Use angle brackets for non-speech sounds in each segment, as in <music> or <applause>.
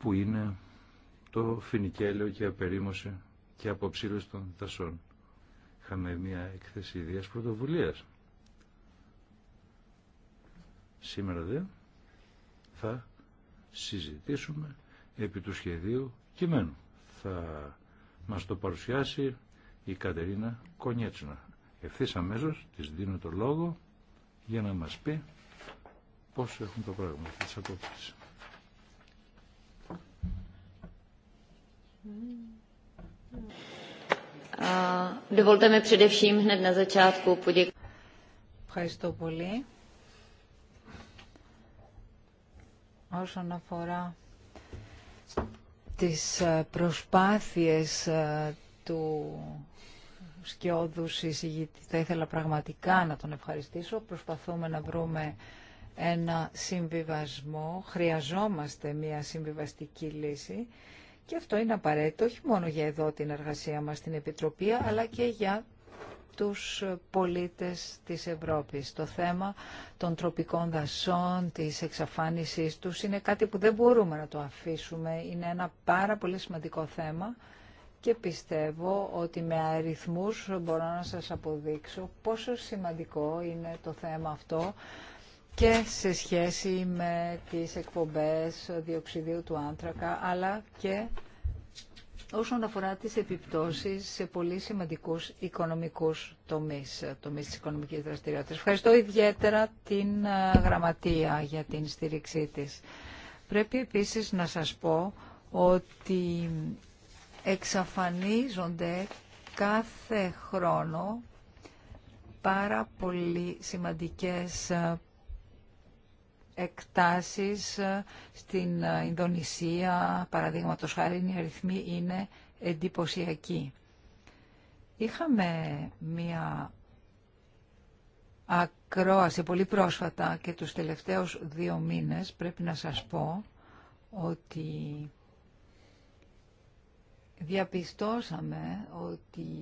που είναι το φινικέλαιο και απερίμωση και αποψήλωση των δασών. Είχαμε μια έκθεση ιδίας πρωτοβουλίας. Σήμερα δε θα συζητήσουμε επί του σχεδίου κειμένου. Θα μας το παρουσιάσει η Κατερίνα Κονιέτσινα. Ευθύς αμέσως της δίνω το λόγο για να μας πει πώς έχουν το πράγμα, της απόψεις. Mm-hmm. Ευχαριστώ πολύ. Όσον αφορά τις ε, προσπάθειες ε, του σκιώδους συζητητή, θα ήθελα πραγματικά να τον ευχαριστήσω. Προσπαθούμε να βρούμε ένα συμβιβασμό. Χρειαζόμαστε μια συμβιβαστική λύση και αυτό είναι απαραίτητο όχι μόνο για εδώ την εργασία μας στην Επιτροπή, αλλά και για τους πολίτες της Ευρώπης. Το θέμα των τροπικών δασών, της εξαφάνισης τους είναι κάτι που δεν μπορούμε να το αφήσουμε. Είναι ένα πάρα πολύ σημαντικό θέμα και πιστεύω ότι με αριθμούς μπορώ να σας αποδείξω πόσο σημαντικό είναι το θέμα αυτό και σε σχέση με τις εκπομπές διοξιδίου του άνθρακα, αλλά και όσον αφορά τις επιπτώσεις σε πολύ σημαντικούς οικονομικούς τομείς, τομείς της οικονομικής δραστηριότητας. Ευχαριστώ ιδιαίτερα την ε, Γραμματεία για την στήριξή της. Πρέπει επίσης να σας πω ότι εξαφανίζονται κάθε χρόνο πάρα πολύ σημαντικές ε, εκτάσεις ε, στην ε, Ινδονησία, παραδείγματο χάρη, οι αριθμοί είναι εντυπωσιακοί. Είχαμε μία ακρόαση πολύ πρόσφατα και τους τελευταίους δύο μήνες πρέπει να σας πω ότι διαπιστώσαμε ότι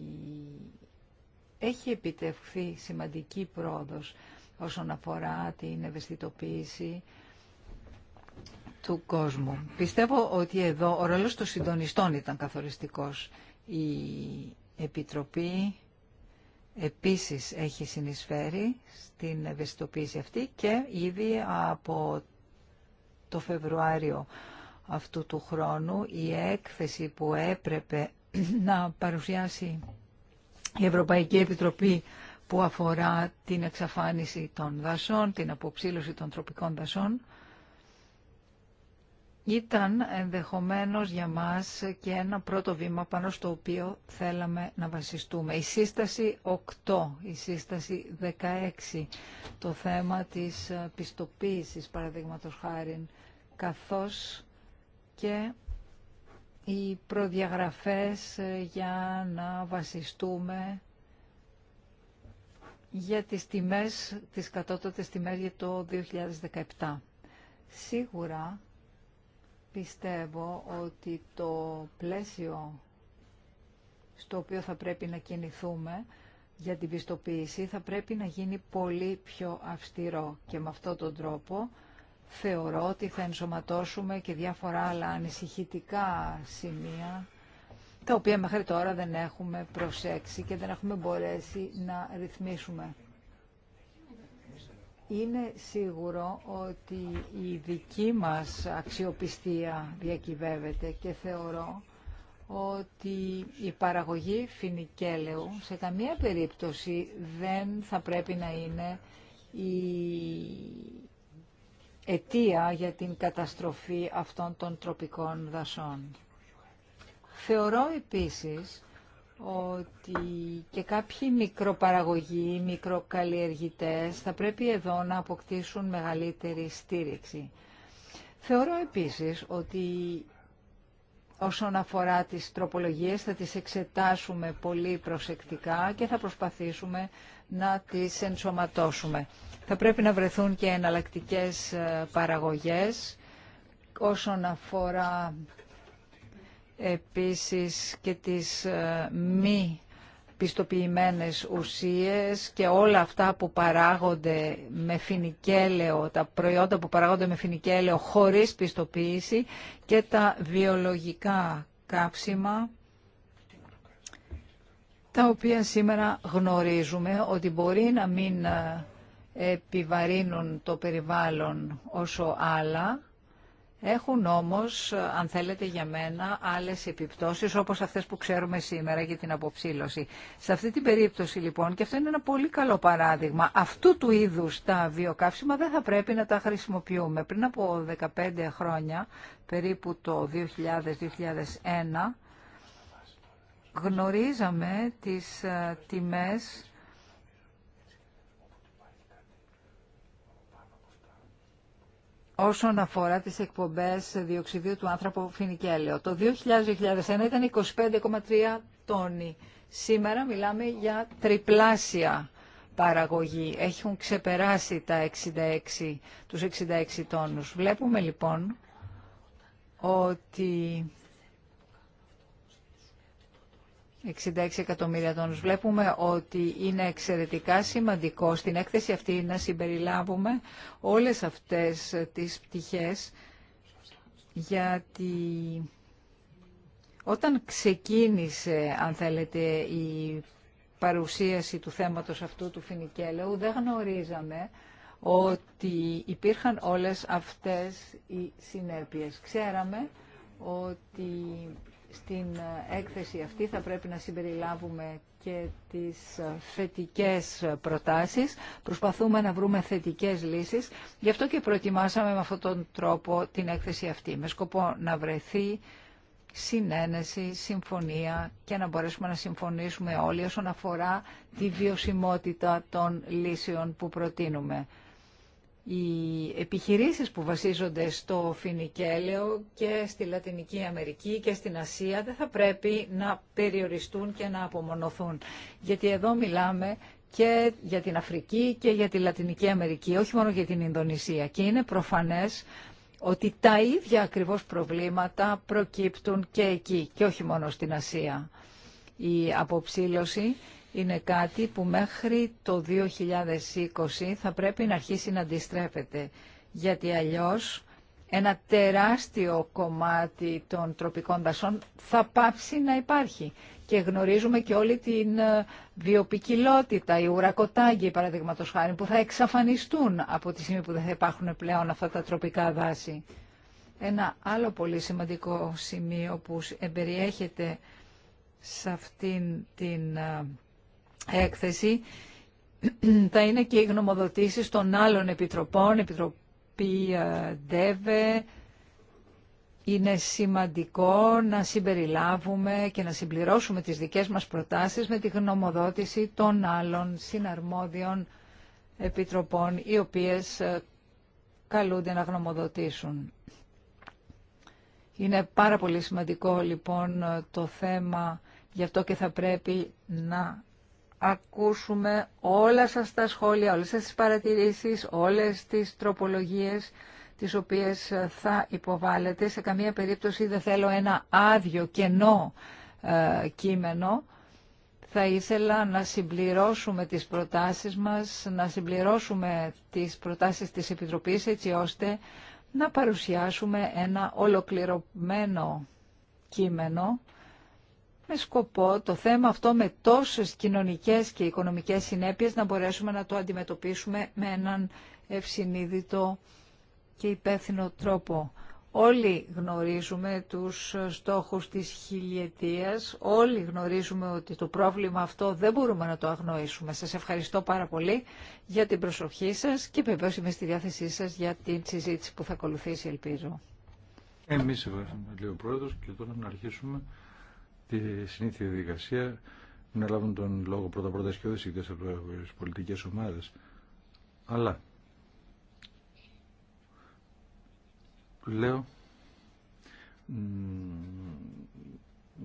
έχει επιτευχθεί σημαντική πρόοδος όσον αφορά την ευαισθητοποίηση του κόσμου. Πιστεύω ότι εδώ ο ρόλος των συντονιστών ήταν καθοριστικός. Η Επιτροπή επίσης έχει συνεισφέρει στην ευαισθητοποίηση αυτή και ήδη από το Φεβρουάριο αυτού του χρόνου η έκθεση που έπρεπε να παρουσιάσει η Ευρωπαϊκή Επιτροπή που αφορά την εξαφάνιση των δασών, την αποψήλωση των τροπικών δασών, ήταν ενδεχομένως για μας και ένα πρώτο βήμα πάνω στο οποίο θέλαμε να βασιστούμε. Η σύσταση 8, η σύσταση 16, το θέμα της πιστοποίησης παραδείγματος χάριν, καθώς και οι προδιαγραφές για να βασιστούμε για τις τιμές, τις κατώτατες τιμές για το 2017. Σίγουρα πιστεύω ότι το πλαίσιο στο οποίο θα πρέπει να κινηθούμε για την πιστοποίηση θα πρέπει να γίνει πολύ πιο αυστηρό και με αυτόν τον τρόπο θεωρώ ότι θα ενσωματώσουμε και διάφορα άλλα ανησυχητικά σημεία τα οποία μέχρι τώρα δεν έχουμε προσέξει και δεν έχουμε μπορέσει να ρυθμίσουμε. Είναι σίγουρο ότι η δική μας αξιοπιστία διακυβεύεται και θεωρώ ότι η παραγωγή φινικέλεου σε καμία περίπτωση δεν θα πρέπει να είναι η αιτία για την καταστροφή αυτών των τροπικών δασών. Θεωρώ επίσης ότι και κάποιοι μικροπαραγωγοί, μικροκαλλιεργητές θα πρέπει εδώ να αποκτήσουν μεγαλύτερη στήριξη. Θεωρώ επίσης ότι όσον αφορά τις τροπολογίες θα τις εξετάσουμε πολύ προσεκτικά και θα προσπαθήσουμε να τις ενσωματώσουμε. Θα πρέπει να βρεθούν και εναλλακτικές ε, παραγωγές όσον αφορά επίσης και τις ε, μη πιστοποιημένες ουσίες και όλα αυτά που παράγονται με φινικέλαιο, τα προϊόντα που παράγονται με φινικέλαιο χωρίς πιστοποίηση και τα βιολογικά κάψιμα τα οποία σήμερα γνωρίζουμε ότι μπορεί να μην ε, επιβαρύνουν το περιβάλλον όσο άλλα έχουν όμως, αν θέλετε για μένα, άλλες επιπτώσεις όπως αυτές που ξέρουμε σήμερα για την αποψήλωση. Σε αυτή την περίπτωση λοιπόν, και αυτό είναι ένα πολύ καλό παράδειγμα, αυτού του είδους τα βιοκαύσιμα δεν θα πρέπει να τα χρησιμοποιούμε. Πριν από 15 χρόνια, περίπου το 2000-2001, γνωρίζαμε τις ε, τιμές όσον αφορά τις εκπομπές διοξιδίου του άνθρωπου φινικέλαιο. Το 2000-2001 ήταν 25,3 τόνοι. Σήμερα μιλάμε για τριπλάσια παραγωγή. Έχουν ξεπεράσει τα 66, τους 66 τόνους. Βλέπουμε λοιπόν ότι 66 εκατομμύρια τόνους. Βλέπουμε ότι είναι εξαιρετικά σημαντικό στην έκθεση αυτή να συμπεριλάβουμε όλες αυτές τις πτυχές γιατί όταν ξεκίνησε, αν θέλετε, η παρουσίαση του θέματος αυτού του Φινικέλεου, δεν γνωρίζαμε ότι υπήρχαν όλες αυτές οι συνέπειες. Ξέραμε ότι στην έκθεση αυτή θα πρέπει να συμπεριλάβουμε και τις θετικές προτάσεις. Προσπαθούμε να βρούμε θετικές λύσεις. Γι' αυτό και προετοιμάσαμε με αυτόν τον τρόπο την έκθεση αυτή, με σκοπό να βρεθεί συνένεση, συμφωνία και να μπορέσουμε να συμφωνήσουμε όλοι όσον αφορά τη βιωσιμότητα των λύσεων που προτείνουμε οι επιχειρήσεις που βασίζονται στο φινικέλαιο και στη Λατινική Αμερική και στην Ασία δεν θα πρέπει να περιοριστούν και να απομονωθούν. Γιατί εδώ μιλάμε και για την Αφρική και για τη Λατινική Αμερική, όχι μόνο για την Ινδονησία. Και είναι προφανές ότι τα ίδια ακριβώς προβλήματα προκύπτουν και εκεί και όχι μόνο στην Ασία. Η αποψήλωση είναι κάτι που μέχρι το 2020 θα πρέπει να αρχίσει να αντιστρέφεται. Γιατί αλλιώς ένα τεράστιο κομμάτι των τροπικών δασών θα πάψει να υπάρχει. Και γνωρίζουμε και όλη την ε, βιοπικιλότητα, οι ουρακοτάγκοι παραδείγματο χάρη, που θα εξαφανιστούν από τη στιγμή που δεν θα υπάρχουν πλέον αυτά τα τροπικά δάση. Ένα άλλο πολύ σημαντικό σημείο που εμπεριέχεται σε αυτήν την ε, έκθεση <clears throat> θα είναι και οι γνωμοδοτήσει των άλλων επιτροπών, Επιτροπή ε, ΔΕΒΕ. Είναι σημαντικό να συμπεριλάβουμε και να συμπληρώσουμε τις δικές μας προτάσεις με τη γνωμοδότηση των άλλων συναρμόδιων επιτροπών, οι οποίες ε, καλούνται να γνωμοδοτήσουν. Είναι πάρα πολύ σημαντικό λοιπόν ε, το θέμα, γι' αυτό και θα πρέπει να ακούσουμε όλα σας τα σχόλια, όλες σας τις παρατηρήσεις, όλες τις τροπολογίες τις οποίες θα υποβάλλετε. Σε καμία περίπτωση δεν θέλω ένα άδειο, κενό ε, κείμενο. Θα ήθελα να συμπληρώσουμε τις προτάσεις μας, να συμπληρώσουμε τις προτάσεις της Επιτροπής έτσι ώστε να παρουσιάσουμε ένα ολοκληρωμένο κείμενο με σκοπό το θέμα αυτό με τόσες κοινωνικές και οικονομικές συνέπειες να μπορέσουμε να το αντιμετωπίσουμε με έναν ευσυνείδητο και υπεύθυνο τρόπο. Όλοι γνωρίζουμε τους στόχους της χιλιετίας, όλοι γνωρίζουμε ότι το πρόβλημα αυτό δεν μπορούμε να το αγνοήσουμε. Σας ευχαριστώ πάρα πολύ για την προσοχή σας και βεβαίως είμαι στη διάθεσή σας για την συζήτηση που θα ακολουθήσει, ελπίζω. Εμείς ευχαριστούμε, λέει ο Πρόεδρος, και τώρα να αρχίσουμε τη συνήθεια διαδικασία να λάβουν τον λόγο πρώτα πρώτα και οδησίκτες από τις πολιτικές ομάδες. Αλλά λέω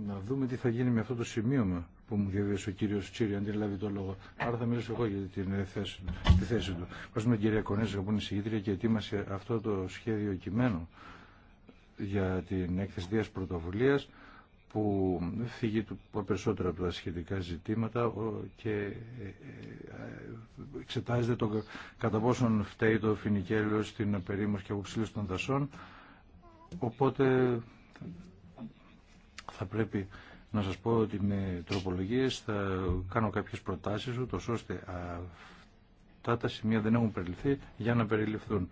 να δούμε τι θα γίνει με αυτό το σημείωμα που μου διαβίωσε ο κύριο Τσίρι, αν δεν λάβει το λόγο. Άρα θα μιλήσω εγώ για την ε, θέση, τη θέση του. Πα με την κυρία Κονέζα, που είναι συγγήτρια και ετοίμασε αυτό το σχέδιο κειμένου για την έκθεση Δίας Πρωτοβουλίας που φύγει περισσότερα από τα σχετικά ζητήματα και ε, ε, εξετάζεται το κατά πόσον φταίει το φινικέλιο στην περίμορφη και αποψήλωση των δασών. Οπότε θα πρέπει να σας πω ότι με τροπολογίες θα κάνω κάποιες προτάσεις ούτως ώστε αυτά τα σημεία δεν έχουν περιληφθεί για να περιληφθούν.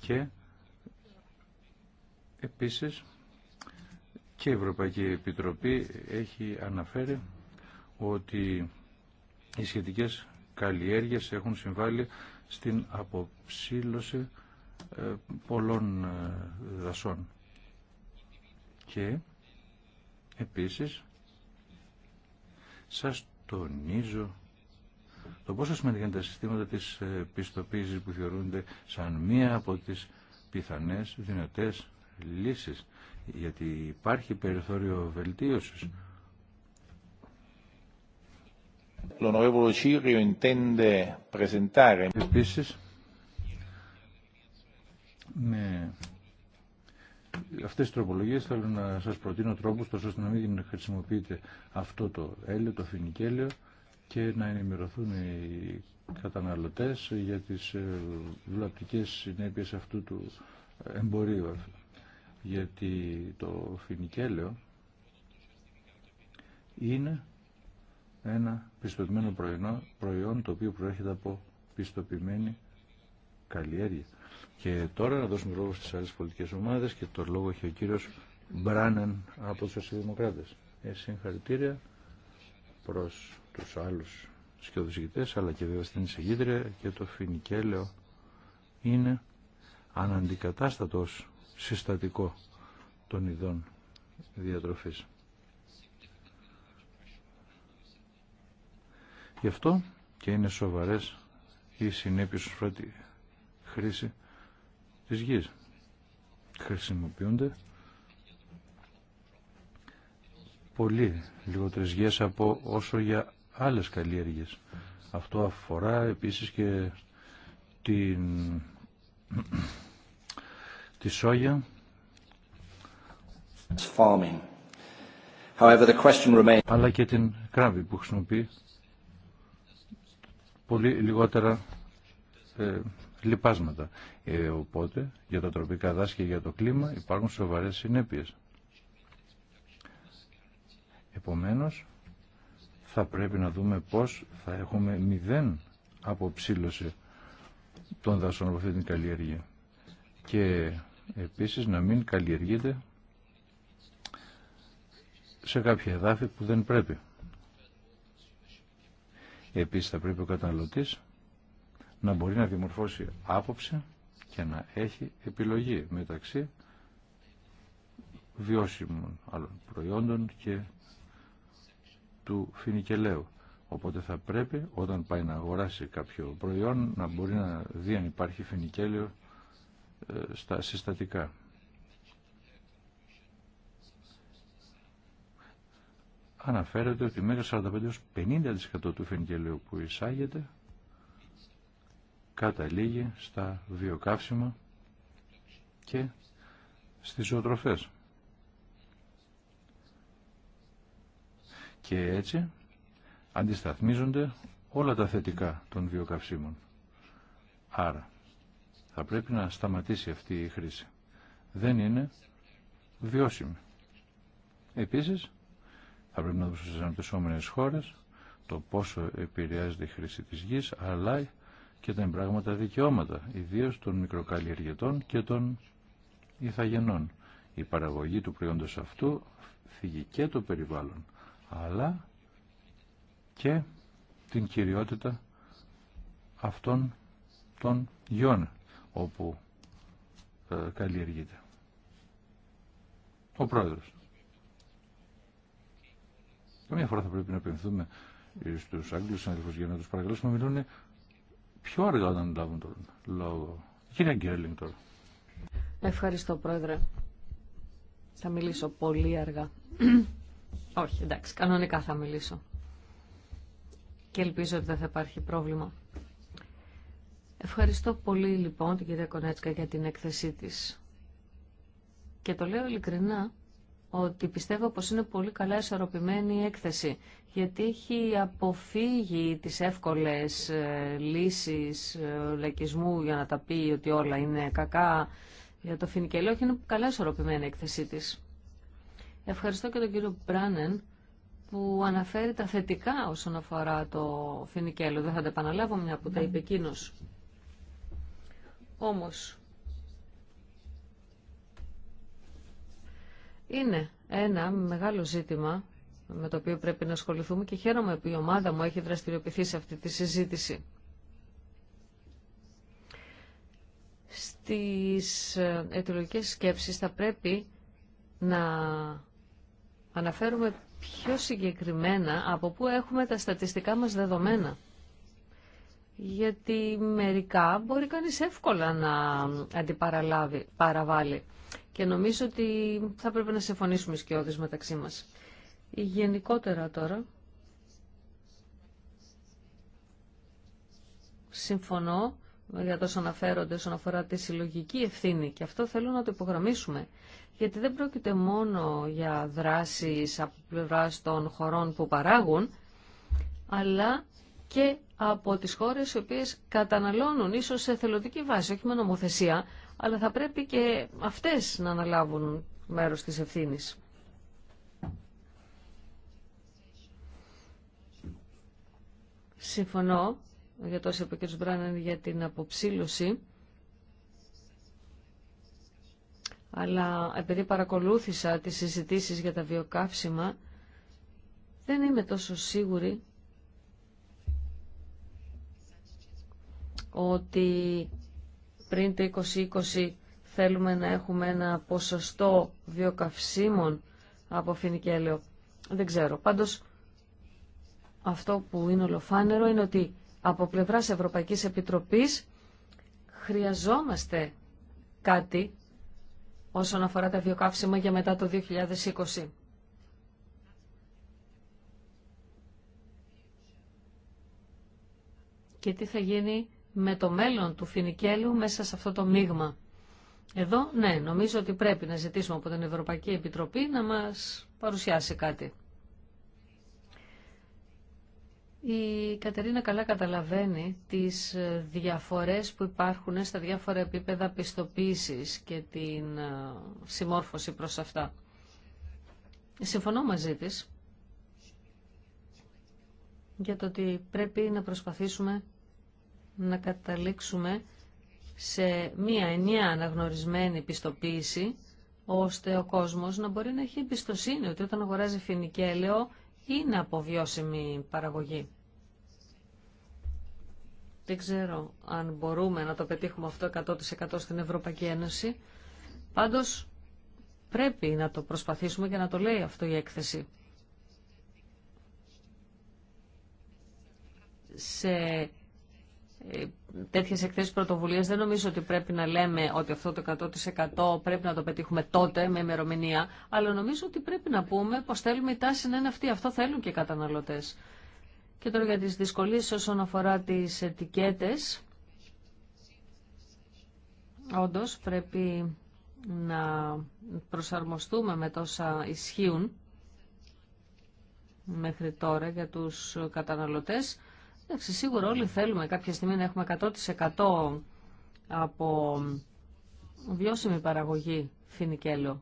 Και επίσης και η Ευρωπαϊκή Επιτροπή έχει αναφέρει ότι οι σχετικές καλλιέργειες έχουν συμβάλει στην αποψήλωση ε, πολλών ε, δασών. Και επίσης σας τονίζω το πόσο σημαντικά είναι τα συστήματα της ε, πιστοποίησης που θεωρούνται σαν μία από τις πιθανές δυνατές λύσεις γιατί υπάρχει περιθώριο βελτίωσης. Επίσης, με αυτές τις τροπολογίες θέλω να σας προτείνω τρόπους τόσο ώστε να μην χρησιμοποιείτε αυτό το έλαιο, το φινικέλαιο και να ενημερωθούν οι καταναλωτές για τις ε, βλαπτικές συνέπειες αυτού του εμπορίου γιατί το φινικέλαιο είναι ένα πιστοποιημένο προϊόν, προϊόν το οποίο προέρχεται από πιστοποιημένη καλλιέργεια. Και τώρα να δώσουμε λόγο στις άλλες πολιτικές ομάδες και το λόγο έχει ο κύριος Μπράνεν από τους Σοσιαλδημοκράτες. Ε, συγχαρητήρια προς τους άλλους σκιοδοσηγητές αλλά και βέβαια στην εισηγήτρια και το φινικέλαιο είναι αναντικατάστατος συστατικό των ειδών διατροφής. Γι' αυτό και είναι σοβαρές οι συνέπειες όσον πρώτη τη χρήση της γης. Χρησιμοποιούνται πολύ λιγότερες γης από όσο για άλλες καλλιέργειες. Αυτό αφορά επίσης και την τη σόγια. Farming. However, Αλλά και την κράβη που χρησιμοποιεί πολύ λιγότερα ε, λιπάσματα. Ε, οπότε για τα τροπικά δάση και για το κλίμα υπάρχουν σοβαρές συνέπειες. Επομένως, θα πρέπει να δούμε πώς θα έχουμε μηδέν αποψήλωση των δασών από αυτή την καλλιέργεια. Και επίσης να μην καλλιεργείται σε κάποια εδάφη που δεν πρέπει. Επίσης θα πρέπει ο καταναλωτής να μπορεί να δημορφώσει άποψη και να έχει επιλογή μεταξύ βιώσιμων άλλων προϊόντων και του φινικελαίου. Οπότε θα πρέπει όταν πάει να αγοράσει κάποιο προϊόν να μπορεί να δει αν υπάρχει φινικέλαιο ε, στα συστατικά. Αναφέρεται ότι μέχρι 45-50% του φενικελαίου που εισάγεται καταλήγει στα βιοκαύσιμα και στις ζωοτροφές. Και έτσι αντισταθμίζονται όλα τα θετικά των βιοκαυσίμων. Άρα θα πρέπει να σταματήσει αυτή η χρήση. Δεν είναι βιώσιμη. Επίσης, θα πρέπει να δούμε στις αναπτυσσόμενες χώρες το πόσο επηρεάζεται η χρήση της γης, αλλά και τα εμπράγματα δικαιώματα, ιδίως των μικροκαλλιεργητών και των ηθαγενών. Η παραγωγή του προϊόντος αυτού φύγει και το περιβάλλον, αλλά και την κυριότητα αυτών των γιών όπου ε, καλλιεργείται. Ο πρόεδρος. Καμία φορά θα πρέπει να επενθούμε στους Άγγλους συναδελφούς για να τους παρακαλέσουμε να μιλούν πιο αργά όταν λάβουν τον λόγο. Κύριε Γκέρλινγκ τώρα. Ευχαριστώ πρόεδρε. Θα μιλήσω πολύ αργά. Όχι, εντάξει, κανονικά θα μιλήσω. Και ελπίζω ότι δεν θα υπάρχει πρόβλημα. Ευχαριστώ πολύ λοιπόν την κυρία Κονέτσκα για την έκθεσή της. Και το λέω ειλικρινά ότι πιστεύω πως είναι πολύ καλά ισορροπημένη η έκθεση, γιατί έχει αποφύγει τις εύκολες ε, λύσεις ε, λαϊκισμού για να τα πει ότι όλα είναι κακά για το φινικελό έχει είναι καλά ισορροπημένη η έκθεσή της. Ευχαριστώ και τον κύριο Μπράνεν που αναφέρει τα θετικά όσον αφορά το φινικέλο. Δεν θα τα επαναλάβω μια που τα είπε εκείνος. Όμως, είναι ένα μεγάλο ζήτημα με το οποίο πρέπει να ασχοληθούμε και χαίρομαι που η ομάδα μου έχει δραστηριοποιηθεί σε αυτή τη συζήτηση. Στις ε, αιτιολογικές σκέψεις θα πρέπει να αναφέρουμε πιο συγκεκριμένα από πού έχουμε τα στατιστικά μας δεδομένα γιατί μερικά μπορεί κανείς εύκολα να αντιπαραλάβει, παραβάλει. Και νομίζω ότι θα πρέπει να συμφωνήσουμε σκιώδεις μεταξύ μας. Γενικότερα τώρα, συμφωνώ για τόσο αναφέρονται όσον αφορά τη συλλογική ευθύνη και αυτό θέλω να το υπογραμμίσουμε. Γιατί δεν πρόκειται μόνο για δράσεις από πλευρά των χωρών που παράγουν, αλλά και από τις χώρες οι οποίες καταναλώνουν ίσως σε θελοντική βάση, όχι με νομοθεσία, αλλά θα πρέπει και αυτές να αναλάβουν μέρος της ευθύνης. Συμφωνώ για το είπε ο κ. Μπράνεν για την αποψήλωση. Αλλά επειδή παρακολούθησα τις συζητήσεις για τα βιοκαύσιμα, δεν είμαι τόσο σίγουρη ότι πριν το 2020 θέλουμε να έχουμε ένα ποσοστό βιοκαυσίμων από φινικέλαιο. Δεν ξέρω. Πάντως αυτό που είναι ολοφάνερο είναι ότι από πλευράς Ευρωπαϊκής Επιτροπής χρειαζόμαστε κάτι όσον αφορά τα βιοκαύσιμα για μετά το 2020. Και τι θα γίνει με το μέλλον του φινικέλου μέσα σε αυτό το μείγμα. Εδώ, ναι, νομίζω ότι πρέπει να ζητήσουμε από την Ευρωπαϊκή Επιτροπή να μας παρουσιάσει κάτι. Η Κατερίνα καλά καταλαβαίνει τις διαφορές που υπάρχουν στα διάφορα επίπεδα πιστοποίησης και την ε, συμμόρφωση προς αυτά. Συμφωνώ μαζί της για το ότι πρέπει να προσπαθήσουμε να καταλήξουμε σε μία ενιαία αναγνωρισμένη πιστοποίηση, ώστε ο κόσμος να μπορεί να έχει εμπιστοσύνη ότι όταν αγοράζει φινικέλαιο είναι από βιώσιμη παραγωγή. Δεν ξέρω αν μπορούμε να το πετύχουμε αυτό 100% στην Ευρωπαϊκή Ένωση. Πάντως πρέπει να το προσπαθήσουμε και να το λέει αυτό η έκθεση. Σε ε, τέτοιε εκθέσει πρωτοβουλία δεν νομίζω ότι πρέπει να λέμε ότι αυτό το 100% πρέπει να το πετύχουμε τότε με ημερομηνία, αλλά νομίζω ότι πρέπει να πούμε πω θέλουμε η τάση να είναι αυτή. Αυτό θέλουν και οι καταναλωτέ. Και τώρα για τι δυσκολίε όσον αφορά τι ετικέτε. Όντω πρέπει να προσαρμοστούμε με τόσα ισχύουν μέχρι τώρα για τους καταναλωτές Εντάξει, σίγουρα όλοι θέλουμε κάποια στιγμή να έχουμε 100% από βιώσιμη παραγωγή φινικέλο.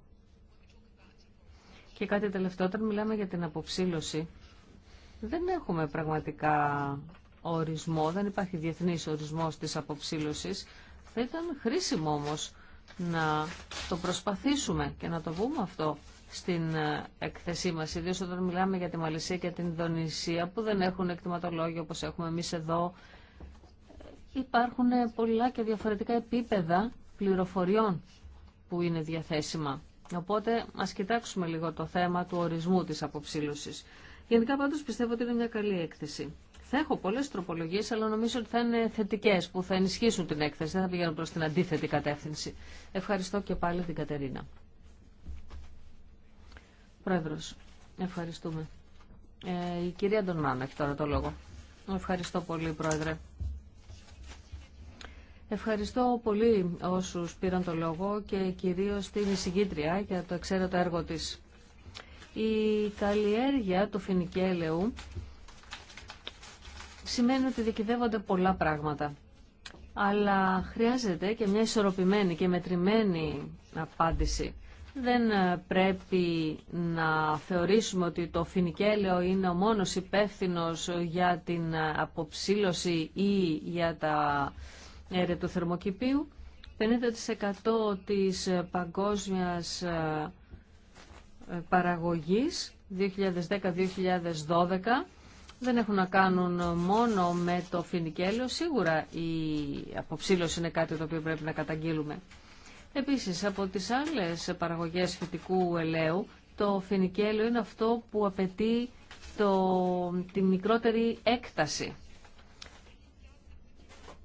Και κάτι τελευταίο, όταν μιλάμε για την αποψήλωση, δεν έχουμε πραγματικά ορισμό, δεν υπάρχει διεθνής ορισμός της αποψήλωσης. Θα ήταν χρήσιμο όμως να το προσπαθήσουμε και να το βούμε αυτό στην ε, εκθεσή μας, ιδίως όταν μιλάμε για τη Μαλισσία και την Ινδονησία που δεν έχουν εκτιματολόγιο όπως έχουμε εμείς εδώ. Υπάρχουν πολλά και διαφορετικά επίπεδα πληροφοριών που είναι διαθέσιμα. Οπότε ας κοιτάξουμε λίγο το θέμα του ορισμού της αποψήλωσης. Γενικά πάντως πιστεύω ότι είναι μια καλή έκθεση. Θα έχω πολλές τροπολογίες, αλλά νομίζω ότι θα είναι θετικές, που θα ενισχύσουν την έκθεση, δεν θα πηγαίνουν προς την αντίθετη κατεύθυνση. Ευχαριστώ και πάλι την Κατερίνα. Πρόεδρος, ευχαριστούμε. Ε, η κυρία Ντονμάνα έχει τώρα το λόγο. Ευχαριστώ πολύ, Πρόεδρε. Ευχαριστώ πολύ όσους πήραν το λόγο και κυρίως την εισηγήτρια για το εξαίρετο έργο της. Η καλλιέργεια του φοινικέλεου σημαίνει ότι δικηδεύονται πολλά πράγματα. Αλλά χρειάζεται και μια ισορροπημένη και μετρημένη απάντηση δεν ε, πρέπει να θεωρήσουμε ότι το φινικέλαιο είναι ο μόνος υπεύθυνο για την ε, αποψήλωση ή για τα αίρια του θερμοκηπίου. 50% της ε, παγκόσμιας παραγωγής 2010-2012 δεν έχουν να κάνουν μόνο με το φινικέλαιο. Σίγουρα η αποψήλωση είναι κάτι το οποίο πρέπει να καταγγείλουμε. Επίσης, από τις άλλες παραγωγές φυτικού ελαίου, το φινικέλαιο είναι αυτό που απαιτεί το, τη μικρότερη έκταση.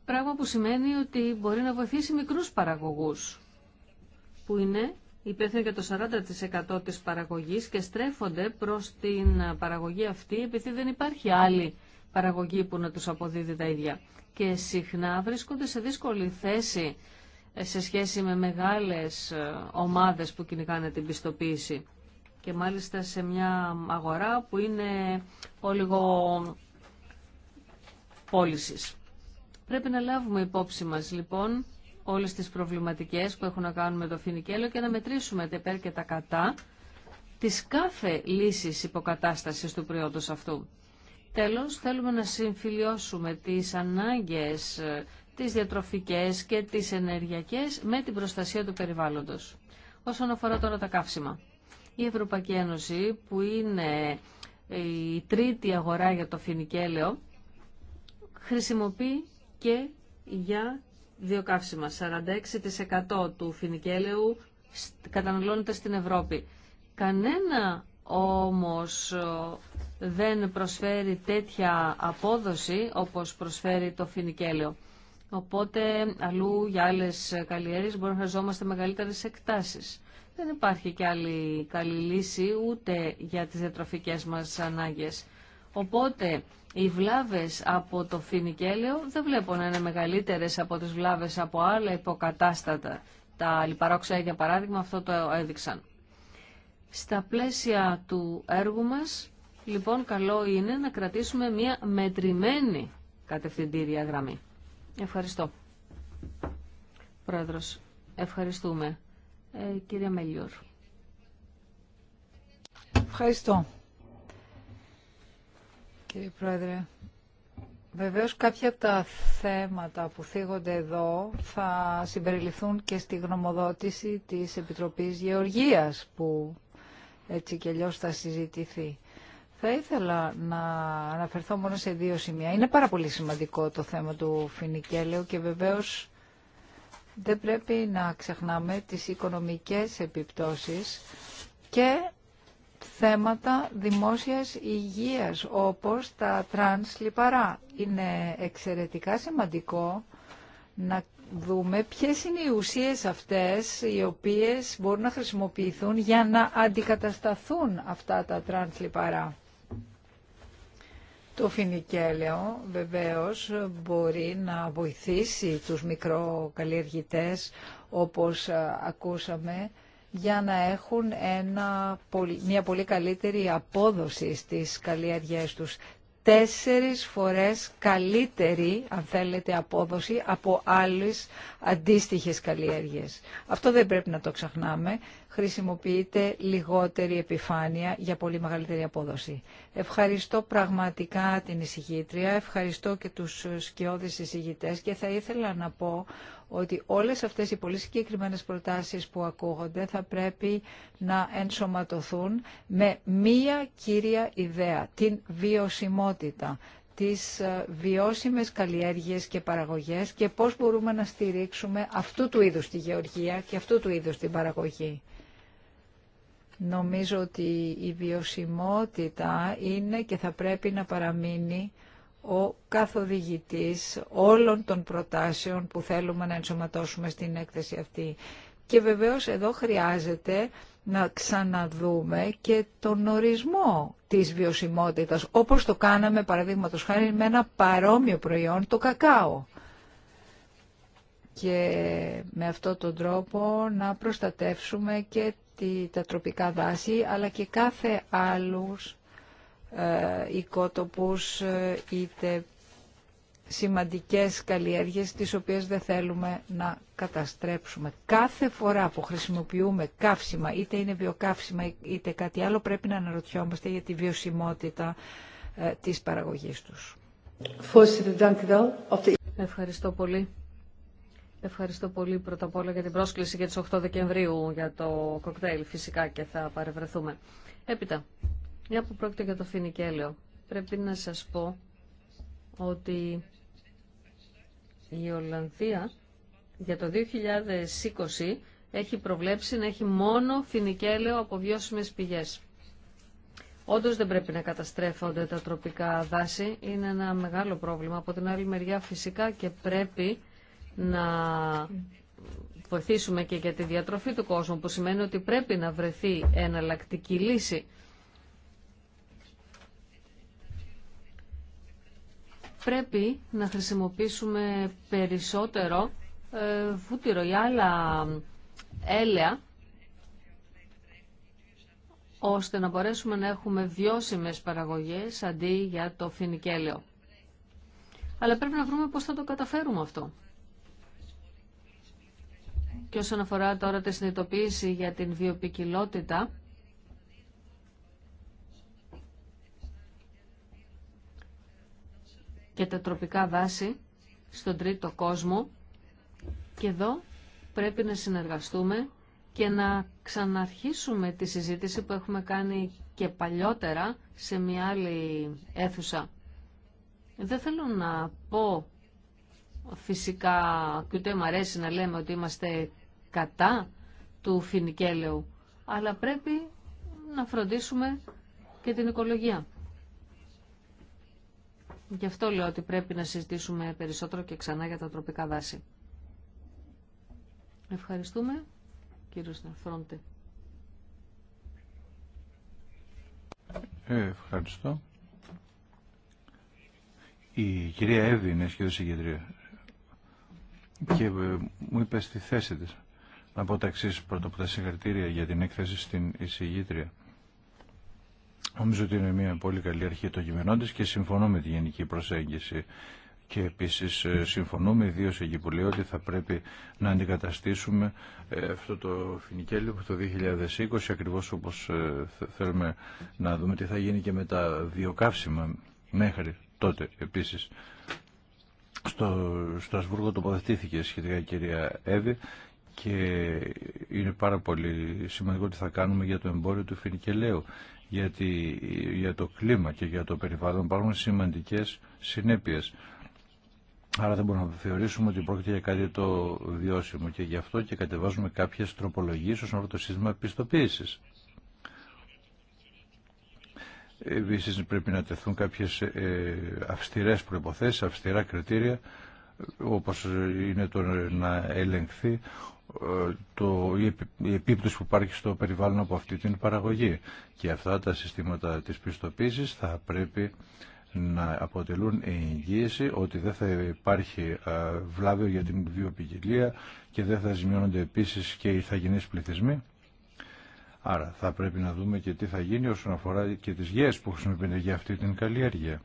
Πράγμα που σημαίνει ότι μπορεί να βοηθήσει μικρούς παραγωγούς, που είναι υπεύθυνοι για το 40% της παραγωγής και στρέφονται προς την παραγωγή αυτή, επειδή δεν υπάρχει άλλη παραγωγή που να τους αποδίδει τα ίδια. Και συχνά βρίσκονται σε δύσκολη θέση σε σχέση με μεγάλες ε, ομάδες που κυνηγάνε την πιστοποίηση και μάλιστα σε μια αγορά που είναι όλιγο πώλησης. Πρέπει να λάβουμε υπόψη μας λοιπόν όλες τις προβληματικές που έχουν να κάνουν με το φινικέλο και να μετρήσουμε τα υπέρ και τα κατά της κάθε λύσης υποκατάστασης του προϊόντος αυτού. Τέλος, θέλουμε να συμφιλιώσουμε τις ανάγκες ε, τις διατροφικές και τις ενεργειακές με την προστασία του περιβάλλοντος. Όσον αφορά τώρα τα καύσιμα. Η Ευρωπαϊκή Ένωση που είναι η τρίτη αγορά για το φινικέλαιο χρησιμοποιεί και για καύσιμα. 46% του φινικέλαιου καταναλώνεται στην Ευρώπη. Κανένα όμως ε, δεν προσφέρει τέτοια απόδοση όπως προσφέρει το φινικέλαιο. Οπότε αλλού για άλλε καλλιέργειε μπορεί να χρειαζόμαστε μεγαλύτερε εκτάσει. Δεν υπάρχει και άλλη καλή λύση ούτε για τι διατροφικέ μας ανάγκε. Οπότε οι βλάβες από το φινικέλαιο δεν βλέπω να είναι μεγαλύτερε από τι βλάβε από άλλα υποκατάστατα. Τα λιπαρόξα για παράδειγμα αυτό το έδειξαν. Στα πλαίσια του έργου μας, λοιπόν, καλό είναι να κρατήσουμε μια μετρημένη κατευθυντήρια γραμμή. Ευχαριστώ. Πρόεδρος, ευχαριστούμε. Ε, κύριε Μελιούρ. Ευχαριστώ. Κύριε Πρόεδρε, βεβαίως κάποια από τα θέματα που θίγονται εδώ θα συμπεριληφθούν και στη γνωμοδότηση της Επιτροπής Γεωργίας που έτσι και αλλιώς θα συζητηθεί. Θα ήθελα να αναφερθώ μόνο σε δύο σημεία. Είναι πάρα πολύ σημαντικό το θέμα του φινικέλαιου και βεβαίως δεν πρέπει να ξεχνάμε τις οικονομικές επιπτώσεις και θέματα δημόσιας υγείας όπως τα τρανς λιπαρά. Είναι εξαιρετικά σημαντικό να δούμε ποιες είναι οι ουσίες αυτές οι οποίες μπορούν να χρησιμοποιηθούν για να αντικατασταθούν αυτά τα τρανς λιπαρά. Το φινικέλαιο βεβαίως μπορεί να βοηθήσει τους μικροκαλλιεργητές όπως ε, ακούσαμε για να έχουν ένα, μια πολύ καλύτερη απόδοση στις καλλιέργειές τους. Τέσσερις φορές καλύτερη, αν θέλετε, απόδοση από άλλες αντίστοιχες καλλιέργειες. Αυτό δεν πρέπει να το ξεχνάμε χρησιμοποιείται λιγότερη επιφάνεια για πολύ μεγαλύτερη απόδοση. Ευχαριστώ πραγματικά την εισηγήτρια, ευχαριστώ και τους σκιώδεις εισηγητές και θα ήθελα να πω ότι όλες αυτές οι πολύ συγκεκριμένες προτάσεις που ακούγονται θα πρέπει να ενσωματωθούν με μία κύρια ιδέα, την βιωσιμότητα τις ε, βιώσιμες καλλιέργειες και παραγωγές και πώς μπορούμε να στηρίξουμε αυτού του είδους τη γεωργία και αυτού του είδους την παραγωγή. Νομίζω ότι η βιωσιμότητα είναι και θα πρέπει να παραμείνει ο καθοδηγητής όλων των προτάσεων που θέλουμε να ενσωματώσουμε στην έκθεση αυτή. Και βεβαίως εδώ χρειάζεται να ξαναδούμε και τον ορισμό της βιωσιμότητας, όπως το κάναμε παραδείγματος χάρη με ένα παρόμοιο προϊόν, το κακάο. Και με αυτόν τον τρόπο να προστατεύσουμε και τα τροπικά δάση, αλλά και κάθε άλλους ε, οικότοπους, ε, είτε σημαντικές καλλιέργειες, τις οποίες δεν θέλουμε να καταστρέψουμε. Κάθε φορά που χρησιμοποιούμε καύσιμα, είτε είναι βιοκαύσιμα, είτε κάτι άλλο, πρέπει να αναρωτιόμαστε για τη βιωσιμότητα ε, της παραγωγής τους. Ευχαριστώ πολύ. Ευχαριστώ πολύ πρώτα απ' όλα για την πρόσκληση για τις 8 Δεκεμβρίου για το κοκτέιλ φυσικά και θα παρευρεθούμε. Έπειτα, μια που πρόκειται για το φινικέλαιο, πρέπει να σας πω ότι η Ολλανδία για το 2020 έχει προβλέψει να έχει μόνο φινικέλαιο από βιώσιμες πηγές. Όντω δεν πρέπει να καταστρέφονται τα τροπικά δάση. Είναι ένα μεγάλο πρόβλημα. Από την άλλη μεριά φυσικά και πρέπει να βοηθήσουμε και για τη διατροφή του κόσμου, που σημαίνει ότι πρέπει να βρεθεί εναλλακτική λύση. Πρέπει να χρησιμοποιήσουμε περισσότερο ε, βούτυρο ή άλλα έλαια, ώστε να μπορέσουμε να έχουμε βιώσιμες παραγωγές αντί για το φινικέλαιο. Αλλά πρέπει να βρούμε πώς θα το καταφέρουμε αυτό. Και όσον αφορά τώρα τη συνειδητοποίηση για την βιοπικιλότητα, και τα τροπικά δάση στον τρίτο κόσμο και εδώ πρέπει να συνεργαστούμε και να ξαναρχίσουμε τη συζήτηση που έχουμε κάνει και παλιότερα σε μια άλλη αίθουσα. Δεν θέλω να πω Φυσικά και ούτε μου αρέσει να λέμε ότι είμαστε κατά του φινικέλεου, αλλά πρέπει να φροντίσουμε και την οικολογία. Γι' αυτό λέω ότι πρέπει να συζητήσουμε περισσότερο και ξανά για τα τροπικά δάση. Ευχαριστούμε, κύριο Σταφρόντε. Ε, ευχαριστώ. Η κυρία Εύη είναι σχεδόν συγκεντρία και ε, μου είπε στη θέση της. Να πω τα εξή πρώτα από τα συγχαρητήρια για την έκθεση στην εισηγήτρια. Νομίζω ότι είναι μια πολύ καλή αρχή το κειμενό τη και συμφωνώ με τη γενική προσέγγιση. Και επίσης ε, συμφωνούμε ιδίω εκεί που λέω ότι θα πρέπει να αντικαταστήσουμε ε, αυτό το φινικέλιο το 2020 ακριβώς όπως θέλουμε να δούμε τι θα γίνει και με τα βιοκαύσιμα μέχρι τότε επίσης στο Στρασβούργο τοποθετήθηκε σχετικά η κυρία Εύη και είναι πάρα πολύ σημαντικό τι θα κάνουμε για το εμπόριο του φινικελαίου γιατί για το κλίμα και για το περιβάλλον υπάρχουν σημαντικές συνέπειες. Άρα δεν μπορούμε να θεωρήσουμε ότι πρόκειται για κάτι το βιώσιμο και γι' αυτό και κατεβάζουμε κάποιες τροπολογίες όσον αφορά το σύστημα πιστοποίησης. Επίση πρέπει να τεθούν κάποιες ε, αυστηρές προϋποθέσεις, αυστηρά κριτήρια, όπως είναι το να ελεγχθεί ε, το, η επίπτωση που υπάρχει στο περιβάλλον από αυτή την παραγωγή. Και αυτά τα συστήματα της πιστοποίησης θα πρέπει να αποτελούν εγγύηση ότι δεν θα υπάρχει ε, βλάβαιο για την βιοπικιλία και δεν θα ζημιώνονται επίση και οι θαγενείς πληθυσμοί. Άρα θα πρέπει να δούμε και τι θα γίνει όσον αφορά και τις γέες που χρησιμοποιούνται για αυτή την καλλιέργεια.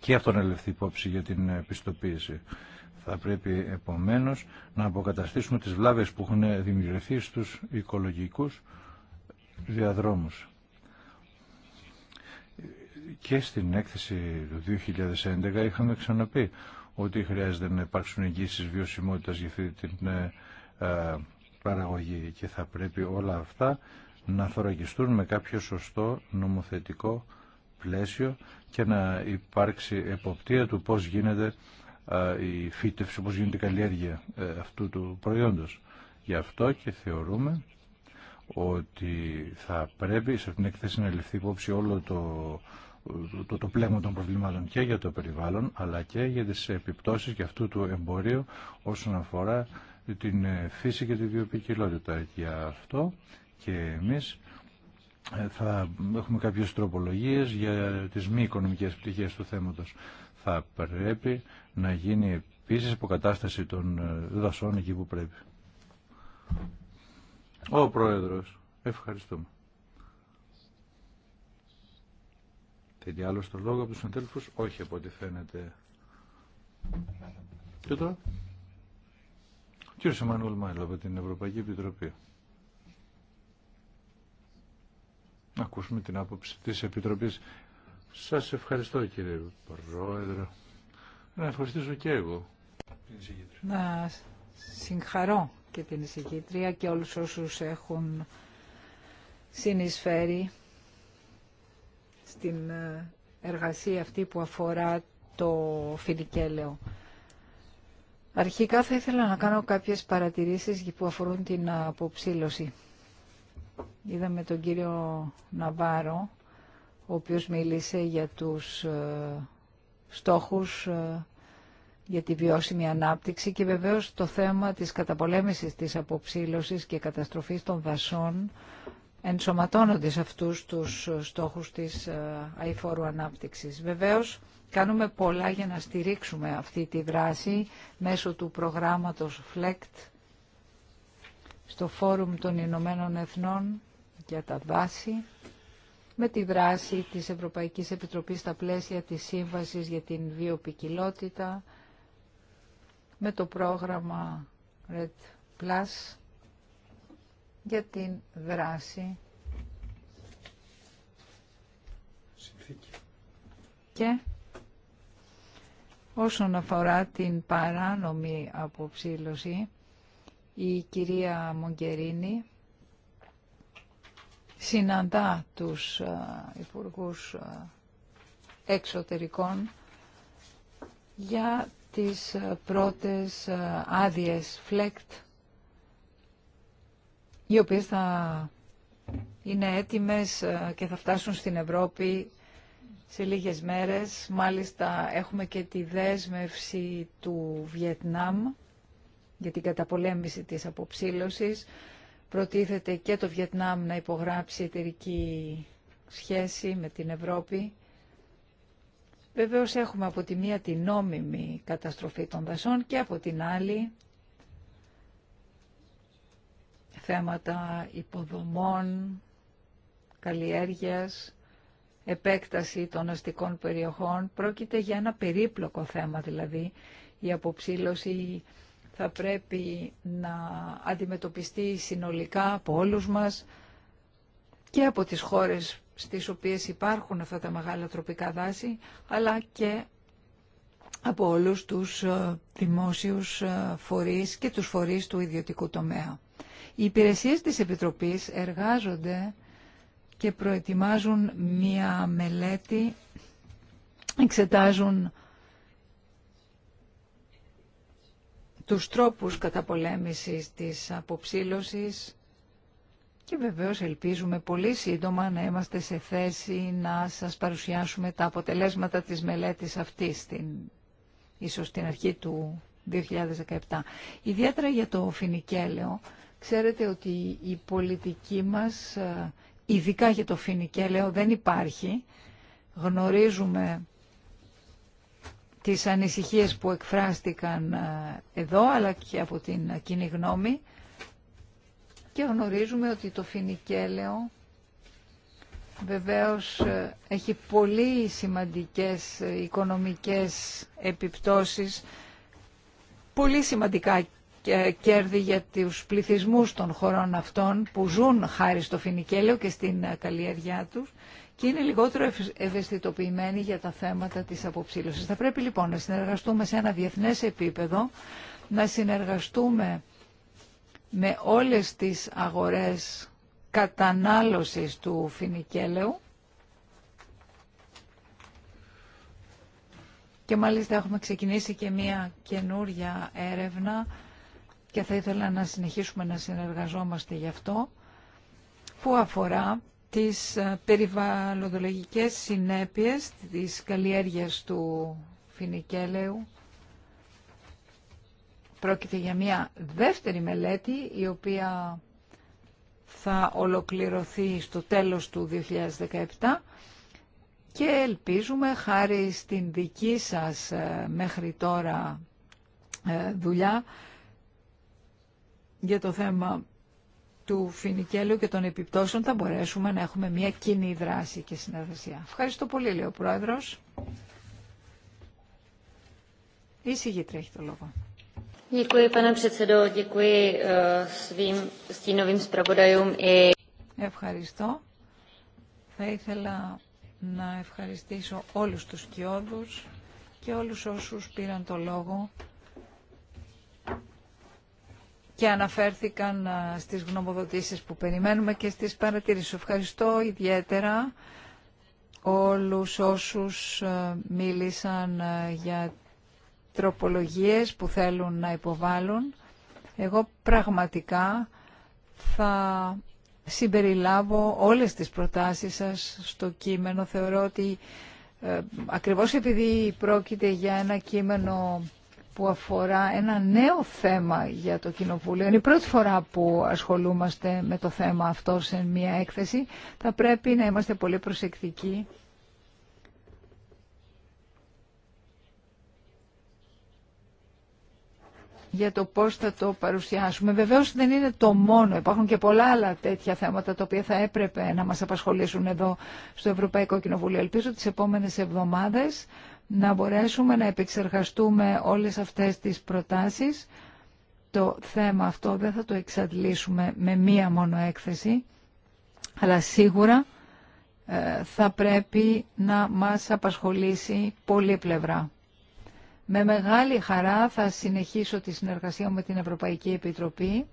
Και αυτό να λεφθεί υπόψη για την επιστοποίηση. Θα πρέπει επομένως να αποκαταστήσουμε τις βλάβες που έχουν δημιουργηθεί στους οικολογικούς διαδρόμους. Και στην έκθεση του 2011 είχαμε ξαναπεί ότι χρειάζεται να υπάρξουν εγγύσεις βιωσιμότητας για αυτή την ε, ε, παραγωγή και θα πρέπει όλα αυτά να θωρακιστούν με κάποιο σωστό νομοθετικό πλαίσιο και να υπάρξει εποπτεία του πώς γίνεται η φύτευση, πώς γίνεται η καλλιέργεια ε, αυτού του προϊόντος. Γι' αυτό και θεωρούμε ότι θα πρέπει σε αυτήν την εκθέση να ληφθεί υπόψη όλο το, το, το, πλέγμα των προβλημάτων και για το περιβάλλον αλλά και για τις επιπτώσεις και αυτού του εμπορίου όσον αφορά την ε, φύση και τη βιοποικιλότητα. Για αυτό και εμείς ε, θα έχουμε κάποιες τροπολογίες για τις μη οικονομικές πτυχές του θέματος. Θα πρέπει να γίνει επίσης υποκατάσταση των ε, δασών εκεί που πρέπει. Ο Πρόεδρος, ευχαριστούμε. Θέλει άλλο το λόγο από τους συντέλφους, όχι από ό,τι φαίνεται. Και τώρα. Κύριε Σαμανούλ Μάιλο από την Ευρωπαϊκή Επιτροπή. Να ακούσουμε την άποψη της Επιτροπής. Σας ευχαριστώ κύριε Πρόεδρε. Να ευχαριστήσω και εγώ την Να συγχαρώ και την εισηγήτρια και όλους όσους έχουν συνεισφέρει στην ε, εργασία αυτή που αφορά το φιλικέλαιο. Αρχικά θα ήθελα να κάνω κάποιες παρατηρήσεις που αφορούν την αποψήλωση. Είδαμε τον κύριο Ναβάρο, ο οποίος μίλησε για τους ε, στόχους ε, για τη βιώσιμη ανάπτυξη και βεβαίως το θέμα της καταπολέμησης της αποψήλωσης και καταστροφής των δασών ενσωματώνονται σε αυτούς τους στόχους της ε, αηφόρου ανάπτυξης. Βεβαίως, κάνουμε πολλά για να στηρίξουμε αυτή τη δράση μέσω του προγράμματος FLECT στο Φόρουμ των Ηνωμένων Εθνών για τα δάση, με τη δράση της Ευρωπαϊκής Επιτροπής στα πλαίσια της Σύμβασης για την Βιοπικιλότητα, με το πρόγραμμα Red για την δράση Συνθήκη. και όσον αφορά την παράνομη αποψήλωση η κυρία Μογκερίνη συναντά τους υπουργούς εξωτερικών για τις πρώτες άδειες φλεκτ οι οποίες θα είναι έτοιμες ε, και θα φτάσουν στην Ευρώπη σε λίγες μέρες. Μάλιστα έχουμε και τη δέσμευση του Βιετνάμ για την καταπολέμηση της αποψήλωσης. Προτίθεται και το Βιετνάμ να υπογράψει εταιρική σχέση με την Ευρώπη. Βεβαίως έχουμε από τη μία την νόμιμη καταστροφή των δασών και από την άλλη θέματα υποδομών, καλλιέργειας, επέκταση των αστικών περιοχών. Πρόκειται για ένα περίπλοκο θέμα δηλαδή. Η αποψήλωση θα πρέπει να αντιμετωπιστεί συνολικά από όλους μας και από τις χώρες στις οποίες υπάρχουν αυτά τα μεγάλα τροπικά δάση, αλλά και από όλους τους ε, δημόσιους ε, φορείς και τους φορείς του ιδιωτικού τομέα. Οι υπηρεσίες της Επιτροπής εργάζονται και προετοιμάζουν μία μελέτη, εξετάζουν τους τρόπους καταπολέμησης της αποψήλωσης και βεβαίως ελπίζουμε πολύ σύντομα να είμαστε σε θέση να σας παρουσιάσουμε τα αποτελέσματα της μελέτης αυτής, στην, ίσως στην αρχή του 2017. Ιδιαίτερα για το φινικέλαιο, Ξέρετε ότι η πολιτική μας, ε, ειδικά για το φινικέλεο δεν υπάρχει. Γνωρίζουμε τις ανησυχίες που εκφράστηκαν ε, εδώ, αλλά και από την κοινή γνώμη. Και γνωρίζουμε ότι το φινικέλεο βεβαίως ε, έχει πολύ σημαντικές οικονομικές επιπτώσεις, πολύ σημαντικά κέρδη για τους πληθυσμούς των χωρών αυτών που ζουν χάρη στο φινικέλαιο και στην ε, καλλιέργειά τους και είναι λιγότερο ευαισθητοποιημένοι για τα θέματα της αποψήλωσης. Θα πρέπει λοιπόν να συνεργαστούμε σε ένα διεθνές επίπεδο, να συνεργαστούμε με όλες τις αγορές κατανάλωσης του φινικέλαιου και μάλιστα έχουμε ξεκινήσει και μία καινούρια έρευνα και θα ήθελα να συνεχίσουμε να συνεργαζόμαστε γι' αυτό, που αφορά τις ε, περιβαλλοντολογικές συνέπειες της καλλιέργειας του φινικέλεου. Πρόκειται για μια δεύτερη μελέτη, η οποία θα ολοκληρωθεί στο τέλος του 2017 και ελπίζουμε χάρη στην δική σας ε, μέχρι τώρα ε, δουλειά για το θέμα του φινικέλου και των επιπτώσεων θα μπορέσουμε να έχουμε μια κοινή δράση και συνεργασία. Ευχαριστώ πολύ, λέει ο Πρόεδρος. Η τρέχει το λόγο. Eh, Ευχαριστώ. Θα ήθελα να ευχαριστήσω όλους τους κοιόδους και όλους όσους πήραν το λόγο και αναφέρθηκαν στις γνωμοδοτήσεις που περιμένουμε και στις παρατηρήσεις. Ευχαριστώ ιδιαίτερα όλους όσους μίλησαν για τροπολογίες που θέλουν να υποβάλουν. Εγώ πραγματικά θα συμπεριλάβω όλες τις προτάσεις σας στο κείμενο. Θεωρώ ότι ε, ακριβώς επειδή πρόκειται για ένα κείμενο που αφορά ένα νέο θέμα για το Κοινοβούλιο. Είναι η πρώτη φορά που ασχολούμαστε με το θέμα αυτό σε μια έκθεση. Θα πρέπει να είμαστε πολύ προσεκτικοί. για το πώς θα το παρουσιάσουμε. Βεβαίως δεν είναι το μόνο. Υπάρχουν και πολλά άλλα τέτοια θέματα τα οποία θα έπρεπε να μας απασχολήσουν εδώ στο Ευρωπαϊκό Κοινοβούλιο. Ελπίζω τις επόμενες εβδομάδες να μπορέσουμε να επεξεργαστούμε όλες αυτές τις προτάσεις. Το θέμα αυτό δεν θα το εξαντλήσουμε με μία μόνο έκθεση, αλλά σίγουρα ε, θα πρέπει να μας απασχολήσει πολλή πλευρά. Με μεγάλη χαρά θα συνεχίσω τη συνεργασία με την Ευρωπαϊκή Επιτροπή.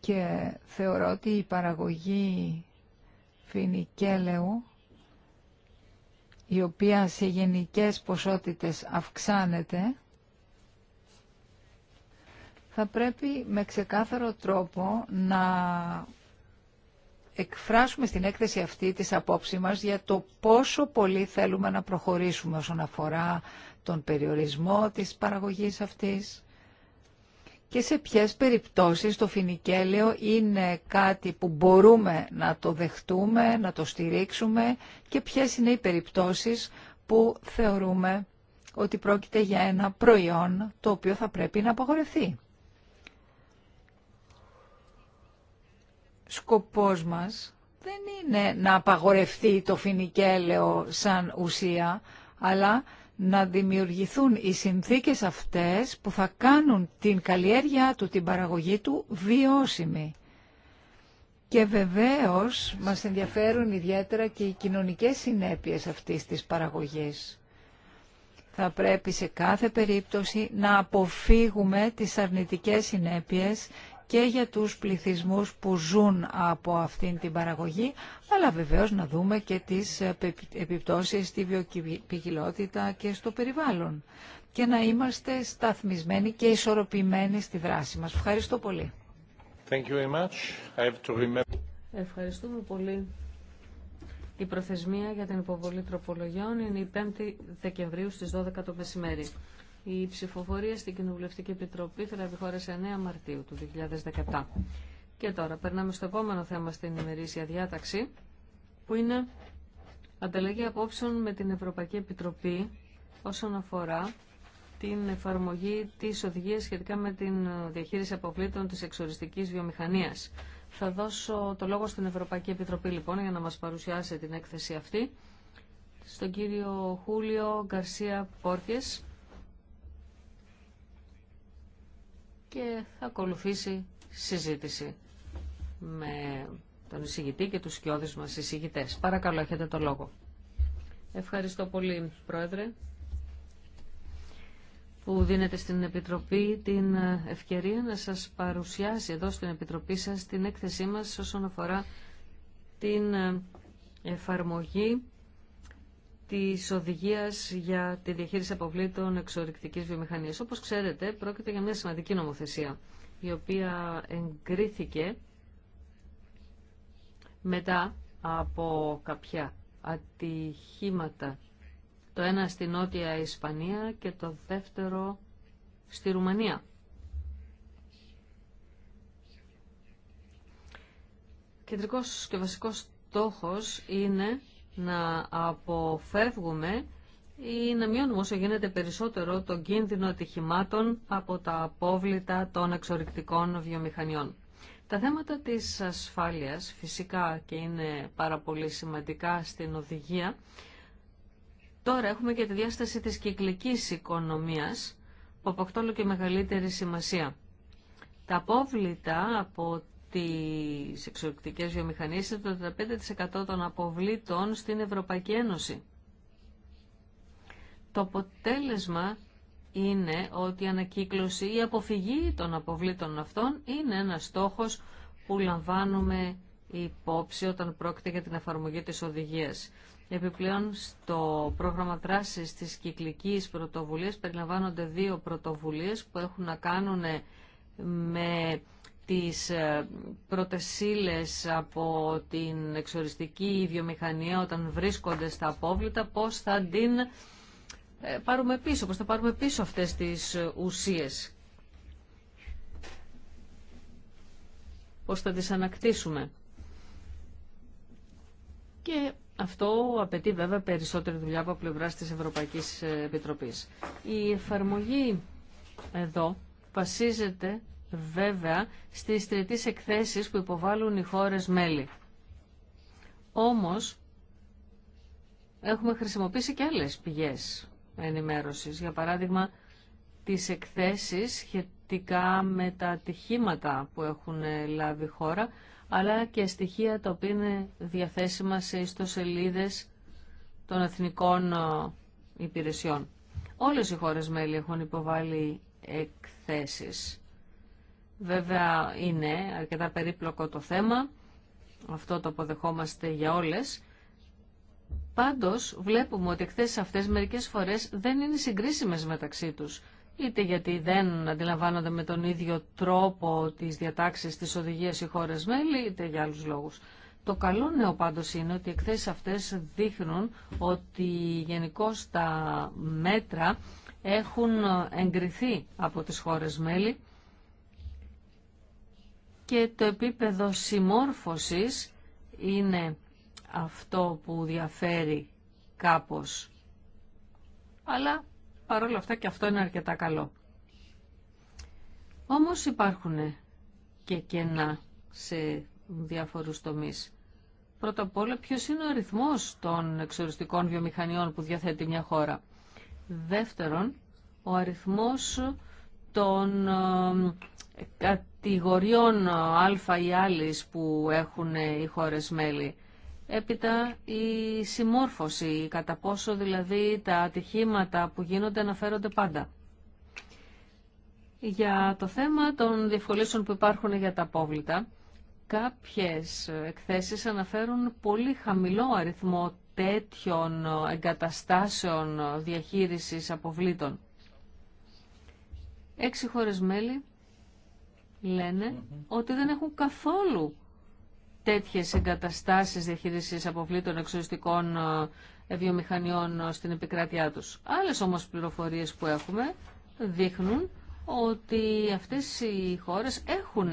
Και θεωρώ ότι η παραγωγή φινικέλεου η οποία σε γενικές ποσότητες αυξάνεται, θα πρέπει με ξεκάθαρο τρόπο να εκφράσουμε στην έκθεση αυτή της απόψη μας για το πόσο πολύ θέλουμε να προχωρήσουμε όσον αφορά τον περιορισμό της παραγωγής αυτής, και σε ποιες περιπτώσεις το φινικέλαιο είναι κάτι που μπορούμε να το δεχτούμε, να το στηρίξουμε και ποιες είναι οι περιπτώσεις που θεωρούμε ότι πρόκειται για ένα προϊόν το οποίο θα πρέπει να απαγορευτεί. Σκοπός μας δεν είναι να απαγορευτεί το φινικέλαιο σαν ουσία, αλλά να δημιουργηθούν οι συνθήκες αυτές που θα κάνουν την καλλιέργειά του, την παραγωγή του βιώσιμη. Και βεβαίως μας ενδιαφέρουν ιδιαίτερα και οι κοινωνικές συνέπειες αυτής της παραγωγής. Θα πρέπει σε κάθε περίπτωση να αποφύγουμε τις αρνητικές συνέπειες και για τους πληθυσμούς που ζουν από αυτήν την παραγωγή, αλλά βεβαίως να δούμε και τις επιπτώσεις στη βιοποικιλότητα και στο περιβάλλον και να είμαστε σταθμισμένοι και ισορροπημένοι στη δράση μας. Ευχαριστώ πολύ. Thank you very much. I have to remember... Ευχαριστούμε πολύ. Η προθεσμία για την υποβολή τροπολογιών είναι η 5η Δεκεμβρίου στις 12 το μεσημέρι. Η ψηφοφορία στην Κοινοβουλευτική Επιτροπή θα λάβει χώρα 9 Μαρτίου του 2017. Και τώρα περνάμε στο επόμενο θέμα στην ημερήσια διάταξη, που είναι ανταλλαγή απόψεων με την Ευρωπαϊκή Επιτροπή όσον αφορά την εφαρμογή της οδηγίας σχετικά με την διαχείριση αποβλήτων της εξοριστικής βιομηχανίας. Θα δώσω το λόγο στην Ευρωπαϊκή Επιτροπή λοιπόν για να μας παρουσιάσει την έκθεση αυτή στον κύριο Χούλιο Γκαρσία Πόρκες και θα ακολουθήσει συζήτηση με τον εισηγητή και τους σκιώδες μας εισηγητές. Παρακαλώ, έχετε το λόγο. Ευχαριστώ πολύ, Πρόεδρε, που δίνετε στην Επιτροπή την ευκαιρία να σας παρουσιάσει εδώ στην Επιτροπή σας την έκθεσή μας όσον αφορά την εφαρμογή της οδηγίας για τη διαχείριση αποβλήτων εξορυκτικής βιομηχανίας. Όπως ξέρετε, πρόκειται για μια σημαντική νομοθεσία, η οποία εγκρίθηκε μετά από κάποια ατυχήματα. Το ένα στη Νότια Ισπανία και το δεύτερο στη Ρουμανία. Κεντρικός και βασικός στόχος είναι να αποφεύγουμε ή να μειώνουμε όσο γίνεται περισσότερο τον κίνδυνο ατυχημάτων από τα απόβλητα των εξορρυκτικών βιομηχανιών. Τα θέματα της ασφάλειας φυσικά και είναι πάρα πολύ σημαντικά στην οδηγία. Τώρα έχουμε και τη διάσταση της κυκλικής οικονομίας που αποκτώ και μεγαλύτερη σημασία. Τα απόβλητα από τις εξορρυκτικές βιομηχανίες το 35% των αποβλήτων στην Ευρωπαϊκή Ένωση. Το αποτέλεσμα είναι ότι η ανακύκλωση ή αποφυγή των αποβλήτων αυτών είναι ένας στόχος που λαμβάνουμε υπόψη όταν πρόκειται για την εφαρμογή της οδηγίας. Επιπλέον, στο πρόγραμμα δράσης της κυκλικής πρωτοβουλίας περιλαμβάνονται δύο πρωτοβουλίες που έχουν να κάνουν με τις ε, πρωτεσίλες από την εξοριστική βιομηχανία όταν βρίσκονται στα απόβλητα, πώς θα την ε, πάρουμε πίσω, πώς θα πάρουμε πίσω αυτές τις ε, ουσίες. Πώς θα τις ανακτήσουμε. Και αυτό απαιτεί βέβαια περισσότερη δουλειά από πλευρά της Ευρωπαϊκής Επιτροπής. Η εφαρμογή εδώ βασίζεται βέβαια στις τριτής εκθέσεις που υποβάλλουν οι χώρες μέλη. Όμως, έχουμε χρησιμοποιήσει και άλλες πηγές ενημέρωσης. Για παράδειγμα, τις εκθέσεις σχετικά με τα ατυχήματα που έχουν λάβει η χώρα, αλλά και στοιχεία τα οποία είναι διαθέσιμα σε ιστοσελίδες των εθνικών ε, υπηρεσιών. Όλες οι χώρες μέλη έχουν υποβάλει εκθέσεις. Βέβαια είναι αρκετά περίπλοκο το θέμα, αυτό το αποδεχόμαστε για όλες. Πάντως βλέπουμε ότι εκθέσεις αυτές μερικές φορές δεν είναι συγκρίσιμες μεταξύ τους. Είτε γιατί δεν αντιλαμβάνονται με τον ίδιο τρόπο τις διατάξεις της οδηγίας οι χώρες μέλη, είτε για άλλους λόγους. Το καλό νέο πάντως είναι ότι οι εκθέσεις αυτές δείχνουν ότι γενικώ τα μέτρα έχουν εγκριθεί από τις χώρες μέλη και το επίπεδο συμμόρφωσης είναι αυτό που διαφέρει κάπως. Αλλά παρόλα αυτά και αυτό είναι αρκετά καλό. Όμως υπάρχουν και κενά σε διάφορους τομείς. Πρώτα απ' όλα, ποιος είναι ο αριθμός των εξοριστικών βιομηχανιών που διαθέτει μια χώρα. Δεύτερον, ο αριθμός των κατηγοριών ε, α ή άλλης που έχουν ε, οι χώρες μέλη. Έπειτα η συμμόρφωση, κατά πόσο δηλαδή τα ατυχήματα που γίνονται αναφέρονται πάντα. Για το θέμα των διευκολύνσεων που υπάρχουν για τα απόβλητα, κάποιες εκθέσεις αναφέρουν πολύ χαμηλό αριθμό τέτοιων εγκαταστάσεων διαχείρισης αποβλήτων. Έξι χώρες μέλη λένε ότι δεν έχουν καθόλου τέτοιες εγκαταστάσεις διαχείρισης αποβλήτων εξοριστικών ε, βιομηχανιών ε, στην επικράτειά τους. Άλλες όμως πληροφορίες που έχουμε δείχνουν ότι αυτές οι χώρες έχουν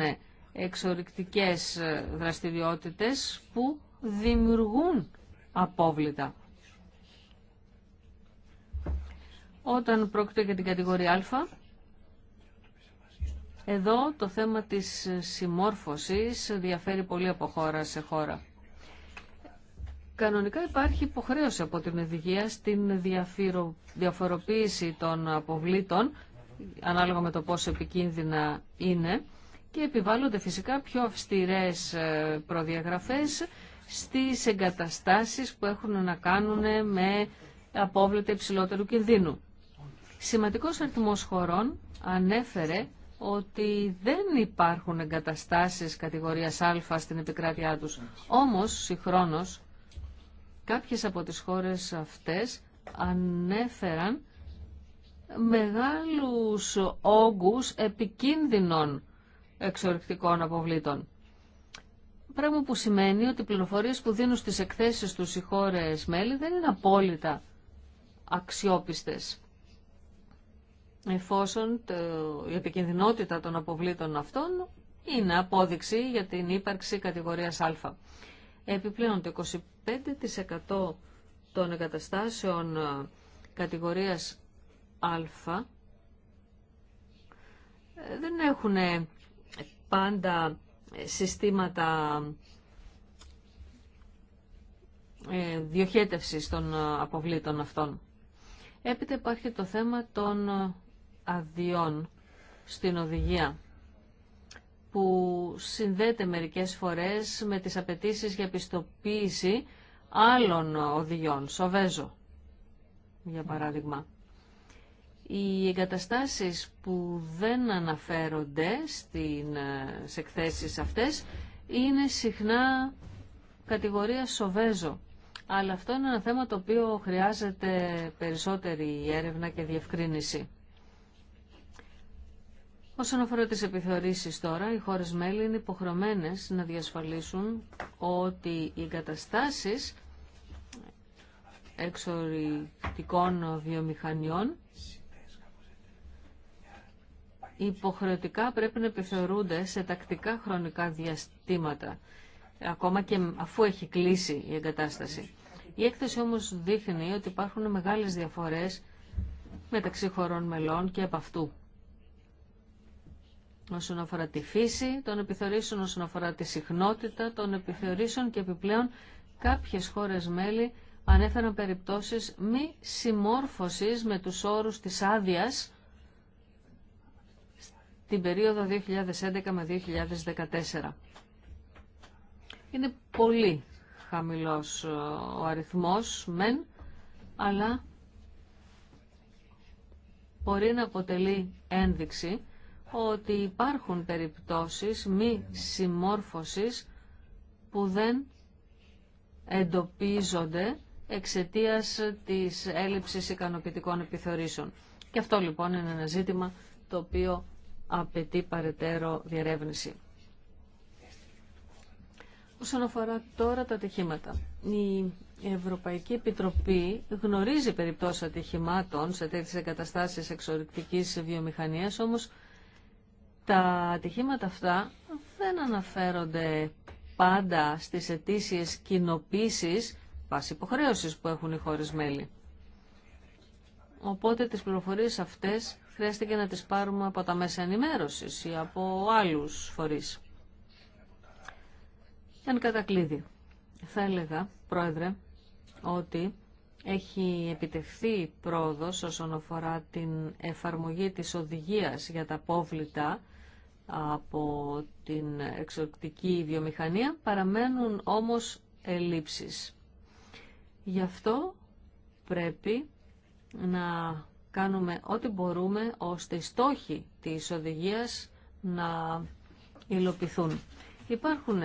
εξορυκτικές ε, δραστηριότητες που δημιουργούν απόβλητα. Όταν πρόκειται για την κατηγορία Α, εδώ το θέμα της συμμόρφωσης διαφέρει πολύ από χώρα σε χώρα. Κανονικά υπάρχει υποχρέωση από την οδηγία στην διαφοροποίηση των αποβλήτων, ανάλογα με το πόσο επικίνδυνα είναι, και επιβάλλονται φυσικά πιο αυστηρές ε, προδιαγραφές στις εγκαταστάσεις που έχουν να κάνουν με απόβλητα υψηλότερου κινδύνου. Σημαντικός αριθμός χωρών ανέφερε ότι δεν υπάρχουν εγκαταστάσεις κατηγορίας Α στην επικράτειά τους. Όμως, συγχρόνως, κάποιες από τις χώρες αυτές ανέφεραν μεγάλους όγκους επικίνδυνων εξορρυκτικών αποβλήτων. Πράγμα που σημαίνει ότι οι πληροφορίες που δίνουν στις εκθέσεις τους οι χώρες μέλη δεν είναι απόλυτα αξιόπιστες εφόσον το, η επικινδυνότητα των αποβλήτων αυτών είναι απόδειξη για την ύπαρξη κατηγορίας Α. Επιπλέον το 25% των εγκαταστάσεων ε, κατηγορίας Α ε, δεν έχουν πάντα συστήματα ε, διοχέτευσης των αποβλήτων αυτών. Έπειτα υπάρχει το θέμα των αδειών στην οδηγία που συνδέεται μερικές φορές με τις απαιτήσεις για πιστοποίηση άλλων οδηγιών, σοβέζο για παράδειγμα. Οι εγκαταστάσεις που δεν αναφέρονται στην, ε, σε εκθέσεις αυτές είναι συχνά κατηγορία σοβέζο. Αλλά αυτό είναι ένα θέμα το οποίο χρειάζεται περισσότερη έρευνα και διευκρίνηση. Όσον αφορά τις επιθεωρήσεις τώρα, οι χώρες μέλη είναι υποχρεωμένες να διασφαλίσουν ότι οι εγκαταστάσεις εξορυκτικών βιομηχανιών υποχρεωτικά πρέπει να επιθεωρούνται σε τακτικά χρονικά διαστήματα, ακόμα και αφού έχει κλείσει η εγκατάσταση. Η έκθεση όμως δείχνει ότι υπάρχουν μεγάλες διαφορές μεταξύ χωρών μελών και από αυτού όσον αφορά τη φύση των επιθεωρήσεων, όσον αφορά τη συχνότητα των επιθεωρήσεων και επιπλέον κάποιες χώρες μέλη ανέφεραν περιπτώσεις μη συμμόρφωσης με τους όρους της άδεια την περίοδο 2011 με 2014. Είναι πολύ χαμηλός ε, ο αριθμός, μεν, αλλά μπορεί να αποτελεί ένδειξη ότι υπάρχουν περιπτώσεις μη συμμόρφωσης που δεν εντοπίζονται εξαιτίας της έλλειψης ικανοποιητικών επιθεωρήσεων. Και αυτό λοιπόν είναι ένα ζήτημα το οποίο απαιτεί παρετέρω διερεύνηση. Όσον αφορά τώρα τα ατυχήματα. Η Ευρωπαϊκή Επιτροπή γνωρίζει περιπτώσεις ατυχημάτων σε τέτοιες εγκαταστάσεις εξορρυκτικής βιομηχανίας, όμως τα ατυχήματα αυτά δεν αναφέρονται πάντα στις αιτήσει κοινοποίησης βάσει υποχρέωσης που έχουν οι χώρες μέλη. Οπότε τις πληροφορίες αυτές χρειάστηκε να τις πάρουμε από τα μέσα ενημέρωσης ή από άλλους φορείς. Εν κατακλείδη, θα έλεγα, Πρόεδρε, ότι έχει επιτευχθεί πρόοδος όσον αφορά την εφαρμογή της οδηγίας για τα πόβλητα από την εξωτική βιομηχανία, παραμένουν όμως ελλείψεις. Γι' αυτό πρέπει να κάνουμε ό,τι μπορούμε ώστε οι στόχοι της οδηγίας να υλοποιηθούν. Υπάρχουν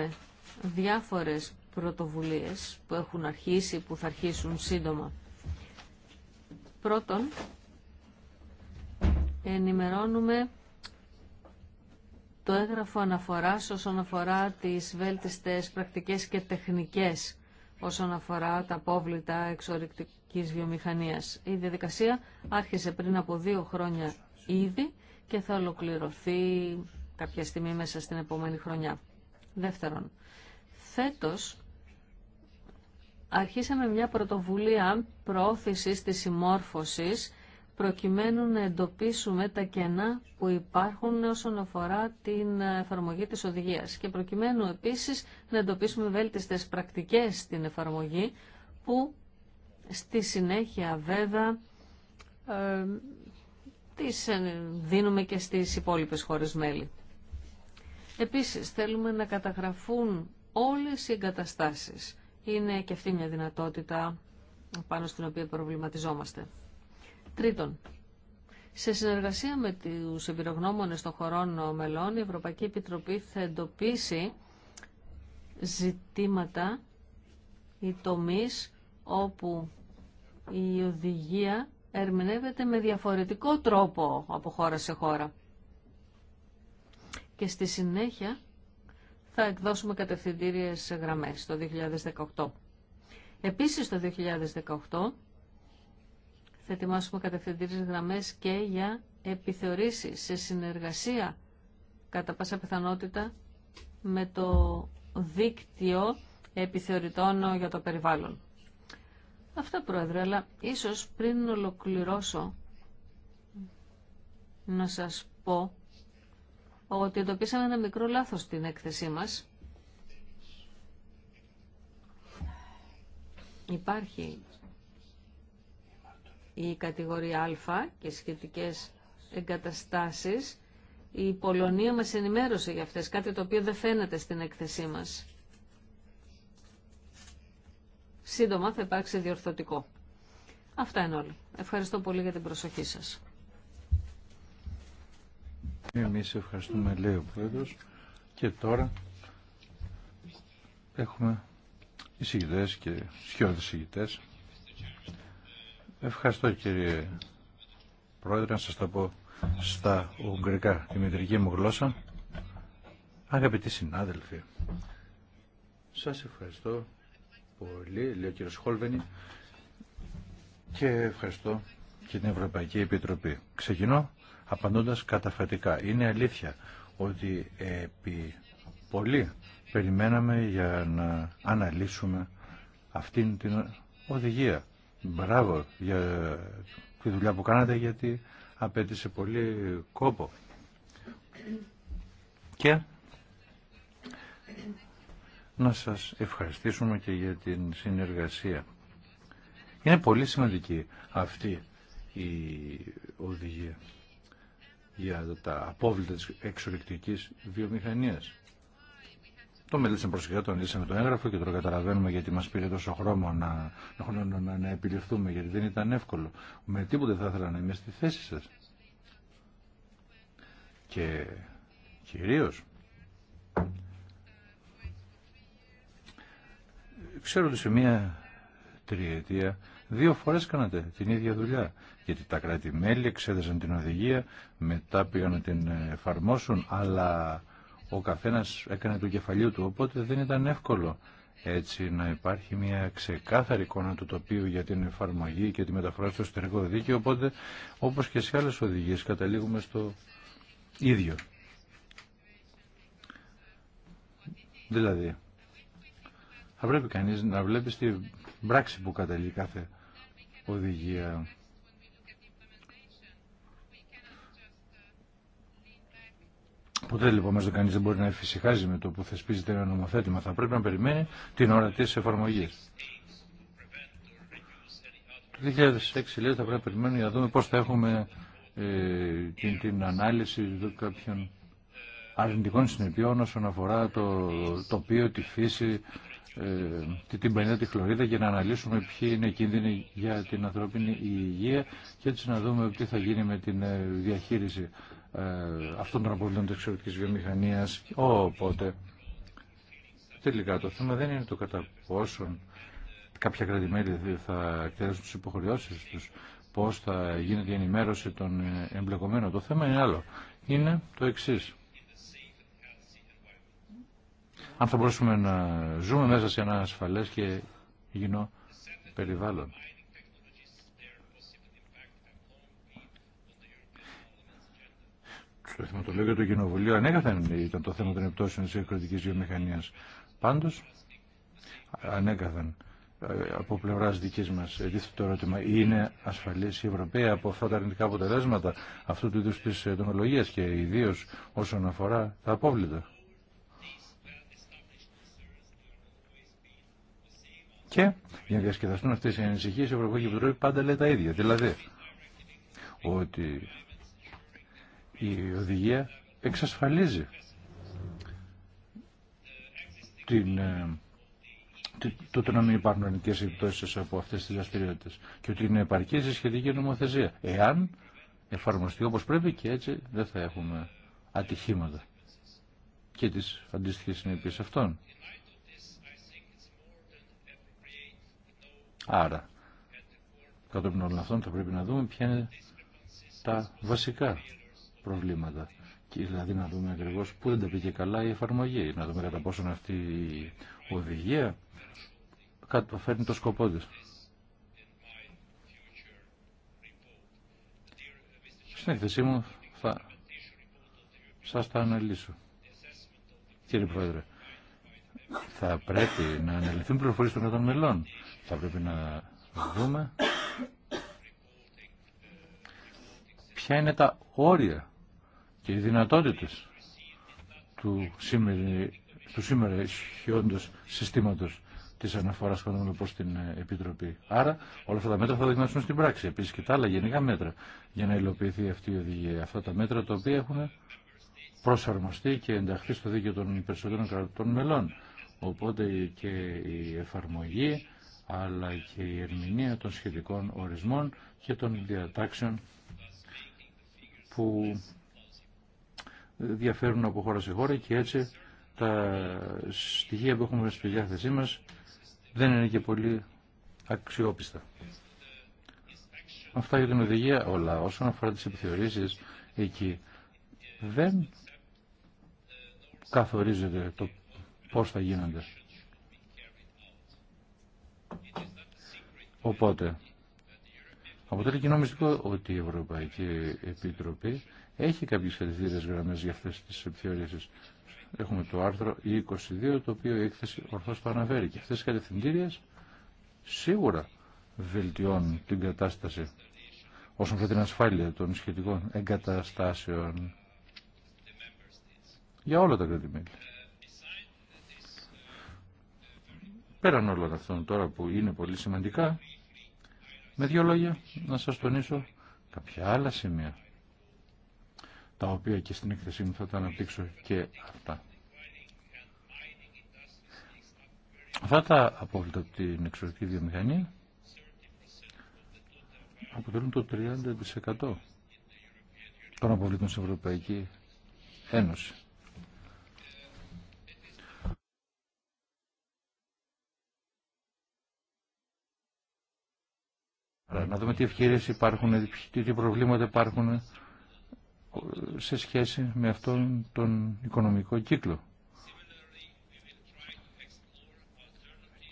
διάφορες πρωτοβουλίες που έχουν αρχίσει, που θα αρχίσουν σύντομα. Πρώτον, ενημερώνουμε το έγγραφο αναφοράς όσον αφορά τι βέλτιστες πρακτικές και τεχνικές όσον αφορά τα απόβλητα εξορυκτικής βιομηχανίας. Η διαδικασία άρχισε πριν από δύο χρόνια ήδη και θα ολοκληρωθεί κάποια στιγμή μέσα στην επόμενη χρονιά. Δεύτερον, φέτος αρχίσαμε μια πρωτοβουλία πρόθεσης της συμμόρφωσης προκειμένου να εντοπίσουμε τα κενά που υπάρχουν όσον αφορά την εφαρμογή της οδηγίας και προκειμένου επίσης να εντοπίσουμε βέλτιστες πρακτικές στην εφαρμογή που στη συνέχεια βέβαια ε, τις δίνουμε και στις υπόλοιπες χώρες μέλη. Επίσης θέλουμε να καταγραφούν όλες οι εγκαταστάσεις. Είναι και αυτή μια δυνατότητα πάνω στην οποία προβληματιζόμαστε. Τρίτον, σε συνεργασία με του εμπειρογνώμονε των χωρών μελών, η Ευρωπαϊκή Επιτροπή θα εντοπίσει ζητήματα ή τομείς όπου η τομεί οπου η ερμηνεύεται με διαφορετικό τρόπο από χώρα σε χώρα. Και στη συνέχεια θα εκδώσουμε κατευθυντήριες γραμμές το 2018. Επίσης το 2018 θα ετοιμάσουμε κατευθυντήριες γραμμές και για επιθεωρήσεις σε συνεργασία κατά πάσα πιθανότητα με το δίκτυο επιθεωρητών για το περιβάλλον. Αυτά πρόεδρε, αλλά ίσως πριν ολοκληρώσω να σας πω ότι εντοπίσαμε ένα μικρό λάθος στην έκθεσή μας. Υπάρχει η κατηγορία Α και σχετικές εγκαταστάσεις, η Πολωνία μας ενημέρωσε για αυτές, κάτι το οποίο δεν φαίνεται στην έκθεσή μας. Σύντομα θα υπάρξει διορθωτικό. Αυτά είναι όλα. Ευχαριστώ πολύ για την προσοχή σας. Εμείς ευχαριστούμε, λέει ο Πρόεδρος. Και τώρα έχουμε εισηγητές και σιώδες εισηγητές. Ευχαριστώ κύριε Πρόεδρε, να σας το πω στα ουγγρικά, τη μητρική μου γλώσσα. Αγαπητοί συνάδελφοι, σας ευχαριστώ πολύ, λέει ο κύριος Χόλβενη, και ευχαριστώ και την Ευρωπαϊκή Επιτροπή. Ξεκινώ απαντώντας καταφατικά. Είναι αλήθεια ότι επί πολύ περιμέναμε για να αναλύσουμε αυτήν την οδηγία Μπράβο για τη δουλειά που κάνατε γιατί απέτησε πολύ κόπο. Και να σας ευχαριστήσουμε και για την συνεργασία. Είναι πολύ σημαντική αυτή η οδηγία για τα απόβλητα της εξορρυκτικής βιομηχανίας με λύσαν προσεκτικά, τον με το έγγραφο και τον καταλαβαίνουμε γιατί μα πήρε τόσο χρόνο να, να, να, επιληφθούμε, γιατί δεν ήταν εύκολο. Με τίποτε θα ήθελα να είμαι στη θέση σα. Και κυρίω. Ξέρω ότι σε μία τριετία δύο φορές κάνατε την ίδια δουλειά. Γιατί τα κράτη-μέλη εξέδεσαν την οδηγία, μετά πήγαν να την εφαρμόσουν, αλλά ο καθένας έκανε το κεφαλιού του, οπότε δεν ήταν εύκολο έτσι να υπάρχει μια ξεκάθαρη εικόνα του τοπίου για την εφαρμογή και τη μεταφορά στο εσωτερικό δίκαιο, οπότε όπως και σε άλλες οδηγίες καταλήγουμε στο ίδιο. Δηλαδή, θα πρέπει κανείς να βλέπει στην πράξη που καταλήγει κάθε οδηγία. Ποτέ λοιπόν μας κανείς δεν μπορεί να εφησυχάζει με το που θεσπίζεται ένα νομοθέτημα. Θα πρέπει να περιμένει την ώρα της εφαρμογής. Το 2006 λέει θα πρέπει να περιμένουμε για να δούμε πώς θα έχουμε ε, την, την ανάλυση κάποιων αρνητικών συνεπειών όσον αφορά το τοπίο, τη φύση, ε, την πανίδα, τη χλωρίδα για να αναλύσουμε ποιοι είναι κίνδυνοι για την ανθρώπινη υγεία και έτσι να δούμε τι θα γίνει με την ε, διαχείριση ε, αυτών των αποβλήτων της εξωτερικής βιομηχανίας. Οπότε, τελικά το θέμα δεν είναι το κατά πόσον κάποια κρατημέλη θα εκτελέσουν τις υποχρεώσεις τους, πώς θα γίνεται η ενημέρωση των εμπλεκομένων. Το θέμα είναι άλλο. Είναι το εξή. Αν θα μπορούσαμε να ζούμε μέσα σε ένα ασφαλές και υγιεινό περιβάλλον. στο θεματολόγιο του Κοινοβουλίου ανέκαθεν ήταν το θέμα των επιπτώσεων τη εκκροτικής βιομηχανία πάντω, ανέκαθεν ε, από πλευρά δική μα το ερώτημα, είναι ασφαλή η Ευρωπαία από αυτά τα αρνητικά αποτελέσματα αυτού του είδου τη τεχνολογία και ιδίω όσον αφορά τα απόβλητα. Και για να διασκεδαστούν αυτέ οι ανησυχίε, η Ευρωπαϊκή Επιτροπή πάντα λέει τα ίδια. Δηλαδή, ότι η οδηγία εξασφαλίζει την, ε, το, το να μην υπάρχουν αρνητικέ επιπτώσει από αυτέ τι δραστηριότητε και ότι είναι επαρκή η σχετική νομοθεσία. Εάν εφαρμοστεί όπω πρέπει και έτσι δεν θα έχουμε ατυχήματα και τι αντίστοιχε συνέπειε αυτών. Άρα, κατόπιν όλων αυτών θα πρέπει να δούμε ποια είναι τα βασικά προβλήματα. Και δηλαδή να δούμε ακριβώ πού δεν τα πήγε καλά η εφαρμογή, να δούμε κατά πόσον αυτή η οδηγία καταφέρνει φέρνει το σκοπό της. Στην έκθεσή μου θα σας τα αναλύσω. Κύριε Πρόεδρε, θα πρέπει να αναλυθούν πληροφορίες των κρατών Θα πρέπει να δούμε ποια είναι τα όρια και οι δυνατότητε του σήμερα, του σήμερα ισχυόντος συστήματος της αναφοράς προς την ε, Επιτροπή. Άρα όλα αυτά τα μέτρα θα δοκιμάσουν στην πράξη. Επίσης και τα άλλα γενικά μέτρα για να υλοποιηθεί αυτή η οδηγία. Αυτά τα μέτρα τα οποία έχουν προσαρμοστεί και ενταχθεί στο δίκαιο των περισσότερων κρατών μελών. Οπότε και η εφαρμογή αλλά και η ερμηνεία των σχετικών ορισμών και των διατάξεων που διαφέρουν από χώρα σε χώρα και έτσι τα στοιχεία που έχουμε στη διάθεσή μας δεν είναι και πολύ αξιόπιστα. Αυτά για την οδηγία όλα. Όσον αφορά τις επιθεωρήσεις εκεί δεν καθορίζεται το πώς θα γίνονται. Οπότε, αποτελεί κοινό μυστικό ότι η Ευρωπαϊκή Επιτροπή έχει κάποιε κατευθύνες γραμμές για αυτές τις επιθεωρήσει. Έχουμε το άρθρο 22 το οποίο η έκθεση ορθώς το αναφέρει και αυτές οι κατευθυντήριε σίγουρα βελτιώνουν την κατάσταση όσον αφορά την ασφάλεια των σχετικών εγκαταστάσεων για όλα τα κράτη-μέλη. Πέραν όλων αυτών τώρα που είναι πολύ σημαντικά, με δύο λόγια να σας τονίσω κάποια άλλα σημεία τα οποία και στην έκθεσή μου θα τα αναπτύξω και αυτά. Αυτά τα απόβλητα από την εξωτερική βιομηχανία αποτελούν το 30% των αποβλήτων στην Ευρωπαϊκή Ένωση. Να δούμε τι ευκαιρίες υπάρχουν, τι προβλήματα υπάρχουν σε σχέση με αυτόν τον οικονομικό κύκλο.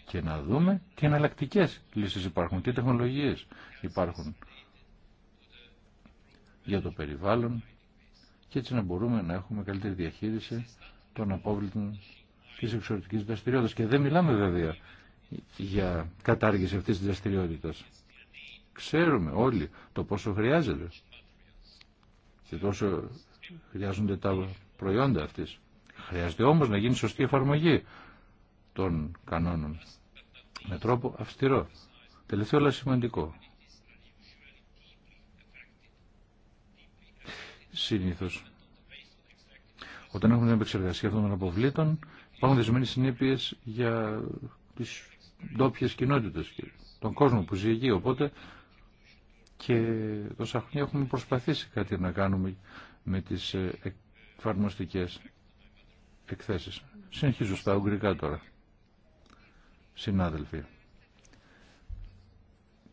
Και να δούμε τι εναλλακτικέ λύσεις υπάρχουν, τι τεχνολογίες υπάρχουν για το περιβάλλον και έτσι να μπορούμε να έχουμε καλύτερη διαχείριση των απόβλητων της εξωτερική δραστηριότητας. Και δεν μιλάμε βέβαια για κατάργηση αυτής της δραστηριότητας. Ξέρουμε όλοι το πόσο χρειάζεται και τόσο χρειάζονται τα προϊόντα αυτής. Χρειάζεται όμως να γίνει σωστή εφαρμογή των κανόνων με τρόπο αυστηρό. Τελευταίο αλλά σημαντικό. Συνήθως όταν έχουμε την επεξεργασία αυτών των αποβλήτων υπάρχουν δεσμένες συνέπειες για τις ντόπιε κοινότητες και τον κόσμο που ζει εκεί. Οπότε και τόσα χρόνια έχουμε προσπαθήσει κάτι να κάνουμε με τις ε, εφαρμοστικές εκθέσεις. Συνεχίζω στα ουγγρικά τώρα. Συνάδελφοι,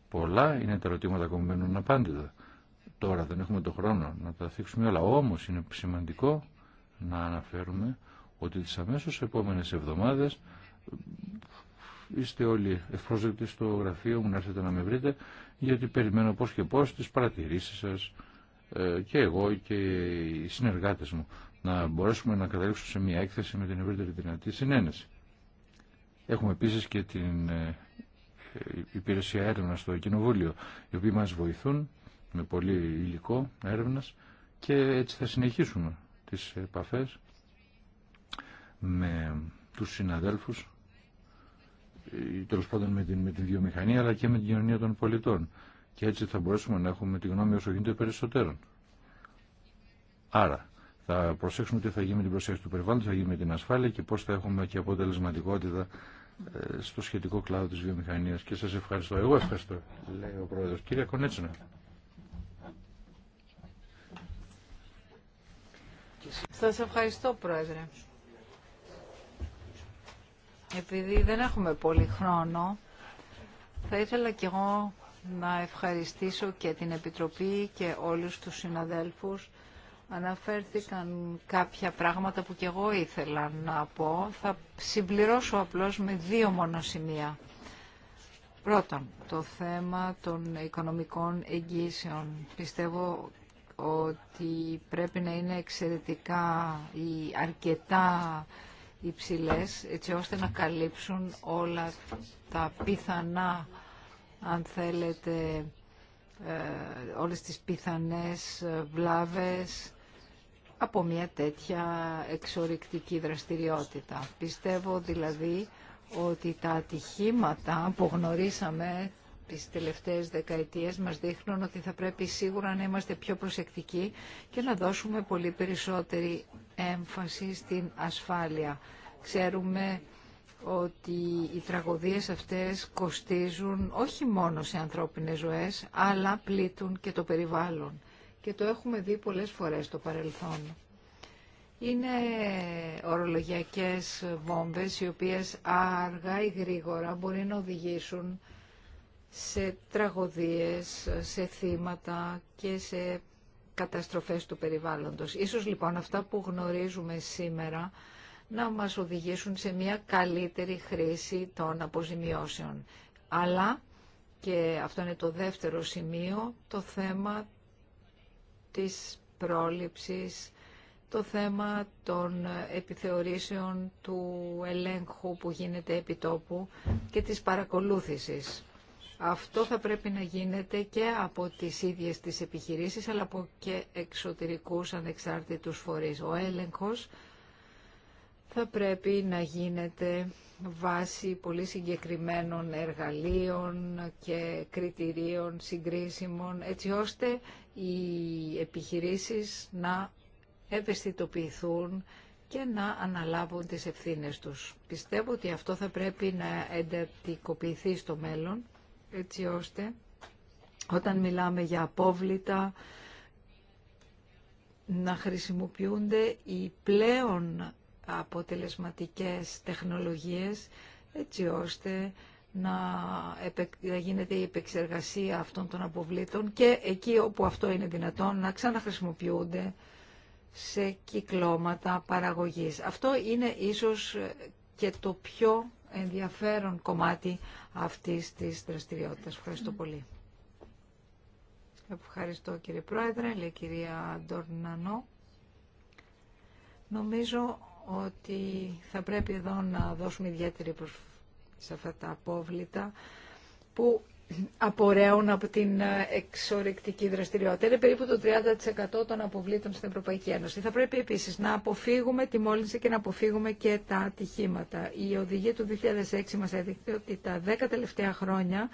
πολλά είναι τα ερωτήματα που μένουν απάντητα. Τώρα δεν έχουμε τον χρόνο να τα θίξουμε όλα. Όμως είναι σημαντικό να αναφέρουμε ότι τις αμέσως επόμενες εβδομάδες είστε όλοι ευπρόσδεκτοι στο γραφείο μου να έρθετε να με βρείτε γιατί περιμένω πώς και πώς τις παρατηρήσεις σας ε, και εγώ και οι συνεργάτες μου να μπορέσουμε να καταλήξουμε σε μια έκθεση με την ευρύτερη δυνατή συνένεση. Έχουμε επίσης και την ε, υπηρεσία έρευνα στο Κοινοβούλιο, οι οποίοι μας βοηθούν με πολύ υλικό έρευνας και έτσι θα συνεχίσουμε τις επαφές με τους συναδέλφους τέλο πάντων με την, με την βιομηχανία αλλά και με την κοινωνία των πολιτών. Και έτσι θα μπορέσουμε να έχουμε τη γνώμη όσο γίνεται περισσότερων. Άρα, θα προσέξουμε τι θα γίνει με την προσέγγιση του περιβάλλοντος, θα γίνει με την ασφάλεια και πώς θα έχουμε και αποτελεσματικότητα ε, στο σχετικό κλάδο της βιομηχανίας. Και σας ευχαριστώ. Εγώ ευχαριστώ, λέει ο Πρόεδρος. Κύριε Κονέτσινα. Σας ευχαριστώ, Πρόεδρε. Επειδή δεν έχουμε πολύ χρόνο, θα ήθελα κι εγώ να ευχαριστήσω και την Επιτροπή και όλους τους συναδέλφους. Αναφέρθηκαν κάποια πράγματα που κι εγώ ήθελα να πω. Θα συμπληρώσω απλώς με δύο σημεία. Πρώτον, το θέμα των οικονομικών εγγύσεων. Πιστεύω ότι πρέπει να είναι εξαιρετικά ή αρκετά υψηλές έτσι ώστε να καλύψουν όλα τα πιθανά, αν θέλετε, ε, όλες τις πιθανές ε, βλάβες από μια τέτοια εξορρυκτική δραστηριότητα. Πιστεύω δηλαδή ότι τα ατυχήματα που γνωρίσαμε τις τελευταίες δεκαετίες μας δείχνουν ότι θα πρέπει σίγουρα να είμαστε πιο προσεκτικοί και να δώσουμε πολύ περισσότερη έμφαση στην ασφάλεια. Ξέρουμε ότι οι τραγωδίες αυτές κοστίζουν όχι μόνο σε ανθρώπινες ζωές, αλλά πλήττουν και το περιβάλλον. Και το έχουμε δει πολλές φορές στο παρελθόν. Είναι ορολογιακές βόμβες οι οποίες αργά ή γρήγορα μπορεί να οδηγήσουν σε τραγωδίες, σε θύματα και σε καταστροφές του περιβάλλοντος. Ίσως λοιπόν αυτά που γνωρίζουμε σήμερα να μας οδηγήσουν σε μια καλύτερη χρήση των αποζημιώσεων. Αλλά, και αυτό είναι το δεύτερο σημείο, το θέμα της πρόληψης, το θέμα των επιθεωρήσεων του ελέγχου που γίνεται επιτόπου και της παρακολούθησης. Αυτό θα πρέπει να γίνεται και από τις ίδιες τις επιχειρήσεις, αλλά από και εξωτερικούς ανεξάρτητους φορείς. Ο έλεγχος θα πρέπει να γίνεται βάσει πολύ συγκεκριμένων εργαλείων και κριτηρίων συγκρίσιμων, έτσι ώστε οι επιχειρήσεις να ευαισθητοποιηθούν και να αναλάβουν τις ευθύνες τους. Πιστεύω ότι αυτό θα πρέπει να εντατικοποιηθεί στο μέλλον έτσι ώστε όταν μιλάμε για απόβλητα να χρησιμοποιούνται οι πλέον αποτελεσματικές τεχνολογίες έτσι ώστε να γίνεται η επεξεργασία αυτών των αποβλήτων και εκεί όπου αυτό είναι δυνατόν να ξαναχρησιμοποιούνται σε κυκλώματα παραγωγής. Αυτό είναι ίσως και το πιο ενδιαφέρον κομμάτι αυτής της δραστηριότητας. Ευχαριστώ πολύ. Ευχαριστώ κύριε Πρόεδρε, λέει κυρία Ντορνανό. Νομίζω ότι θα πρέπει εδώ να δώσουμε ιδιαίτερη προσφυγή σε αυτά τα απόβλητα που απορρέουν από την ε, εξορρυκτική δραστηριότητα. Είναι περίπου το 30% των αποβλήτων στην Ευρωπαϊκή Ένωση. Θα πρέπει επίση να αποφύγουμε τη μόλυνση και να αποφύγουμε και τα ατυχήματα. Η οδηγία του 2006 μα έδειξε ότι τα 10 τελευταία χρόνια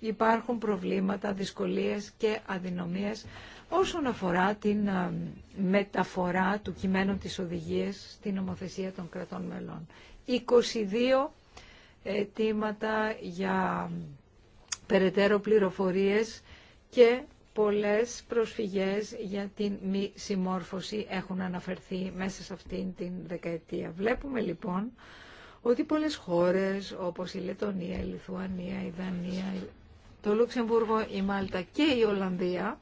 υπάρχουν προβλήματα, δυσκολίε και αδυναμίες όσον αφορά την ε, μεταφορά του κειμένου τη οδηγία στην Ομοθεσία των κρατών μελών. 22 αιτήματα για περαιτέρω πληροφορίες και πολλές προσφυγές για την μη συμμόρφωση έχουν αναφερθεί μέσα σε αυτήν την δεκαετία. Βλέπουμε λοιπόν ότι πολλές χώρες όπως η Λετωνία, η Λιθουανία, η Δανία, το Λουξεμβούργο, η Μάλτα και η Ολλανδία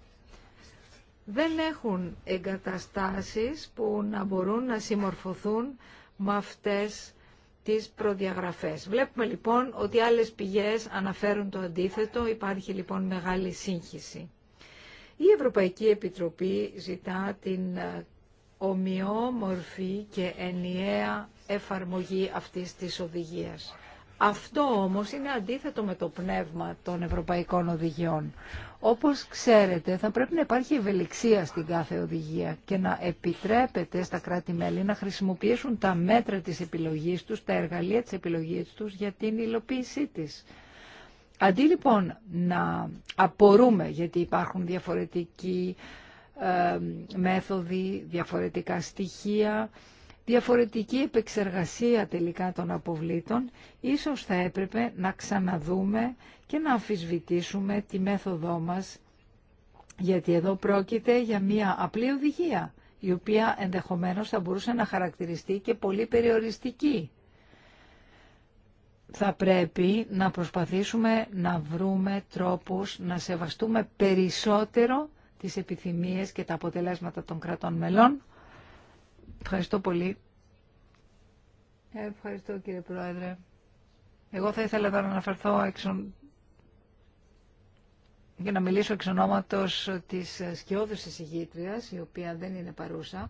δεν έχουν εγκαταστάσεις που να μπορούν να συμμορφωθούν με αυτές τις προδιαγραφές. Βλέπουμε λοιπόν ότι άλλες πηγές αναφέρουν το αντίθετο, υπάρχει λοιπόν μεγάλη σύγχυση. Η Ευρωπαϊκή Επιτροπή ζητά την ε, ομοιόμορφη και ενιαία εφαρμογή αυτής της οδηγίας. Αυτό όμως είναι αντίθετο με το πνεύμα των ευρωπαϊκών οδηγιών. Όπως ξέρετε θα πρέπει να υπάρχει ευελιξία στην κάθε οδηγία και να επιτρέπεται στα κράτη-μέλη να χρησιμοποιήσουν τα μέτρα της επιλογής τους, τα εργαλεία της επιλογής τους για την υλοποίησή της. Αντί λοιπόν να απορούμε γιατί υπάρχουν διαφορετικοί ε, μέθοδοι, διαφορετικά στοιχεία, διαφορετική επεξεργασία τελικά των αποβλήτων, ίσως θα έπρεπε να ξαναδούμε και να αμφισβητήσουμε τη μέθοδό μας, γιατί εδώ πρόκειται για μια απλή οδηγία, η οποία ενδεχομένως θα μπορούσε να χαρακτηριστεί και πολύ περιοριστική. Θα πρέπει να προσπαθήσουμε να βρούμε τρόπους να σεβαστούμε περισσότερο τις επιθυμίες και τα αποτελέσματα των κρατών μελών, Ευχαριστώ πολύ. Ευχαριστώ κύριε Πρόεδρε. Εγώ θα ήθελα να αναφερθώ έξω για να μιλήσω εξ ονόματος της σκιώδους εισηγήτριας, η οποία δεν είναι παρούσα,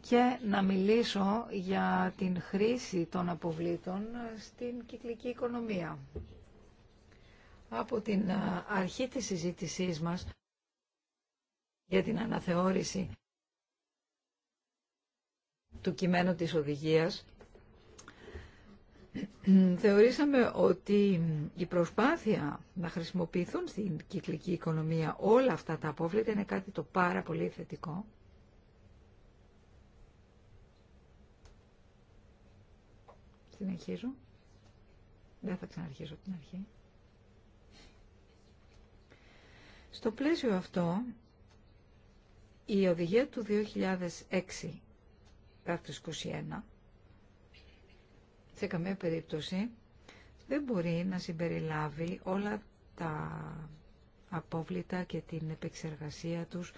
και να μιλήσω για την χρήση των αποβλήτων στην κυκλική οικονομία. Από την αρχή της συζήτησής μας για την αναθεώρηση του κειμένου της οδηγίας, θεωρήσαμε ότι η προσπάθεια να χρησιμοποιηθούν στην κυκλική οικονομία όλα αυτά τα απόβλητα είναι κάτι το πάρα πολύ θετικό. Συνεχίζω. Δεν θα ξαναρχίσω την αρχή. Στο πλαίσιο αυτό, η οδηγία του 2006 21, σε καμία περίπτωση δεν μπορεί να συμπεριλάβει όλα τα απόβλητα και την επεξεργασία τους,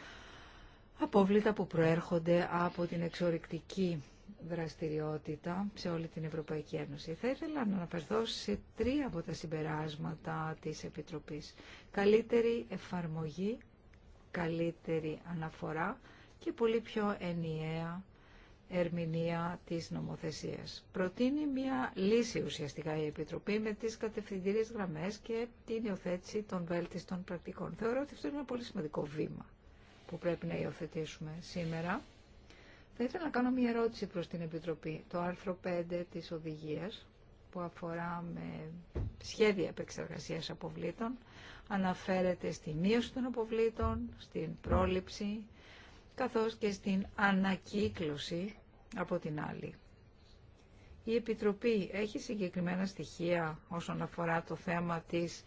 απόβλητα που προέρχονται από την εξορρυκτική δραστηριότητα σε όλη την Ευρωπαϊκή Ένωση. Θα ήθελα να αναφερθώ σε τρία από τα συμπεράσματα της Επιτροπής. Καλύτερη εφαρμογή, καλύτερη αναφορά και πολύ πιο ενιαία ερμηνεία της νομοθεσίας. Προτείνει μια λύση ουσιαστικά η Επιτροπή με τις κατευθυντήριες γραμμές και την υιοθέτηση των βέλτιστων πρακτικών. Θεωρώ ότι αυτό είναι ένα πολύ σημαντικό βήμα που πρέπει να υιοθετήσουμε σήμερα. Θα ήθελα να κάνω μια ερώτηση προς την Επιτροπή. Το άρθρο 5 της οδηγίας που αφορά με σχέδια επεξεργασίας αποβλήτων αναφέρεται στη μείωση των αποβλήτων, στην πρόληψη, καθώς και στην ανακύκλωση από την άλλη. Η Επιτροπή έχει συγκεκριμένα στοιχεία όσον αφορά το θέμα της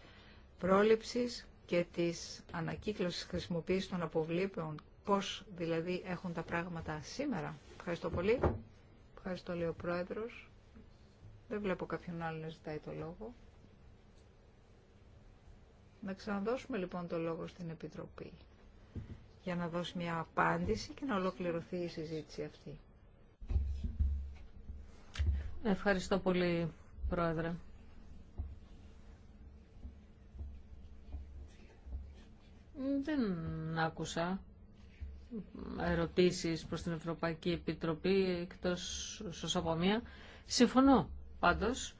πρόληψης και της ανακύκλωσης χρησιμοποίησης των αποβλήπεων. Πώς δηλαδή έχουν τα πράγματα σήμερα. Ευχαριστώ πολύ. Ευχαριστώ λέει ο Πρόεδρος. Δεν βλέπω κάποιον άλλο να ζητάει το λόγο. Να ξαναδώσουμε λοιπόν το λόγο στην Επιτροπή για να δώσει μια απάντηση και να ολοκληρωθεί η συζήτηση αυτή. Ευχαριστώ πολύ, Πρόεδρε. Δεν άκουσα ερωτήσεις προς την Ευρωπαϊκή Επιτροπή εκτός μία. Συμφωνώ πάντως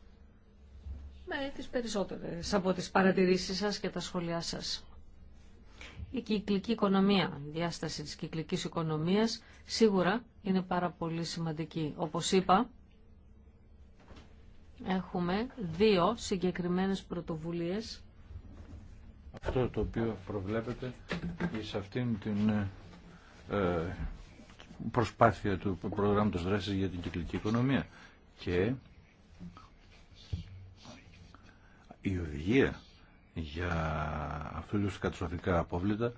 με τις περισσότερες από τις παρατηρήσεις σας και τα σχόλιά σας η κυκλική οικονομία, η διάσταση της κυκλικής οικονομίας σίγουρα είναι πάρα πολύ σημαντική. Όπως είπα, έχουμε δύο συγκεκριμένες πρωτοβουλίες. Αυτό το οποίο προβλέπετε σε αυτήν την ε, ε, προσπάθεια του προγράμματος δράσης για την κυκλική οικονομία και η οδηγία για αυτού τους καταστροφικά απόβλητα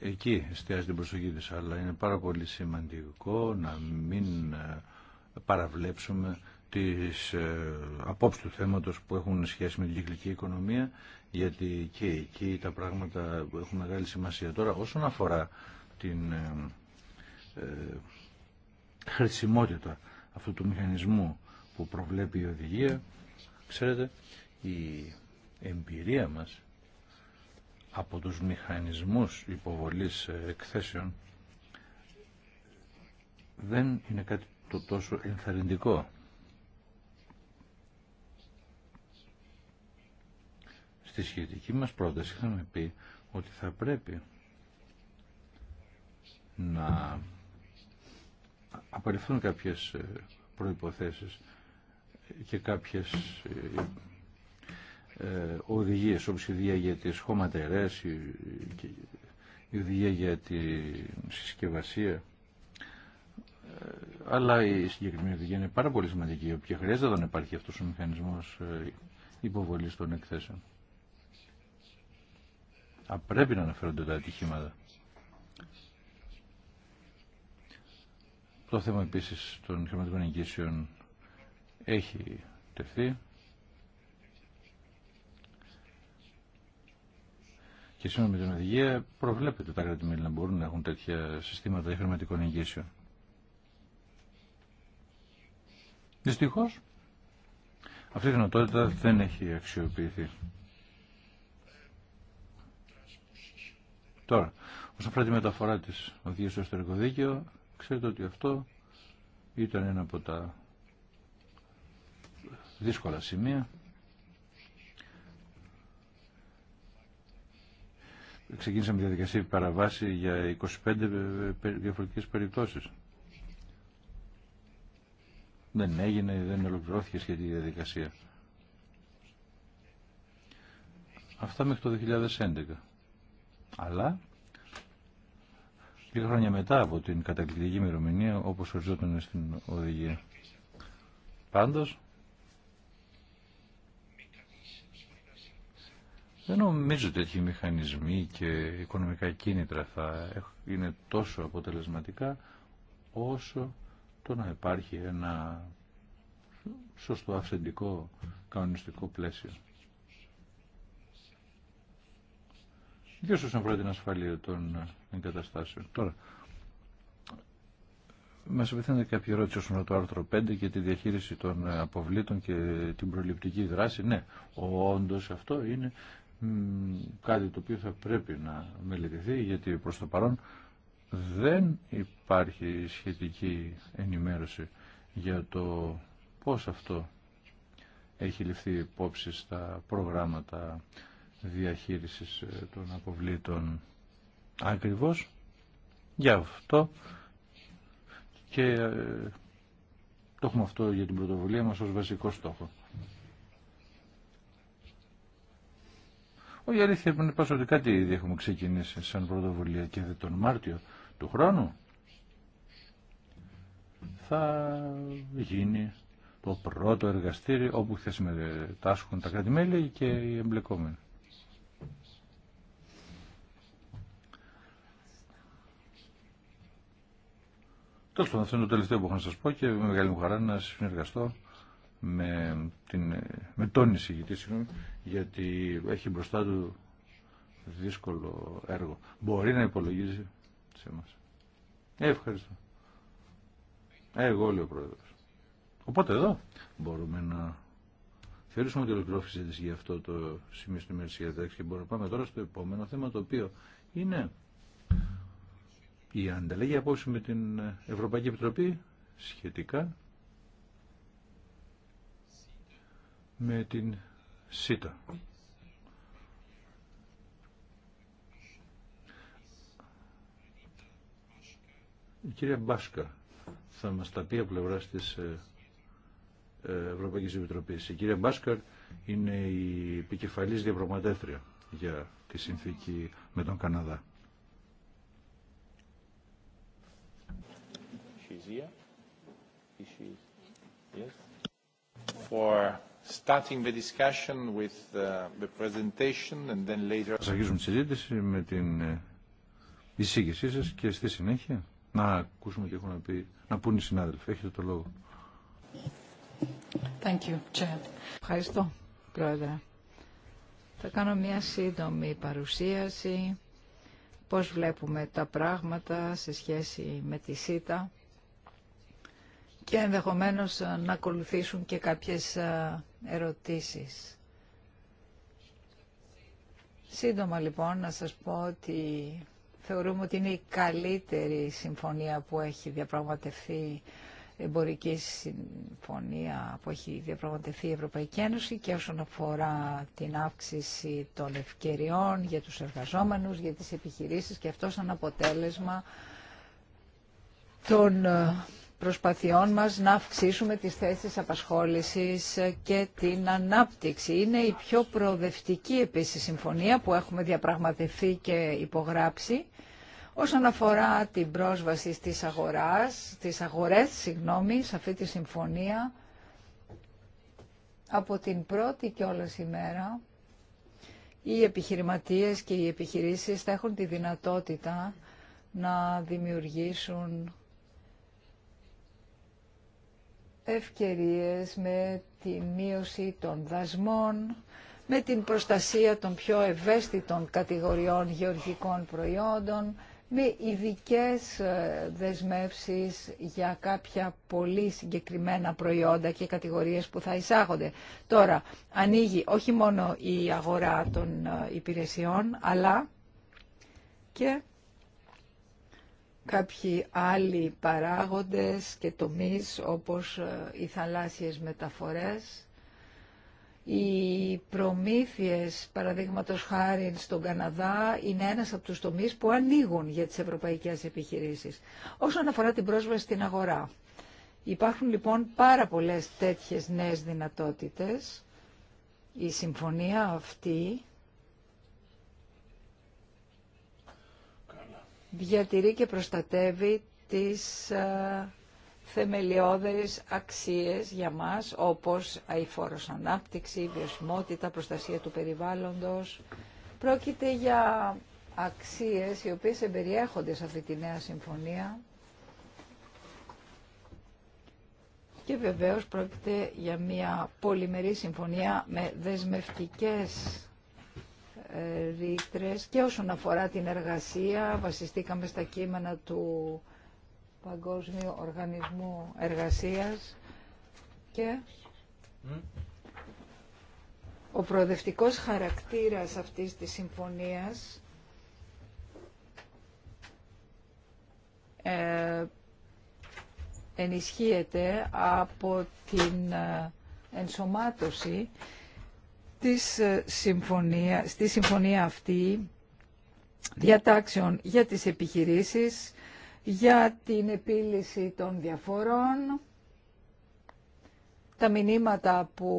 εκεί εστιάζει την προσοχή της αλλά είναι πάρα πολύ σημαντικό να μην ε, παραβλέψουμε τις ε, απόψεις του θέματος που έχουν σχέση με την κυκλική οικονομία γιατί και εκεί τα πράγματα έχουν μεγάλη σημασία τώρα όσον αφορά την ε, χρησιμότητα αυτού του μηχανισμού που προβλέπει η οδηγία ξέρετε η εμπειρία μας από τους μηχανισμούς υποβολής ε, εκθέσεων δεν είναι κάτι το τόσο ενθαρρυντικό. Στη σχετική μας πρόταση είχαμε πει ότι θα πρέπει να απαλληφθούν κάποιες ε, προϋποθέσεις και κάποιες ε, ε, οδηγίες όπως η οδηγία για τις χωματερές, η οδηγία για τη συσκευασία ε, αλλά η συγκεκριμένη οδηγία είναι πάρα πολύ σημαντική και χρειάζεται να υπάρχει αυτός ο μηχανισμός ε, υποβολής των εκθέσεων. Α, πρέπει να αναφέρονται τα ατυχήματα. Το θέμα επίσης των χρηματικών εγγύσεων έχει τεθεί. Και σήμερα με την οδηγία προβλέπεται τα κράτη-μέλη να μπορούν να έχουν τέτοια συστήματα χρηματικών εγγύσεων. Δυστυχώ, αυτή η δυνατότητα δεν έχει αξιοποιηθεί. Τώρα, όσον αφορά τη μεταφορά τη οδηγία στο εσωτερικό δίκαιο, ξέρετε ότι αυτό ήταν ένα από τα δύσκολα σημεία ξεκίνησαμε διαδικασία παραβάση για 25 ε, ε, ε, διαφορετικές περιπτώσεις. Δεν έγινε, δεν ολοκληρώθηκε σχετική διαδικασία. Αυτά μέχρι το 2011. Αλλά λίγα χρόνια μετά από την κατακλητική ημερομηνία όπως οριζόταν στην οδηγία. Πάντως, Δεν νομίζω ότι τέτοιοι μηχανισμοί και οικονομικά κίνητρα θα είναι τόσο αποτελεσματικά όσο το να υπάρχει ένα σωστό αυθεντικό κανονιστικό πλαίσιο. Και όσο αφορά την ασφαλεία των εγκαταστάσεων. Τώρα, μα επιθύνεται κάποια ερώτηση όσον το άρθρο 5 και τη διαχείριση των αποβλήτων και την προληπτική δράση. Ναι, όντω αυτό είναι κάτι το οποίο θα πρέπει να μελετηθεί γιατί προς το παρόν δεν υπάρχει σχετική ενημέρωση για το πώς αυτό έχει ληφθεί υπόψη στα προγράμματα διαχείρισης ε, των αποβλήτων ακριβώς για αυτό και ε, το έχουμε αυτό για την πρωτοβουλία μας ως βασικό στόχο. Η αλήθεια είναι πως ότι κάτι ήδη έχουμε ξεκινήσει σαν πρωτοβουλία και τον Μάρτιο του χρόνου θα γίνει το πρώτο εργαστήρι όπου θα συμμετάσχουν τα κρατημέλη και οι εμπλεκόμενοι. Τέλο πάντων, αυτό είναι το τελευταίο που έχω να σα πω και με μεγάλη μου χαρά να συνεργαστώ με, την, με τον εισηγητή, γιατί έχει μπροστά του δύσκολο έργο. Μπορεί να υπολογίζει σε εμάς. Ε, ευχαριστώ. Ε, εγώ λέω ο Οπότε εδώ μπορούμε να θεωρήσουμε ότι ολοκληρώθηκε τη για αυτό το σημείο στην ημέρα και μπορούμε να πάμε τώρα στο επόμενο θέμα το οποίο είναι η ανταλλαγή απόψη με την Ευρωπαϊκή Επιτροπή σχετικά με την ΣΥΤΑ. Η κυρία Μπάσκα θα μας τα πει από πλευρά τη ε, ε, Ευρωπαϊκή Επιτροπή. Η κυρία Μπάσκα είναι η επικεφαλή διαπραγματεύτρια για τη συνθήκη με τον Καναδά. Yes. For starting Θα uh, αρχίσουμε τη συζήτηση με την ε, εισήγησή σας και στη συνέχεια να ακούσουμε και έχουν πει, να πούν οι συνάδελφοι. Έχετε το λόγο. Ευχαριστώ, Πρόεδρε. Θα κάνω μια σύντομη παρουσίαση, πώς βλέπουμε τα πράγματα σε σχέση με τη ΣΥΤΑ και ενδεχομένως να ακολουθήσουν και κάποιες ε, ερωτήσεις. Σύντομα λοιπόν να σας πω ότι θεωρούμε ότι είναι η καλύτερη συμφωνία που έχει διαπραγματευτεί εμπορική συμφωνία που έχει διαπραγματευτεί η Ευρωπαϊκή Ένωση και όσον αφορά την αύξηση των ευκαιριών για τους εργαζόμενους, για τις επιχειρήσεις και αυτό σαν αποτέλεσμα των ε, προσπαθειών μας να αυξήσουμε τις θέσεις απασχόλησης και την ανάπτυξη. Είναι η πιο προοδευτική επίσης συμφωνία που έχουμε διαπραγματευτεί και υπογράψει όσον αφορά την πρόσβαση στις αγοράς, στις αγορές, συγγνώμη, σε αυτή τη συμφωνία από την πρώτη κιόλας ημέρα οι επιχειρηματίες και οι επιχειρήσεις θα έχουν τη δυνατότητα να δημιουργήσουν ευκαιρίες με τη μείωση των δασμών, με την προστασία των πιο ευαίσθητων κατηγοριών γεωργικών προϊόντων, με ειδικέ ε, δεσμεύσεις για κάποια πολύ συγκεκριμένα προϊόντα και κατηγορίες που θα εισάγονται. Τώρα, ανοίγει όχι μόνο η αγορά των ε, υπηρεσιών, αλλά και κάποιοι άλλοι παράγοντες και τομείς όπως ε, οι θαλάσσιες μεταφορές, οι προμήθειες, παραδείγματος χάρη στον Καναδά, είναι ένας από τους τομείς που ανοίγουν για τις ευρωπαϊκές επιχειρήσεις. Όσον αφορά την πρόσβαση στην αγορά, υπάρχουν λοιπόν πάρα πολλές τέτοιες νέες δυνατότητες. Η συμφωνία αυτή διατηρεί και προστατεύει τις ε, θεμελιώδες αξίες για μας, όπως φόρος ανάπτυξη, βιωσιμότητα, προστασία του περιβάλλοντος. Πρόκειται για αξίες οι οποίες εμπεριέχονται σε αυτή τη νέα συμφωνία και βεβαίως πρόκειται για μια πολυμερή συμφωνία με δεσμευτικές και όσον αφορά την εργασία βασιστήκαμε στα κείμενα του Παγκόσμιου Οργανισμού Εργασίας και ο προοδευτικός χαρακτήρας αυτής της συμφωνίας ε, ενισχύεται από την ε, ενσωμάτωση ε, συμφωνία, στη συμφωνία αυτή διατάξεων για τις επιχειρήσεις, για την επίλυση των διαφορών, τα μηνύματα που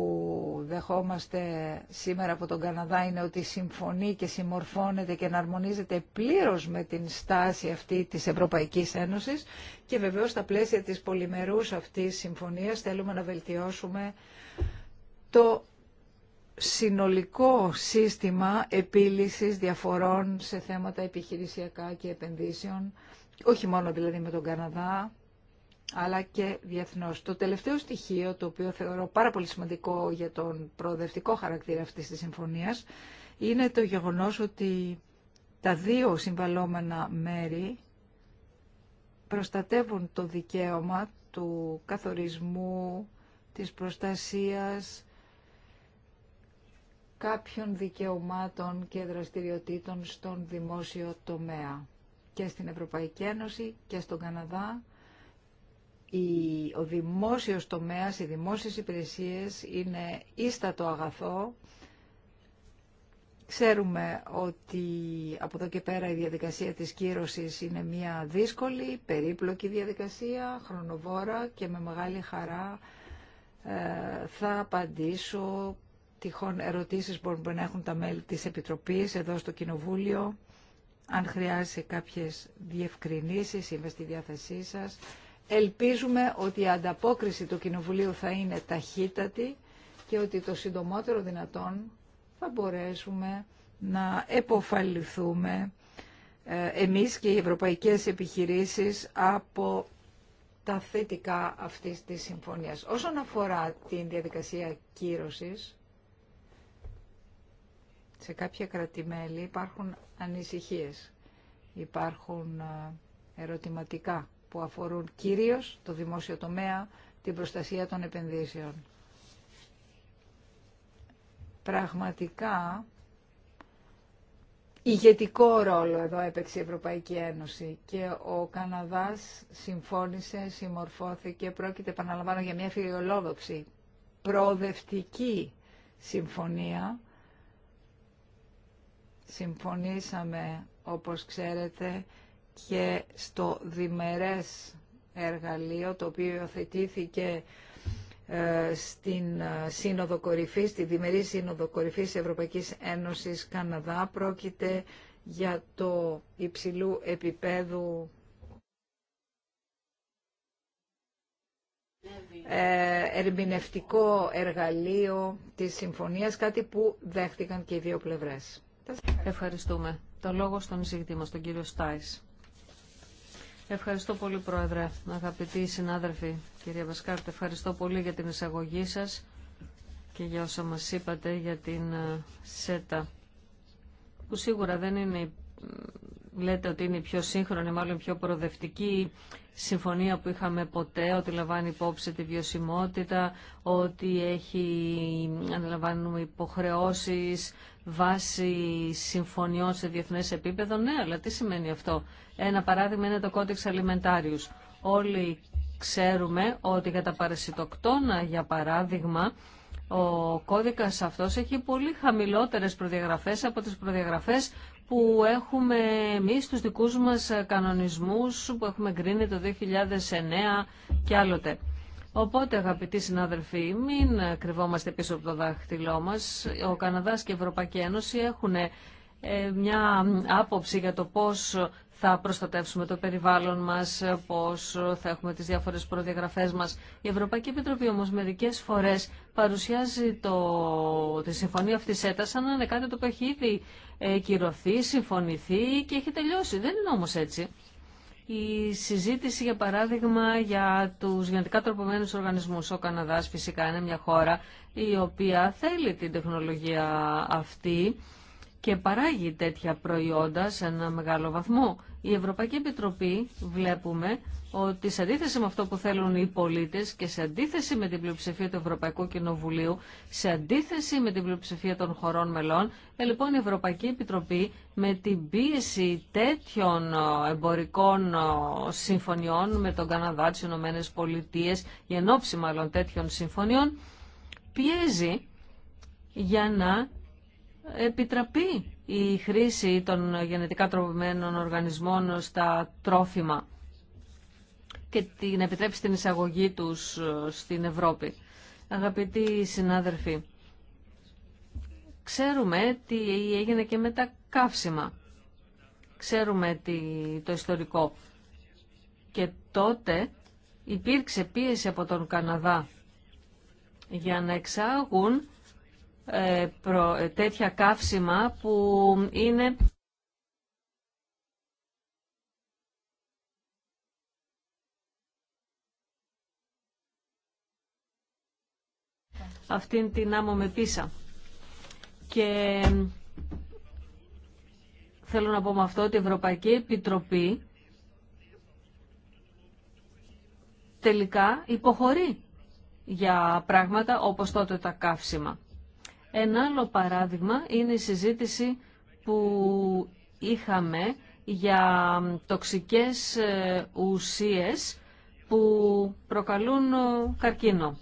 δεχόμαστε σήμερα από τον Καναδά είναι ότι συμφωνεί και συμμορφώνεται και εναρμονίζεται πλήρως με την στάση αυτή της Ευρωπαϊκής Ένωσης και βεβαίως στα πλαίσια της πολυμερούς αυτής συμφωνίας θέλουμε να βελτιώσουμε το συνολικό σύστημα επίλυσης διαφορών σε θέματα επιχειρησιακά και επενδύσεων, όχι μόνο δηλαδή με τον Καναδά, αλλά και διεθνώς. Το τελευταίο στοιχείο, το οποίο θεωρώ πάρα πολύ σημαντικό για τον προοδευτικό χαρακτήρα αυτής της συμφωνίας, είναι το γεγονός ότι τα δύο συμβαλόμενα μέρη προστατεύουν το δικαίωμα του καθορισμού, της προστασίας, κάποιων δικαιωμάτων και δραστηριοτήτων στον δημόσιο τομέα. Και στην Ευρωπαϊκή Ένωση και στον Καναδά ο δημόσιος τομέας, οι δημόσιες υπηρεσίες είναι ίστατο αγαθό. Ξέρουμε ότι από εδώ και πέρα η διαδικασία της κύρωσης είναι μια δύσκολη, περίπλοκη διαδικασία, χρονοβόρα και με μεγάλη χαρά ε, θα απαντήσω τυχόν ερωτήσεις μπορούν να έχουν τα μέλη της Επιτροπής εδώ στο Κοινοβούλιο. Αν χρειάζεσαι κάποιες διευκρινήσεις, είμαι στη διάθεσή σας. Ελπίζουμε ότι η ανταπόκριση του Κοινοβουλίου θα είναι ταχύτατη και ότι το συντομότερο δυνατόν θα μπορέσουμε να εποφαληθούμε ε, εμείς και οι ευρωπαϊκές επιχειρήσεις από τα θετικά αυτής της συμφωνίας. Όσον αφορά την διαδικασία κύρωσης, σε κάποια κρατημέλη υπάρχουν ανησυχίες, υπάρχουν ε, ερωτηματικά που αφορούν κυρίως το δημόσιο τομέα, την προστασία των επενδύσεων. Πραγματικά ηγετικό ρόλο εδώ έπαιξε η Ευρωπαϊκή Ένωση και ο Καναδάς συμφώνησε, συμμορφώθηκε, πρόκειται επαναλαμβάνω για μια φιλολόδοξη προοδευτική συμφωνία συμφωνήσαμε, όπως ξέρετε, και στο διμερές εργαλείο, το οποίο θετήθηκε ε, στην ε, Σύνοδο Κορυφής, στη Διμερή Σύνοδο Κορυφής Ευρωπαϊκής Ένωσης Καναδά. Πρόκειται για το υψηλού επίπεδου ε, ερμηνευτικό εργαλείο της συμφωνίας, κάτι που δέχτηκαν και οι δύο πλευρές. Ευχαριστούμε. Το λόγο στον εισηγητή μας, τον κύριο Στάις. Ευχαριστώ πολύ, Πρόεδρε, αγαπητοί συνάδελφοι. Κυρία Βασκάρτη, ευχαριστώ πολύ για την εισαγωγή σας και για όσα μας είπατε για την ε, ΣΕΤΑ, που σίγουρα δεν είναι λέτε ότι είναι η πιο σύγχρονη, μάλλον πιο προοδευτική συμφωνία που είχαμε ποτέ, ότι λαμβάνει υπόψη τη βιωσιμότητα, ότι έχει, αναλαμβάνουμε υποχρεώσεις βάσει συμφωνιών σε διεθνές επίπεδο. Ναι, αλλά τι σημαίνει αυτό. Ένα παράδειγμα είναι το κόντεξ αλιμεντάριους. Όλοι ξέρουμε ότι για τα παρασιτοκτόνα, για παράδειγμα, ο κώδικας αυτός έχει πολύ χαμηλότερες προδιαγραφές από τις προδιαγραφές που έχουμε εμεί τους δικού μας κανονισμούς που έχουμε γκρίνει το 2009 και άλλοτε. Οπότε, αγαπητοί συνάδελφοι, μην κρυβόμαστε πίσω από το δάχτυλό μας. Ο Καναδάς και η Ευρωπαϊκή Ένωση έχουν ε, μια άποψη για το πώς θα προστατεύσουμε το περιβάλλον μας, πώς θα έχουμε τις διάφορες προδιαγραφές μας. Η Ευρωπαϊκή Επιτροπή όμως μερικές φορές παρουσιάζει το, τη συμφωνία αυτή έτα σαν να είναι κάτι το οποίο έχει ήδη ε, κυρωθεί, συμφωνηθεί και έχει τελειώσει. Δεν είναι όμω έτσι. Η συζήτηση, για παράδειγμα, για τους γενετικά τροπομένους οργανισμούς. Ο Καναδάς φυσικά είναι μια χώρα η οποία θέλει την τεχνολογία αυτή και παράγει τέτοια προϊόντα σε ένα μεγάλο βαθμό. Η Ευρωπαϊκή Επιτροπή βλέπουμε ότι σε αντίθεση με αυτό που θέλουν οι πολίτες και σε αντίθεση με την πλειοψηφία του Ευρωπαϊκού Κοινοβουλίου, σε αντίθεση με την πλειοψηφία των χωρών μελών, ε, λοιπόν η Ευρωπαϊκή Επιτροπή με την πίεση τέτοιων ε, εμπορικών ε, συμφωνιών με τον Καναδά, τις Ηνωμένες Πολιτείες, η ενόψη μάλλον τέτοιων συμφωνιών, πιέζει για να επιτραπεί η χρήση των γενετικά τροποποιημένων οργανισμών στα τρόφιμα και την επιτρέψει την εισαγωγή τους ε, στην Ευρώπη. Αγαπητοί συνάδελφοι, ξέρουμε τι έγινε και με τα καύσιμα. Ξέρουμε το ιστορικό. Και τότε υπήρξε πίεση από τον Καναδά για να εξάγουν ε, ε, τέτοια καύσιμα που είναι... αυτήν την άμμο με πίσα. Και θέλω να πω με αυτό ότι η Ευρωπαϊκή Επιτροπή τελικά υποχωρεί για πράγματα όπως τότε τα καύσιμα. Ένα άλλο παράδειγμα είναι η συζήτηση που είχαμε για τοξικές ε, ουσίες που προκαλούν ε, καρκίνο.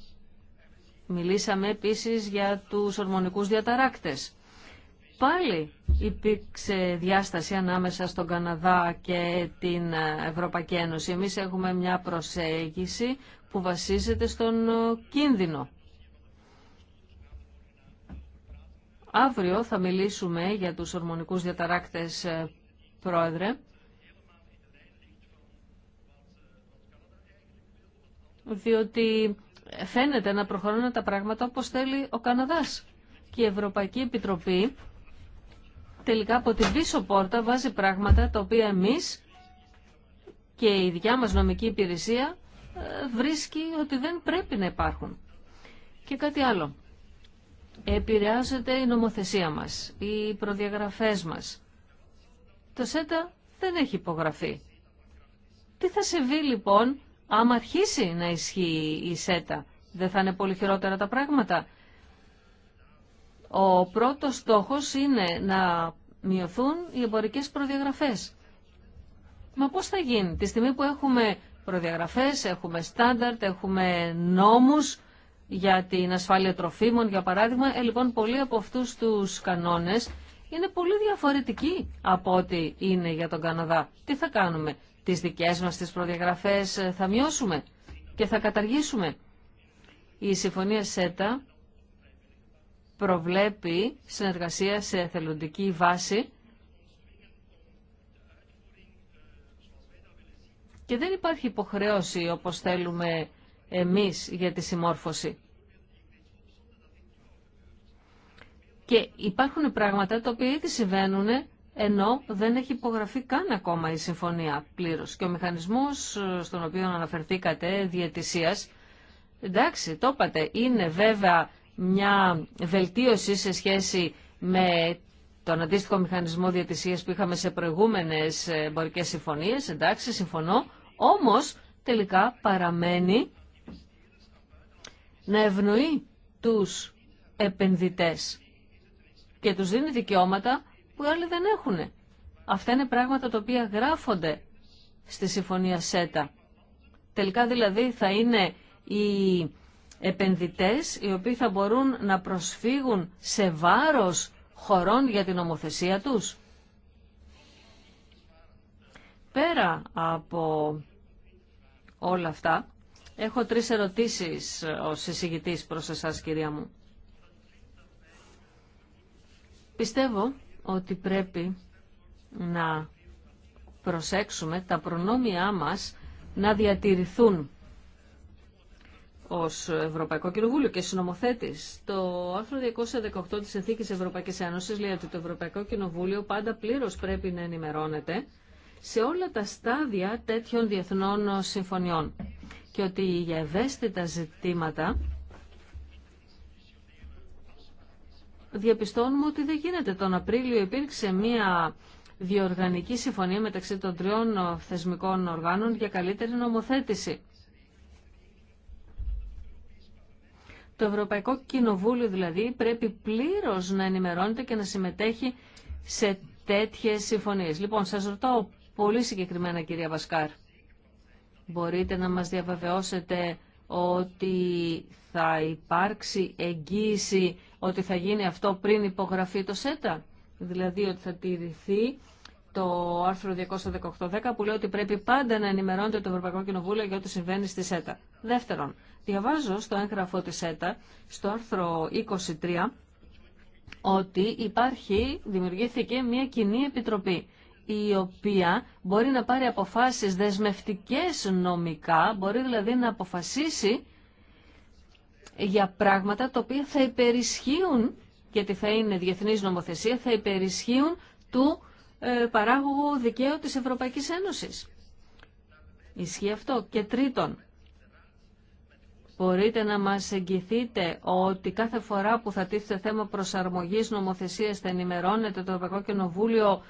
Μιλήσαμε επίσης για τους ορμονικούς διαταράκτες. Πάλι υπήρξε διάσταση ανάμεσα στον Καναδά και την ε, Ευρωπαϊκή Ένωση. Εμείς έχουμε μια προσέγγιση που βασίζεται στον κίνδυνο. Αύριο θα μιλήσουμε για τους ορμονικούς διαταράκτες, ε, Πρόεδρε. Διότι φαίνεται να προχωρούν τα πράγματα όπως θέλει ο Καναδάς. Και η Ευρωπαϊκή Επιτροπή τελικά από την πίσω πόρτα βάζει πράγματα τα οποία εμείς και η δικιά μας νομική υπηρεσία ε, βρίσκει ότι δεν πρέπει να υπάρχουν. Και κάτι άλλο επηρεάζεται η νομοθεσία μας, οι προδιαγραφές μας. Το ΣΕΤΑ δεν έχει υπογραφεί. Τι θα συμβεί λοιπόν άμα αρχίσει να ισχύει η ΣΕΤΑ. Δεν θα είναι πολύ χειρότερα τα πράγματα. Ο πρώτος στόχος είναι να μειωθούν οι εμπορικές προδιαγραφές. Μα πώς θα γίνει, τη στιγμή που έχουμε προδιαγραφές, έχουμε στάνταρτ, έχουμε νόμους, για την ασφάλεια τροφίμων, για παράδειγμα. Ε, λοιπόν, πολλοί από αυτούς τους κανόνες είναι πολύ διαφορετικοί από ό,τι είναι για τον Καναδά. Τι θα κάνουμε, τις δικέ μας τι προδιαγραφές ε, θα μειώσουμε και θα καταργήσουμε. Η Συμφωνία ΣΕΤΑ προβλέπει συνεργασία σε θελοντική βάση και δεν υπάρχει υποχρέωση όπως θέλουμε εμείς για τη συμμόρφωση. Και υπάρχουν πράγματα τα οποία ήδη συμβαίνουν ενώ δεν έχει υπογραφεί καν ακόμα η συμφωνία πλήρως. Και ο μηχανισμός ε, στον οποίο αναφερθήκατε, διαιτησίας, εντάξει, το είπατε, είναι βέβαια μια βελτίωση σε σχέση με τον αντίστοιχο μηχανισμό διατησίας που είχαμε σε προηγούμενες εμπορικές συμφωνίες, εντάξει, συμφωνώ, όμως τελικά παραμένει να ευνοεί τους επενδυτές και τους δίνει δικαιώματα που άλλοι δεν έχουν. Αυτά είναι πράγματα τα οποία γράφονται στη Συμφωνία ΣΕΤΑ. Τελικά δηλαδή θα είναι οι επενδυτές οι οποίοι θα μπορούν να προσφύγουν σε βάρος χωρών για την ομοθεσία τους. Πέρα από όλα αυτά, Έχω τρεις ερωτήσεις ως εισηγητής προς εσάς, κυρία μου. Πιστεύω ότι πρέπει να προσέξουμε τα προνόμια μας να διατηρηθούν ως Ευρωπαϊκό Κοινοβούλιο και συνομοθέτης. Το άρθρο 218 της Εθήκης Ευρωπαϊκής Ένωσης λέει ότι το Ευρωπαϊκό Κοινοβούλιο πάντα πλήρως πρέπει να ενημερώνεται σε όλα τα στάδια τέτοιων διεθνών συμφωνιών και ότι για ευαίσθητα ζητήματα διαπιστώνουμε ότι δεν γίνεται. Τον Απρίλιο υπήρξε μία διοργανική συμφωνία μεταξύ των τριών θεσμικών οργάνων για καλύτερη νομοθέτηση. Το Ευρωπαϊκό Κοινοβούλιο δηλαδή πρέπει πλήρως να ενημερώνεται και να συμμετέχει σε τέτοιες συμφωνίες. Λοιπόν, σας ρωτάω πολύ συγκεκριμένα κυρία Βασκάρ. Μπορείτε να μας διαβεβαιώσετε ότι θα υπάρξει εγγύηση ότι θα γίνει αυτό πριν υπογραφεί το ΣΕΤΑ, δηλαδή ότι θα τηρηθεί το άρθρο 218.10 που λέει ότι πρέπει πάντα να ενημερώνεται το Ευρωπαϊκό Κοινοβούλιο για ό,τι συμβαίνει στη ΣΕΤΑ. Δεύτερον, διαβάζω στο έγγραφο της ΣΕΤΑ, στο άρθρο 23, ότι υπάρχει, δημιουργήθηκε μια κοινή επιτροπή η οποία μπορεί να πάρει αποφάσεις δεσμευτικές νομικά, μπορεί δηλαδή να αποφασίσει για πράγματα τα οποία θα υπερισχύουν, γιατί θα είναι διεθνής νομοθεσία, θα υπερισχύουν του ε, παράγωγου δικαίου της Ευρωπαϊκής Ένωσης. Ισχύει αυτό. Και τρίτον, μπορείτε να μας εγγυθείτε ότι κάθε φορά που θα τίθεται θέμα προσαρμογής νομοθεσίας θα ενημερώνετε το Ευρωπαϊκό Κοινοβούλιο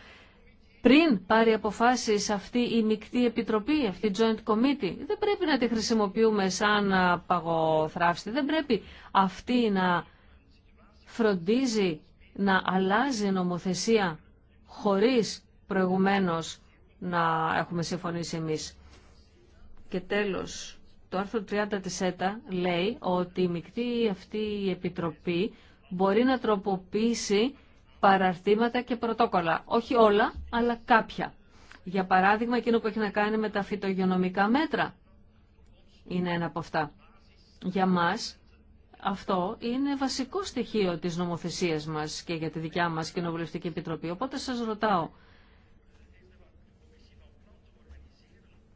πριν πάρει αποφάσεις αυτή η μεικτή επιτροπή, αυτή η Joint Committee. Δεν πρέπει να τη χρησιμοποιούμε σαν παγοθράφστη. Δεν πρέπει αυτή να φροντίζει να αλλάζει νομοθεσία χωρίς προηγουμένως να έχουμε συμφωνήσει εμείς. Και τέλος, το άρθρο 30 της ΕΤΑ λέει ότι η μεικτή αυτή η επιτροπή μπορεί να τροποποιήσει παραρτήματα και πρωτόκολλα. Όχι όλα, αλλά κάποια. Για παράδειγμα, εκείνο που έχει να κάνει με τα φυτογενομικά μέτρα είναι ένα από αυτά. Για μας αυτό είναι βασικό στοιχείο της νομοθεσίας μας και για τη δικιά μας Κοινοβουλευτική Επιτροπή. Οπότε σας ρωτάω,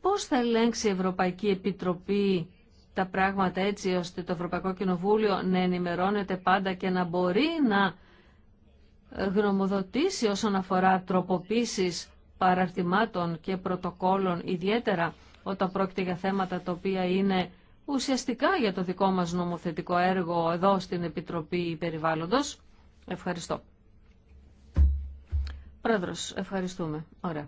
πώς θα ελέγξει η Ευρωπαϊκή Επιτροπή τα πράγματα έτσι ώστε το Ευρωπαϊκό Κοινοβούλιο να ενημερώνεται πάντα και να μπορεί να γνωμοδοτήσει όσον αφορά τροποποίησης παραρτημάτων και πρωτοκόλων, ιδιαίτερα όταν πρόκειται για θέματα τα οποία είναι ουσιαστικά για το δικό μας νομοθετικό έργο εδώ στην Επιτροπή Περιβάλλοντος. Ευχαριστώ. Πρόεδρος, ευχαριστούμε. Ωραία.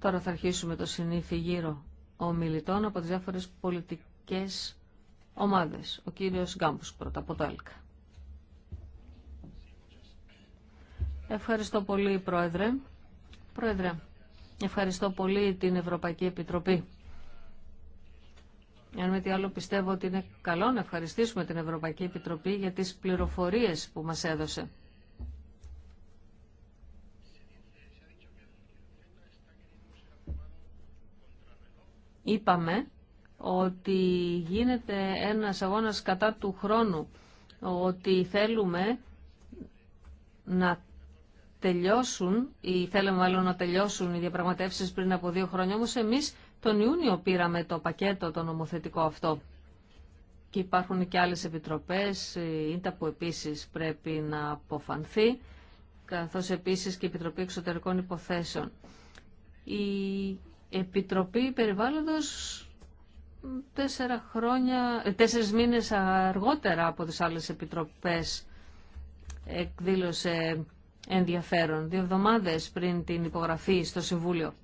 Τώρα θα αρχίσουμε το συνήθι γύρω ομιλητών από τις διάφορες πολιτικές ομάδες. Ο κύριος Γκάμπους πρώτα από το ΕΛΚΑ. Ευχαριστώ πολύ, Πρόεδρε. Πρόεδρε, ευχαριστώ πολύ την Ευρωπαϊκή Επιτροπή. Αν με τι άλλο πιστεύω ότι είναι καλό να ευχαριστήσουμε την Ευρωπαϊκή Επιτροπή για τις πληροφορίες που μας έδωσε. Είπαμε ότι γίνεται ένας αγώνας κατά του χρόνου, ότι θέλουμε να τελειώσουν ή θέλαμε μάλλον να τελειώσουν οι διαπραγματεύσεις πριν από δύο χρόνια, όμως εμείς τον Ιούνιο πήραμε το πακέτο το νομοθετικό αυτό. Και υπάρχουν και άλλες επιτροπές, η ΙΝΤΑ που επίσης πρέπει να αποφανθεί, καθώς επίσης και η Επιτροπή Εξωτερικών Υποθέσεων. Η Επιτροπή Περιβάλλοντος τέσσερα χρόνια, ε, τέσσερις μήνες αργότερα από τις άλλες επιτροπές εκδήλωσε ενδιαφέρον, δύο εβδομάδες πριν την υπογραφή στο Συμβούλιο.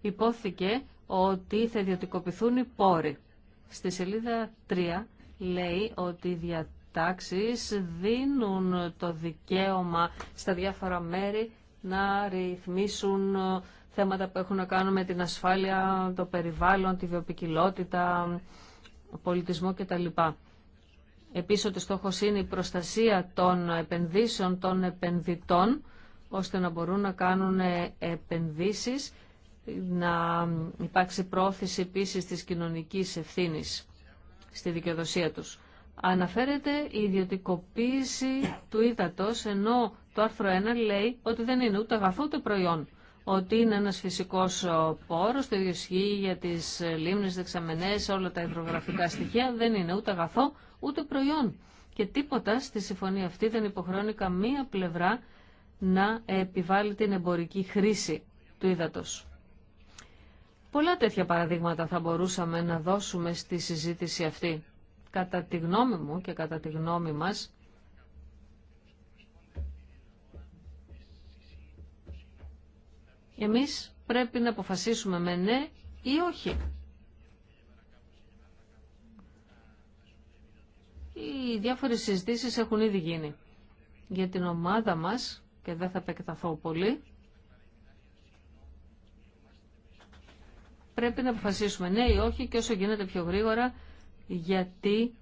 Υπόθηκε ότι θα ιδιωτικοποιηθούν οι πόροι. Στη σελίδα 3 λέει ότι οι διατάξεις δίνουν το δικαίωμα στα διάφορα μέρη να ρυθμίσουν θέματα που έχουν να κάνουν με την ασφάλεια, το περιβάλλον, τη βιοπικιλότητα, πολιτισμό κτλ. Επίσης ότι στόχος είναι η προστασία των επενδύσεων των επενδυτών ώστε να μπορούν να κάνουν επενδύσεις, να υπάρξει πρόθεση επίσης της κοινωνικής ευθύνης στη δικαιοδοσία τους. Αναφέρεται η ιδιωτικοποίηση του ύδατος, ενώ το άρθρο 1 λέει ότι δεν είναι ούτε αγαθό ούτε προϊόν. Ότι είναι ένας φυσικός πόρος, το ίδιο ισχύει για τις λίμνες δεξαμενές, όλα τα υδρογραφικά στοιχεία, δεν είναι ούτε αγαθό ούτε προϊόν. Και τίποτα στη συμφωνία αυτή δεν υποχρώνει καμία πλευρά να επιβάλλει την εμπορική χρήση του ύδατος. Πολλά τέτοια παραδείγματα θα μπορούσαμε να δώσουμε στη συζήτηση αυτή. Κατά τη γνώμη μου και κατά τη γνώμη μας, εμείς πρέπει να αποφασίσουμε με ναι ή όχι. Οι διάφορες συζητήσεις έχουν ήδη γίνει. Για την ομάδα μας, και δεν θα επεκταθώ πολύ, πρέπει να αποφασίσουμε ναι ή όχι και όσο γίνεται πιο γρήγορα, γιατί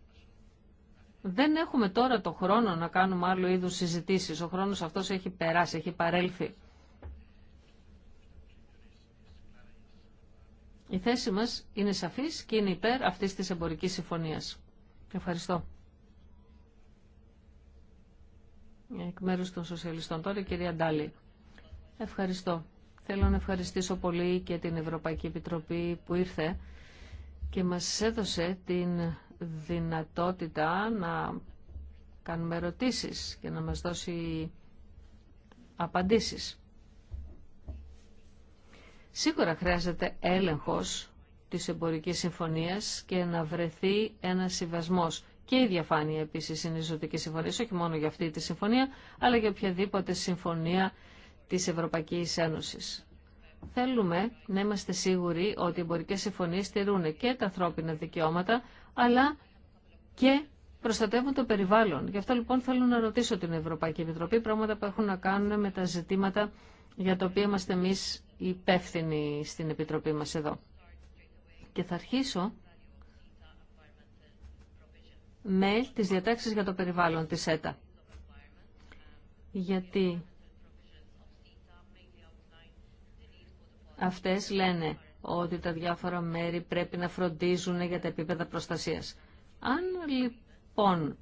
δεν έχουμε τώρα το χρόνο να κάνουμε άλλου είδους συζητήσεις. Ο χρόνος αυτός έχει περάσει, έχει παρέλθει. Η θέση μας είναι σαφής και είναι υπέρ αυτής της εμπορικής συμφωνίας. Ευχαριστώ. εκ μέρους των σοσιαλιστών. Τώρα κυρία Ντάλη. Ευχαριστώ. Θέλω να ευχαριστήσω πολύ και την Ευρωπαϊκή Επιτροπή που ήρθε και μας έδωσε την δυνατότητα να κάνουμε ερωτήσεις και να μας δώσει απαντήσεις. Σίγουρα χρειάζεται έλεγχος της εμπορικής συμφωνίας και να βρεθεί ένα συμβασμός και η διαφάνεια επίση είναι ζωτική συμφωνία, όχι μόνο για αυτή τη συμφωνία, αλλά για οποιαδήποτε συμφωνία τη Ευρωπαϊκή Ένωση. Θέλουμε να είμαστε σίγουροι ότι οι εμπορικέ συμφωνίε στηρούν και τα ανθρώπινα δικαιώματα, αλλά και προστατεύουν το περιβάλλον. Γι' αυτό λοιπόν θέλω να ρωτήσω την Ευρωπαϊκή Επιτροπή πράγματα που έχουν να κάνουν με τα ζητήματα για τα οποία είμαστε εμεί υπεύθυνοι στην Επιτροπή μα εδώ. Και θα αρχίσω με τις διατάξεις για το περιβάλλον της ΕΤΑ. Γιατί αυτές λένε ότι τα διάφορα μέρη πρέπει να φροντίζουν για τα επίπεδα προστασίας. Αν λοιπόν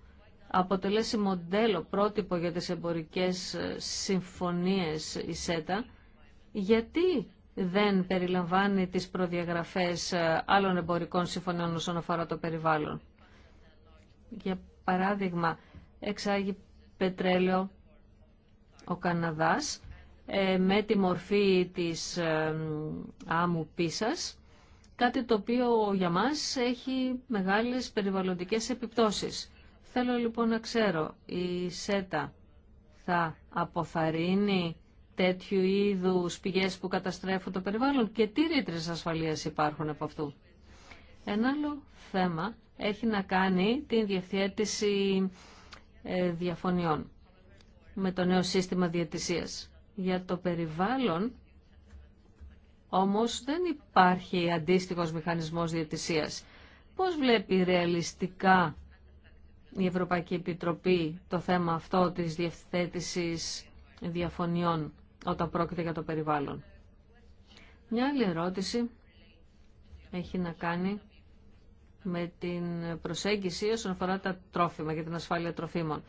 αποτελέσει μοντέλο πρότυπο για τις εμπορικές ε, συμφωνίες η ΣΕΤΑ, γιατί δεν περιλαμβάνει τις προδιαγραφές ε, άλλων εμπορικών συμφωνιών όσον αφορά το περιβάλλον. Για παράδειγμα, εξάγει πετρέλαιο ο Καναδάς ε, με τη μορφή της ε, άμμου πίσας, κάτι το οποίο για μας έχει μεγάλες περιβαλλοντικές επιπτώσεις. Θέλω λοιπόν να ξέρω, η ΣΕΤΑ θα αποθαρρύνει τέτοιου είδους πηγές που καταστρέφουν το περιβάλλον και τι ρήτρες ασφαλείας υπάρχουν από αυτού. Ένα άλλο θέμα έχει να κάνει την διευθέτηση ε, διαφωνιών με το νέο σύστημα διατησίας. Για το περιβάλλον όμως δεν υπάρχει αντίστοιχος μηχανισμός διατησίας. Πώς βλέπει ρεαλιστικά η Ευρωπαϊκή Επιτροπή το θέμα αυτό της διευθέτησης διαφωνιών όταν πρόκειται για το περιβάλλον. Μια άλλη ερώτηση έχει να κάνει με την προσέγγιση όσον αφορά τα τρόφιμα για την ασφάλεια τροφίμων.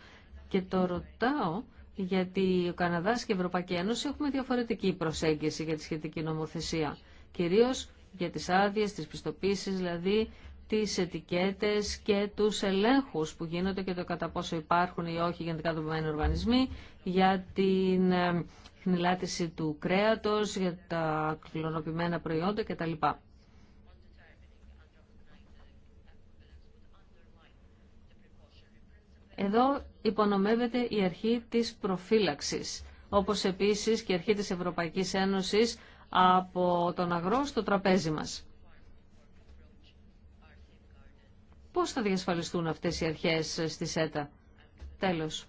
Και το ρωτάω γιατί ο Καναδάς και η Ευρωπαϊκή Ένωση έχουμε διαφορετική προσέγγιση για τη σχετική νομοθεσία. Κυρίως για τις άδειες, τις πιστοποίησεις δηλαδή, τις ετικέτες και τους ελέγχους που γίνονται και το κατά πόσο υπάρχουν ή όχι γενικά δομημένοι οργανισμοί, για την ε, χνηλάτιση του κρέατος, για τα κλωνοποιημένα προϊόντα κτλ. Εδώ υπονομεύεται η αρχή της προφύλαξης, όπως επίσης και η αρχή της Ευρωπαϊκής Ένωσης από τον αγρό στο τραπέζι μας. Πώς θα διασφαλιστούν αυτές οι αρχές στη ΣΕΤΑ. Τέλος.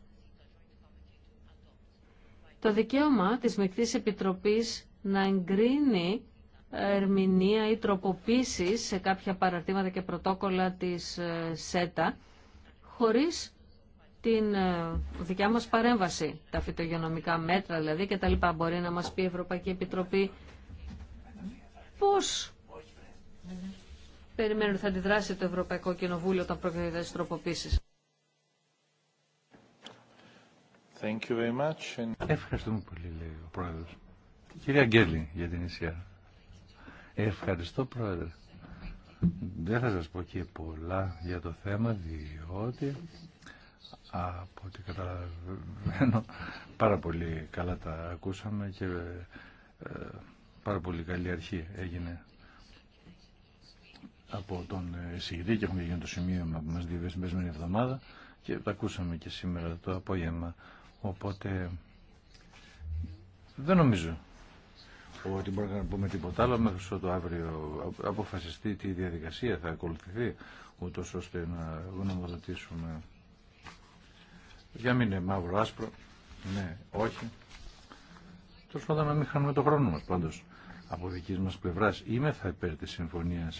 Το δικαίωμα της Μικτής Επιτροπής να εγκρίνει ερμηνεία ή τροποποίηση σε κάποια παραρτήματα και πρωτόκολλα της ε, ΣΕΤΑ χωρίς την ε, δικιά μας παρέμβαση, τα φυτογενομικά μέτρα δηλαδή και τα λοιπά. Μπορεί να μας πει η Ευρωπαϊκή Επιτροπή πώς περιμένουν ότι θα αντιδράσει το Ευρωπαϊκό Κοινοβούλιο όταν πρόκειται για τις Ευχαριστούμε πολύ, λέει ο Πρόεδρος. Κυρία Αγγέλη, για την Ισία. Ευχαριστώ, Πρόεδρε. Δεν θα σας πω και πολλά για το θέμα, διότι από ό,τι καταλαβαίνω, πάρα πολύ καλά τα ακούσαμε και ε, πάρα πολύ καλή αρχή έγινε από τον εισηγητή και έχουμε γίνει το σημείο που μας δίδει στην περσμένη εβδομάδα και τα ακούσαμε και σήμερα το απόγευμα. Οπότε δεν νομίζω ότι μπορούμε να πούμε τίποτα άλλο μέχρι το αύριο αποφασιστεί τι διαδικασία θα ακολουθηθεί ούτως ώστε να γνωμοδοτήσουμε για μην είναι μαύρο άσπρο. Ναι, όχι. τόσο πάντων να μην χάνουμε το χρόνο μας πάντω από δική μας πλευρά, Είμαι θα υπέρ τη συμφωνία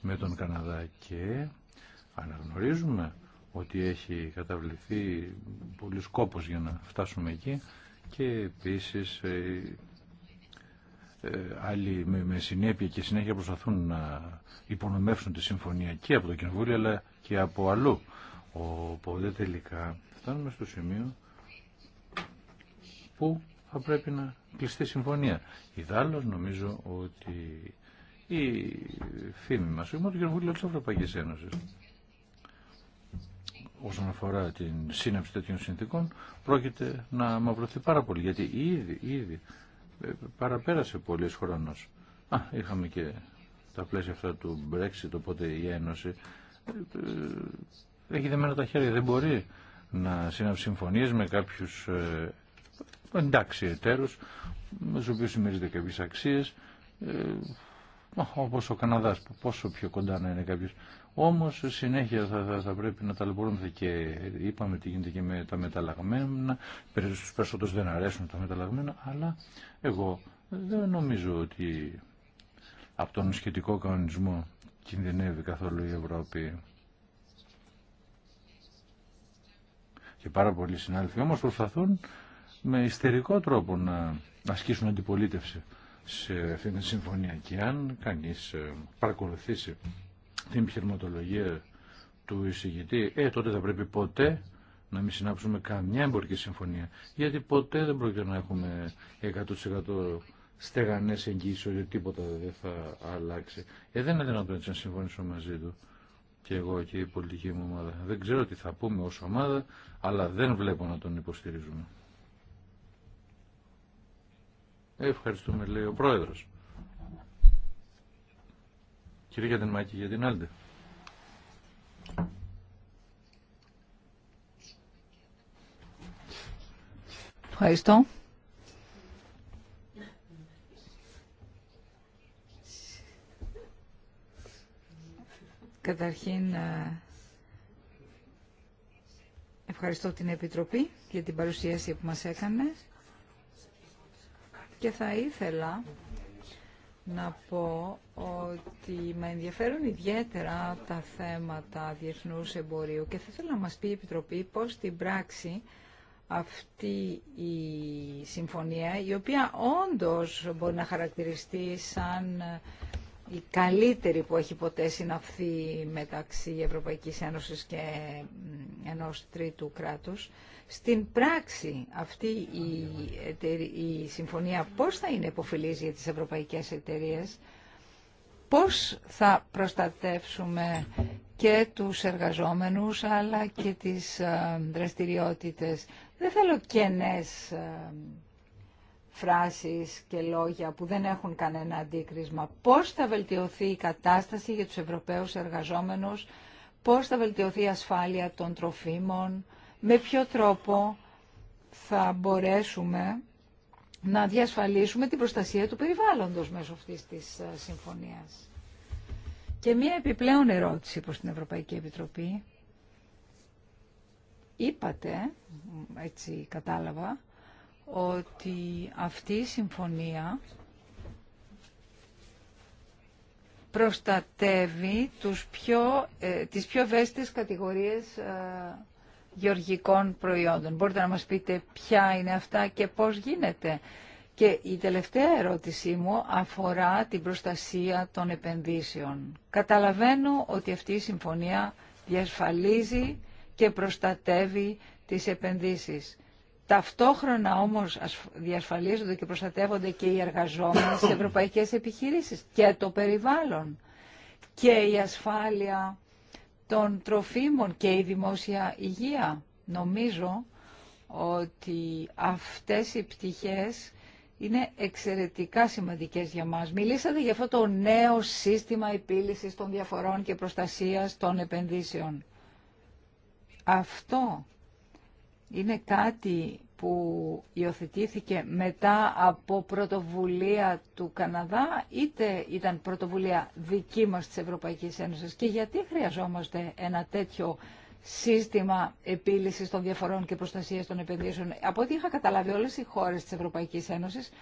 με τον Καναδά και αναγνωρίζουμε ότι έχει καταβληθεί πολύ κόπος για να φτάσουμε εκεί και επίσης ε, ε, άλλοι με, συνέπεια και συνέχεια προσπαθούν να υπονομεύσουν τη συμφωνία και από το Κοινοβούλιο αλλά και από αλλού. Οπότε τελικά φτάνουμε στο σημείο που θα πρέπει να κλειστεί συμφωνία. Ιδάλλως νομίζω ότι η φήμη μας, ό του Κοινοβούλιο της Ευρωπαϊκής Ένωσης, όσον αφορά την σύναψη τέτοιων συνθήκων, πρόκειται να μαυρωθεί πάρα πολύ, γιατί ήδη, ήδη ε, παραπέρασε πολλέ χρόνος. Α, είχαμε και τα πλαίσια αυτά του Brexit, οπότε η Ένωση ε, ε, έχει δεμένα τα χέρια, δεν μπορεί να σύναψε με κάποιους ε, εντάξει εταίρους με του οποίους συμμερίζονται κάποιες αξίες ε, όπως ο Καναδάς, πόσο πιο κοντά να είναι κάποιος. Όμως συνέχεια θα, θα, θα πρέπει να ταλαιπωρούμε και είπαμε τι γίνεται και με τα μεταλλαγμένα, στους δεν αρέσουν τα μεταλλαγμένα, αλλά εγώ δεν νομίζω ότι από τον σχετικό κανονισμό κινδυνεύει καθόλου η Ευρώπη. και πάρα πολλοί συνάδελφοι όμως προσπαθούν με ιστερικό τρόπο να ασκήσουν αντιπολίτευση σε αυτήν την συμφωνία. Και αν κανείς ε, παρακολουθήσει την επιχειρηματολογία του εισηγητή, ε, τότε θα πρέπει ποτέ να μην συνάψουμε καμιά εμπορική συμφωνία. Γιατί ποτέ δεν πρόκειται να έχουμε 100% στεγανές εγγύσεις ότι τίποτα δεν θα αλλάξει. Ε, δεν είναι δυνατόν έτσι να συμφωνήσω μαζί του και εγώ και η πολιτική μου ομάδα. Δεν ξέρω τι θα πούμε ως ομάδα, αλλά δεν βλέπω να τον υποστηρίζουμε. Ευχαριστούμε, λέει ο Πρόεδρος. Κύριε Κατενμάκη, για την άλλη. Ευχαριστώ. Καταρχήν, ευχαριστώ την Επιτροπή για την παρουσίαση που μας έκανε και θα ήθελα να πω ότι με ενδιαφέρουν ιδιαίτερα τα θέματα διεθνούς εμπορίου και θα ήθελα να μας πει η Επιτροπή πώς στην πράξη αυτή η συμφωνία, η οποία όντως μπορεί να χαρακτηριστεί σαν η καλύτερη που έχει ποτέ συναυθεί μεταξύ Ευρωπαϊκής Ένωσης και ενός τρίτου κράτους. Στην πράξη αυτή η, η συμφωνία πώς θα είναι υποφιλής για τις ευρωπαϊκές εταιρείες, πώς θα προστατεύσουμε και τους εργαζόμενους αλλά και τις ε, δραστηριότητες. Δεν θέλω κενές ε, φράσεις και λόγια που δεν έχουν κανένα αντίκρισμα. Πώς θα βελτιωθεί η κατάσταση για τους Ευρωπαίους εργαζόμενους, πώς θα βελτιωθεί η ασφάλεια των τροφίμων, με ποιο τρόπο θα μπορέσουμε να διασφαλίσουμε την προστασία του περιβάλλοντος μέσω αυτής της ε, συμφωνίας. Και μία επιπλέον ερώτηση προς την Ευρωπαϊκή Επιτροπή. Είπατε, έτσι κατάλαβα, ότι αυτή η συμφωνία προστατεύει τους πιο, ε, τις πιο ευαίσθητες κατηγορίες ε, γεωργικών προϊόντων. Μπορείτε να μας πείτε ποια είναι αυτά και πώς γίνεται. Και η τελευταία ερώτησή μου αφορά την προστασία των επενδύσεων. Καταλαβαίνω ότι αυτή η συμφωνία διασφαλίζει και προστατεύει τις επενδύσεις. Ταυτόχρονα όμως διασφαλίζονται και προστατεύονται και οι εργαζόμενοι σε ευρωπαϊκές επιχειρήσεις και το περιβάλλον και η ασφάλεια των τροφίμων και η δημόσια υγεία. Νομίζω ότι αυτές οι πτυχές είναι εξαιρετικά σημαντικές για μας. Μιλήσατε για αυτό το νέο σύστημα επίλυσης των διαφορών και προστασίας των επενδύσεων. Αυτό είναι κάτι που υιοθετήθηκε μετά από πρωτοβουλία του Καναδά, είτε ήταν πρωτοβουλία δική μας της Ευρωπαϊκής Ένωσης. Και γιατί χρειαζόμαστε ένα τέτοιο σύστημα επίλυσης των διαφορών και προστασίας των επενδύσεων. Από ό,τι είχα καταλάβει όλες οι χώρες της Ευρωπαϊκής Ένωσης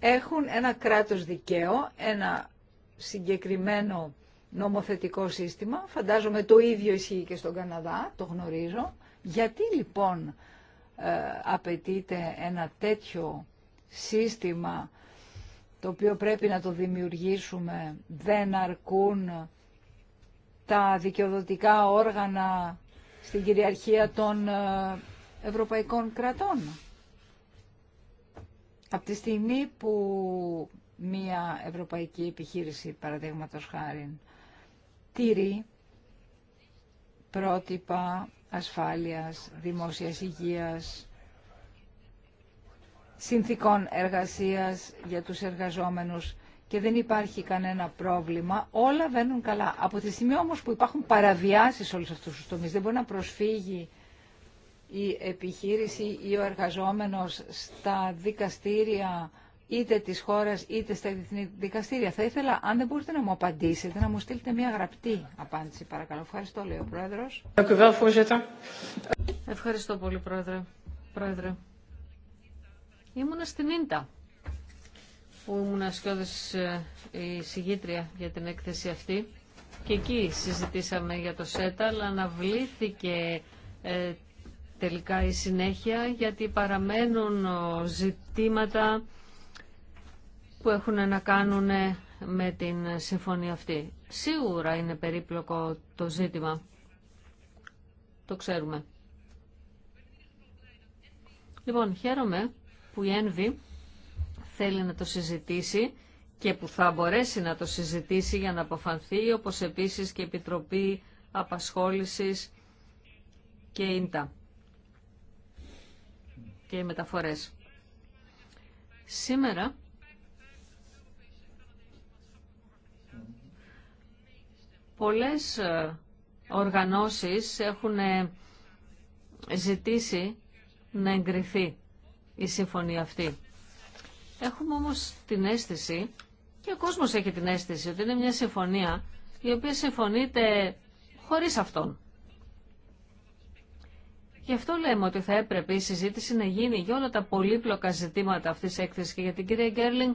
έχουν ένα κράτος δικαίου, ένα συγκεκριμένο νομοθετικό σύστημα. Φαντάζομαι το ίδιο ισχύει και στον Καναδά, το γνωρίζω. Γιατί λοιπόν ε, απαιτείται ένα τέτοιο σύστημα το οποίο πρέπει να το δημιουργήσουμε, δεν αρκούν τα δικαιοδοτικά όργανα στην κυριαρχία των ε, ευρωπαϊκών κρατών. Από τη στιγμή που μία ευρωπαϊκή επιχείρηση, παραδείγματος χάρη, τηρεί πρότυπα ασφάλειας, δημόσιας υγείας, συνθήκων εργασίας για τους εργαζόμενους και δεν υπάρχει κανένα πρόβλημα, όλα βαίνουν καλά. Από τη στιγμή όμως που υπάρχουν παραβιάσεις σε όλους αυτούς τους τομείς, δεν μπορεί να προσφύγει η επιχείρηση ή ο εργαζόμενος στα δικαστήρια είτε τη χώρα είτε στα διεθνή δικαστήρια. Θα ήθελα, αν δεν μπορείτε να μου απαντήσετε, να μου στείλετε μια γραπτή απάντηση, παρακαλώ. Ευχαριστώ, λέει ο Πρόεδρο. Ευχαριστώ πολύ, Πρόεδρε. Πρόεδρε. Ήμουνα στην Ίντα, που ήμουν ε, η συγγήτρια για την έκθεση αυτή. Και εκεί συζητήσαμε για το ΣΕΤΑ, αλλά αναβλήθηκε ε, τελικά η συνέχεια, γιατί παραμένουν ζητήματα που έχουν να κάνουν ε, με την συμφωνία αυτή. Σίγουρα είναι περίπλοκο το ζήτημα. Το ξέρουμε. Λοιπόν, χαίρομαι που η Ένβη θέλει να το συζητήσει και που θα μπορέσει να το συζητήσει για να αποφανθεί, όπως επίσης και η Επιτροπή Απασχόλησης και ίντα και οι μεταφορές. Σήμερα Πολλές ε, οργανώσεις έχουν ε, ζητήσει να εγκριθεί η συμφωνία αυτή. Έχουμε όμως την αίσθηση, και ο κόσμος έχει την αίσθηση, ότι είναι μια συμφωνία η οποία συμφωνείται χωρίς αυτόν. Γι' αυτό λέμε ότι θα έπρεπε η συζήτηση να γίνει για όλα τα πολύπλοκα ζητήματα αυτής της έκθεσης και για την κυρία Γκέρλινγκ.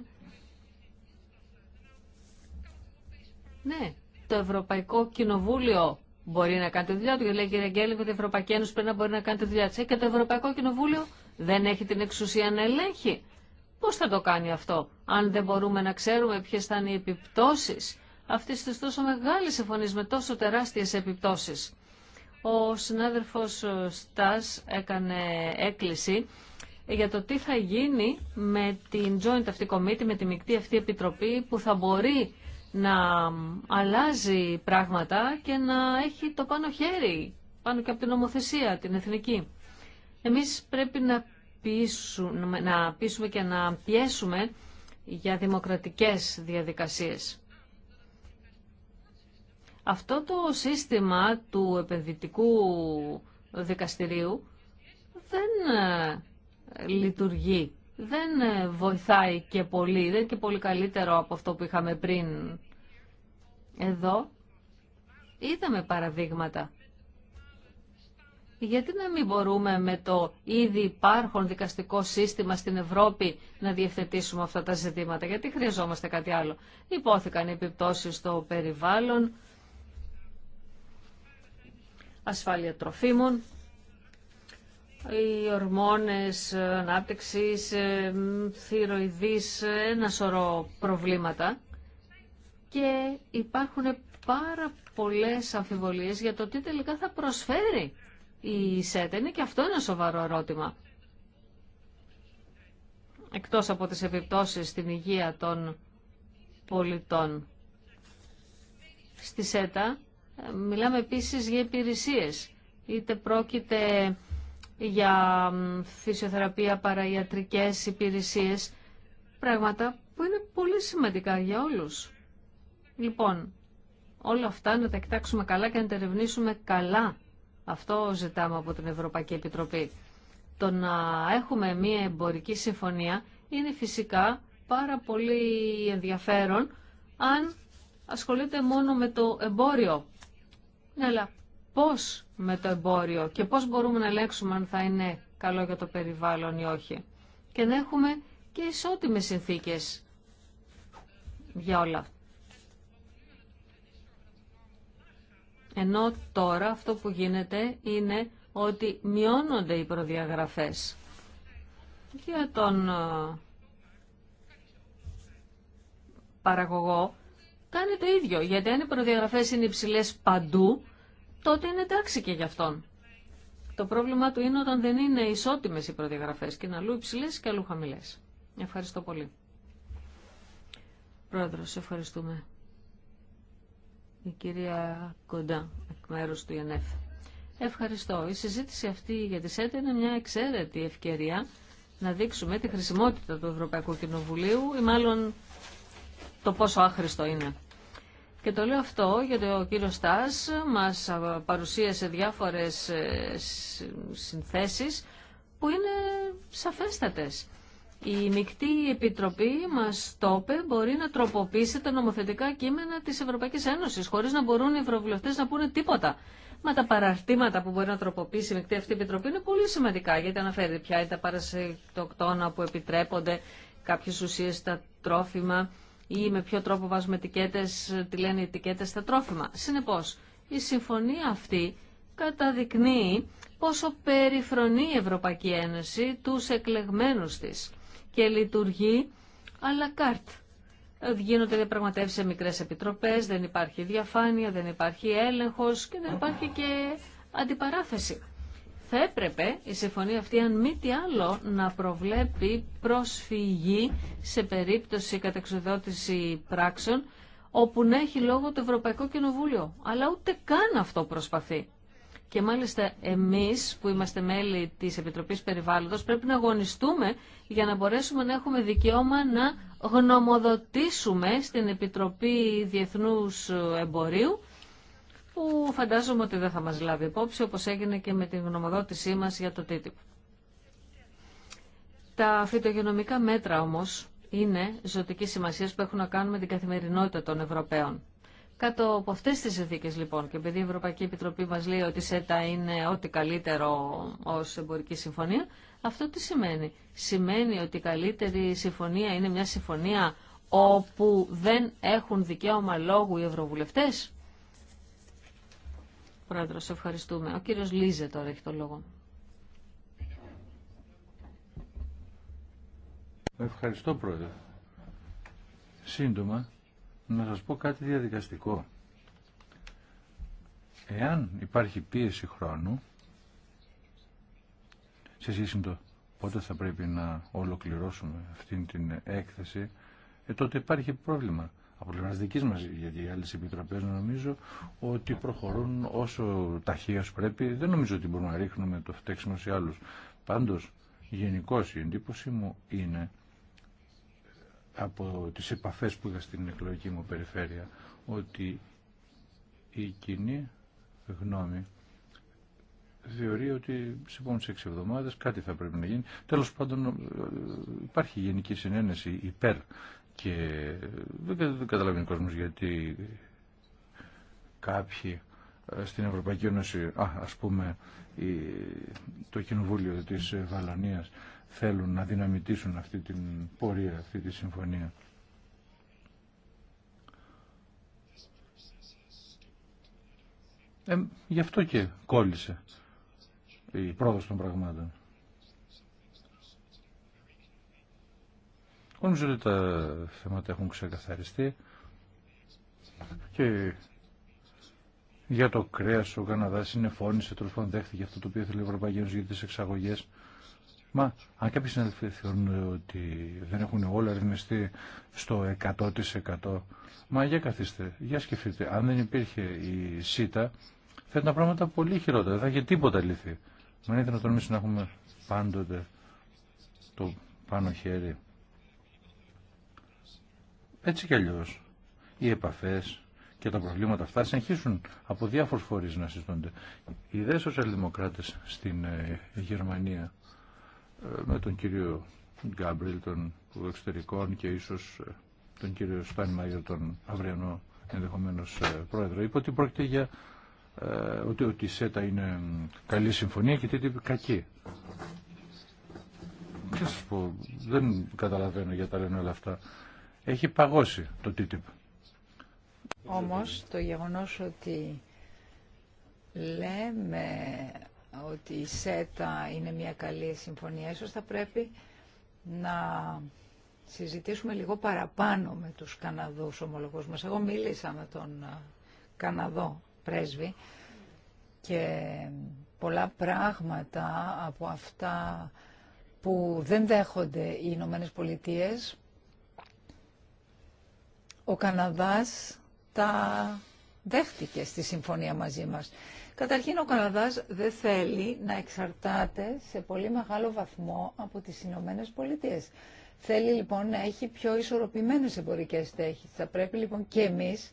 Ναι, το Ευρωπαϊκό Κοινοβούλιο μπορεί να κάνει τη δουλειά του. Γιατί λέει κύριε Γκέλη, ότι η Ευρωπαϊκή Ένωση πρέπει να μπορεί να κάνει τη δουλειά τη. Ε, και το Ευρωπαϊκό Κοινοβούλιο δεν έχει την εξουσία να ελέγχει. Πώ θα το κάνει αυτό, αν δεν μπορούμε να ξέρουμε ποιε θα είναι οι επιπτώσει αυτή τη τόσο μεγάλη συμφωνία με τόσο τεράστιε επιπτώσει. Ο συνάδελφο Στά έκανε έκκληση για το τι θα γίνει με την Joint αυτή Committee, με τη μεικτή αυτή επιτροπή που θα μπορεί να αλλάζει πράγματα και να έχει το πάνω χέρι, πάνω και από την νομοθεσία, την εθνική. Εμείς πρέπει να πείσουμε, να πείσουμε και να πιέσουμε για δημοκρατικές διαδικασίες. Αυτό το σύστημα του επενδυτικού δικαστηρίου δεν ε, λειτουργεί. Δεν ε, βοηθάει και πολύ, δεν είναι και πολύ καλύτερο από αυτό που είχαμε πριν εδώ είδαμε παραδείγματα. Γιατί να μην μπορούμε με το ήδη υπάρχον δικαστικό σύστημα στην Ευρώπη να διευθετήσουμε αυτά τα ζητήματα. Γιατί χρειαζόμαστε κάτι άλλο. Υπόθηκαν επιπτώσεις στο περιβάλλον, ασφάλεια τροφίμων, οι ορμόνες ανάπτυξης, θυροειδής, ένα σωρό προβλήματα και υπάρχουν πάρα πολλές αμφιβολίες για το τι τελικά θα προσφέρει η ΣΕΤΑ. Είναι και αυτό ένα σοβαρό ερώτημα. Εκτός από τις επιπτώσεις στην υγεία των πολιτών. Στη ΣΕΤΑ ε, μιλάμε επίσης για υπηρεσίες. Είτε πρόκειται για φυσιοθεραπεία, παραϊατρικές υπηρεσίες. Πράγματα που είναι πολύ σημαντικά για όλους. Λοιπόν, όλα αυτά να τα κοιτάξουμε καλά και να τα ερευνήσουμε καλά. Αυτό ζητάμε από την Ευρωπαϊκή Επιτροπή. Το να έχουμε μία εμπορική συμφωνία είναι φυσικά πάρα πολύ ενδιαφέρον αν ασχολείται μόνο με το εμπόριο. Ναι, αλλά πώς με το εμπόριο και πώς μπορούμε να ελέγξουμε αν θα είναι καλό για το περιβάλλον ή όχι. Και να έχουμε και ισότιμες συνθήκες για όλα. Ενώ τώρα αυτό που γίνεται είναι ότι μειώνονται οι προδιαγραφές για τον ε, παραγωγό κάνει το ίδιο, γιατί αν οι προδιαγραφές είναι υψηλές παντού, τότε είναι τάξη και για αυτόν. Το πρόβλημα του είναι όταν δεν είναι ισότιμες οι προδιαγραφές και είναι αλλού υψηλές και αλλού χαμηλές. Ευχαριστώ πολύ. Πρόεδρος, ευχαριστούμε η κυρία Κοντά, εκ μέρου του ΙΕΝΕΦ. Ευχαριστώ. Η συζήτηση αυτή για τη ΣΕΤΑ είναι μια εξαίρετη ευκαιρία να δείξουμε τη χρησιμότητα του Ευρωπαϊκού Κοινοβουλίου ή μάλλον το πόσο άχρηστο είναι. Και το λέω αυτό γιατί ο κύριο Στάς μας παρουσίασε διάφορες ε, συνθέσεις που είναι σαφέστατες. Η μεικτή Επιτροπή μα το είπε, μπορεί να τροποποιήσει τα νομοθετικά κείμενα τη Ευρωπαϊκή Ένωση, χωρί να μπορούν οι ευρωβουλευτέ να πούνε τίποτα. Μα τα παραρτήματα που μπορεί να τροποποιήσει η Μικτή αυτή Επιτροπή είναι πολύ σημαντικά, γιατί αναφέρει ποια είναι τα παρασυντοκτόνα που επιτρέπονται, κάποιε ουσίες στα τρόφιμα ή με ποιο τρόπο βάζουμε ετικέτε, τι λένε ετικέτε στα τρόφιμα. Συνεπώ, η συμφωνία αυτή καταδεικνύει πόσο περιφρονεί η Ευρωπαϊκή Ένωση τους εκλεγμένους της και λειτουργεί αλλά καρτ. Γίνονται διαπραγματεύσει σε μικρέ επιτροπέ, δεν υπάρχει διαφάνεια, δεν υπάρχει έλεγχο και δεν υπάρχει και αντιπαράθεση. Θα έπρεπε η συμφωνία αυτή, αν μη τι άλλο, να προβλέπει προσφυγή σε περίπτωση κατεξοδότηση πράξεων, όπου να έχει λόγο το Ευρωπαϊκό Κοινοβούλιο. Αλλά ούτε καν αυτό προσπαθεί. Και μάλιστα εμείς που είμαστε μέλη της Επιτροπής Περιβάλλοντος πρέπει να αγωνιστούμε για να μπορέσουμε να έχουμε δικαίωμα να γνωμοδοτήσουμε στην Επιτροπή Διεθνούς Εμπορίου που φαντάζομαι ότι δεν θα μας λάβει υπόψη όπως έγινε και με την γνωμοδότησή μας για το TTIP. Τα φυτογενομικά μέτρα όμως είναι ζωτική σημασία που έχουν να κάνουν με την καθημερινότητα των Ευρωπαίων. Κάτω από αυτέ τι συνθήκε λοιπόν, και επειδή η Ευρωπαϊκή Επιτροπή μα λέει ότι η ΣΕΤΑ είναι ό,τι καλύτερο ω εμπορική συμφωνία, αυτό τι σημαίνει. Σημαίνει ότι η καλύτερη συμφωνία είναι μια συμφωνία όπου δεν έχουν δικαίωμα λόγου οι ευρωβουλευτέ. Πρόεδρο, σε ευχαριστούμε. Ο κύριο Λίζε τώρα έχει το λόγο. Ευχαριστώ, Πρόεδρε. Σύντομα, να σας πω κάτι διαδικαστικό. Εάν υπάρχει πίεση χρόνου, σε σχέση με το πότε θα πρέπει να ολοκληρώσουμε αυτήν την έκθεση, ε, τότε υπάρχει πρόβλημα. Από πλευρά δική μα, γιατί οι άλλε επιτροπέ νομίζω ότι προχωρούν όσο ταχεία πρέπει. Δεν νομίζω ότι μπορούμε να ρίχνουμε το φταίξιμο σε άλλου. Πάντω, γενικώ η εντύπωση μου είναι από τις επαφές που είχα στην εκλογική μου περιφέρεια ότι η κοινή γνώμη θεωρεί ότι σε επόμενες έξι εβδομάδες κάτι θα πρέπει να γίνει. Τέλος πάντων ε, υπάρχει γενική συνένεση υπέρ και ε, δεν καταλαβαίνει ο κόσμος γιατί κάποιοι ε, στην Ευρωπαϊκή Ένωση, α, ας πούμε, το Κοινοβούλιο της Βαλανίας θέλουν να δυναμητήσουν αυτή την πορεία, αυτή τη συμφωνία. Ε, γι' αυτό και κόλλησε η πρόοδος των πραγμάτων. Νομίζω ότι τα θέματα έχουν ξεκαθαριστεί και για το κρέας ο Καναδάς συνεφώνησε, φώνησε δέχτηκε αυτό το οποίο θέλει η Ευρωπαϊκή Ένωση για τις εξαγωγές Μα αν κάποιοι συνάδελφοι θεωρούν ότι δεν έχουν όλα ρυθμιστεί στο 100% μα για καθίστε, για σκεφτείτε. Αν δεν υπήρχε η ΣΥΤΑ θα ήταν πράγματα πολύ χειρότερα. Δεν θα είχε τίποτα λυθεί. Μα είναι δυνατόν εμείς να έχουμε πάντοτε το πάνω χέρι. Έτσι κι αλλιώς οι επαφές και τα προβλήματα αυτά συνεχίσουν από διάφορους φορείς να συζητώνται. Οι δε σοσιαλδημοκράτες στην ε, Γερμανία με τον κύριο Γκάμπριλ των εξωτερικών και ίσως ε, τον κύριο Στάνιμαγερ τον αυριανό ενδεχομένως ε, πρόεδρο. Είπε ότι πρόκειται για ε, ότι, ότι η είναι καλή συμφωνία και τι κακή. Τι δεν καταλαβαίνω για τα λένε όλα αυτά. Έχει παγώσει το TTIP. Όμως το γεγονός ότι λέμε ότι η ΣΕΤΑ είναι μια καλή συμφωνία. Ίσως θα πρέπει να συζητήσουμε λίγο παραπάνω με τους Καναδούς ομολογούς μας. Εγώ μίλησα με τον ε, Καναδό πρέσβη και πολλά πράγματα από αυτά που δεν δέχονται οι Ηνωμένε Πολιτείε. Ο Καναδάς τα δέχτηκε στη συμφωνία μαζί μας. Καταρχήν ο Καναδάς δεν θέλει να εξαρτάται σε πολύ μεγάλο βαθμό από τις Ηνωμένε Πολιτείε. Θέλει λοιπόν να έχει πιο ισορροπημένες εμπορικές τέχεις. Θα πρέπει λοιπόν και εμείς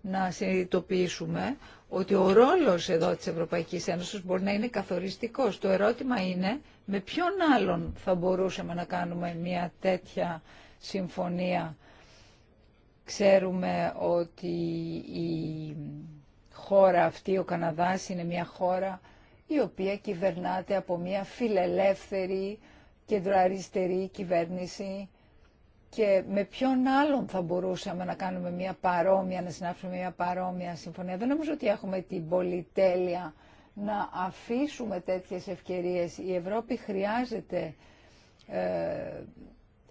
να συνειδητοποιήσουμε ότι ο ρόλος εδώ της Ευρωπαϊκής Ένωσης μπορεί να είναι καθοριστικός. Το ερώτημα είναι με ποιον άλλον θα μπορούσαμε να κάνουμε μια τέτοια συμφωνία. Ξέρουμε ότι η χώρα αυτή, ο Καναδάς είναι μια χώρα η οποία κυβερνάται από μια φιλελεύθερη κεντροαριστερή κυβέρνηση και με ποιον άλλον θα μπορούσαμε να κάνουμε μια παρόμοια, να συνάψουμε μια παρόμοια συμφωνία. Δεν νομίζω ότι έχουμε την πολυτέλεια να αφήσουμε τέτοιες ευκαιρίες. Η Ευρώπη χρειάζεται ε,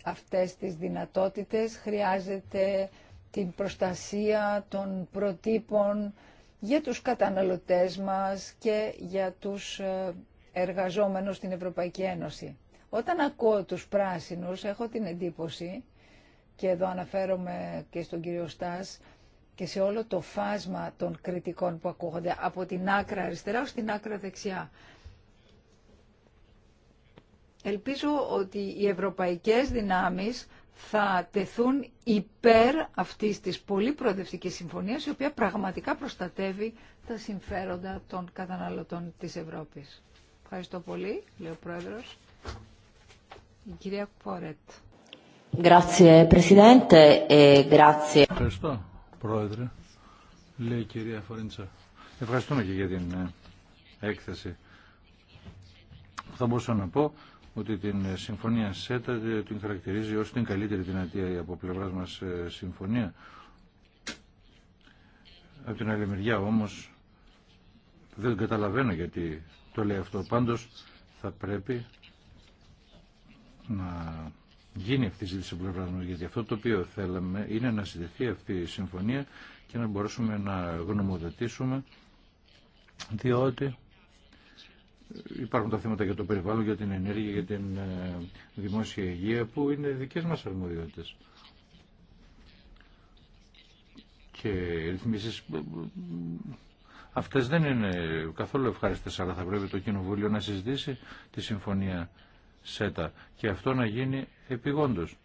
αυτές τις δυνατότητες, χρειάζεται την προστασία των προτύπων για τους καταναλωτές μας και για τους ε, εργαζόμενους στην Ευρωπαϊκή Ένωση. Όταν ακούω τους πράσινους έχω την εντύπωση, και εδώ αναφέρομαι και στον κύριο Στάς, και σε όλο το φάσμα των κριτικών που ακούγονται από την άκρα αριστερά ως την άκρα δεξιά. Ελπίζω ότι οι ευρωπαϊκές δυνάμεις θα τεθούν υπέρ αυτής της πολύ προοδευτικής συμφωνίας, η οποία πραγματικά προστατεύει τα συμφέροντα των καταναλωτών της Ευρώπης. Ευχαριστώ πολύ, λέει ο Πρόεδρος. Η κυρία Πόρετ. E Ευχαριστώ, Πρόεδρε, λέει η κυρία Φορίντσα. Ευχαριστούμε και για την ε, έκθεση. Θα μπορούσα να πω ότι την συμφωνία ΣΕΤΑ την χαρακτηρίζει ως την καλύτερη δυνατή από πλευρά μας ε, συμφωνία. Από την άλλη μεριά όμως δεν καταλαβαίνω γιατί το λέει αυτό. Πάντως θα πρέπει να γίνει αυτή η ζήτηση πλευρά μας, γιατί αυτό το οποίο θέλαμε είναι να συνδεθεί αυτή η συμφωνία και να μπορέσουμε να γνωμοδοτήσουμε, διότι Υπάρχουν τα θέματα για το περιβάλλον, για την ενέργεια, για την ε, δημόσια υγεία που είναι δικές μας αρμοδιότητες. Και ρυθμίσεις ε, ε, αυτές δεν είναι καθόλου ευχάριστες, αλλά θα πρέπει το Κοινοβούλιο να συζητήσει τη Συμφωνία ΣΕΤΑ και αυτό να γίνει επιγόντως.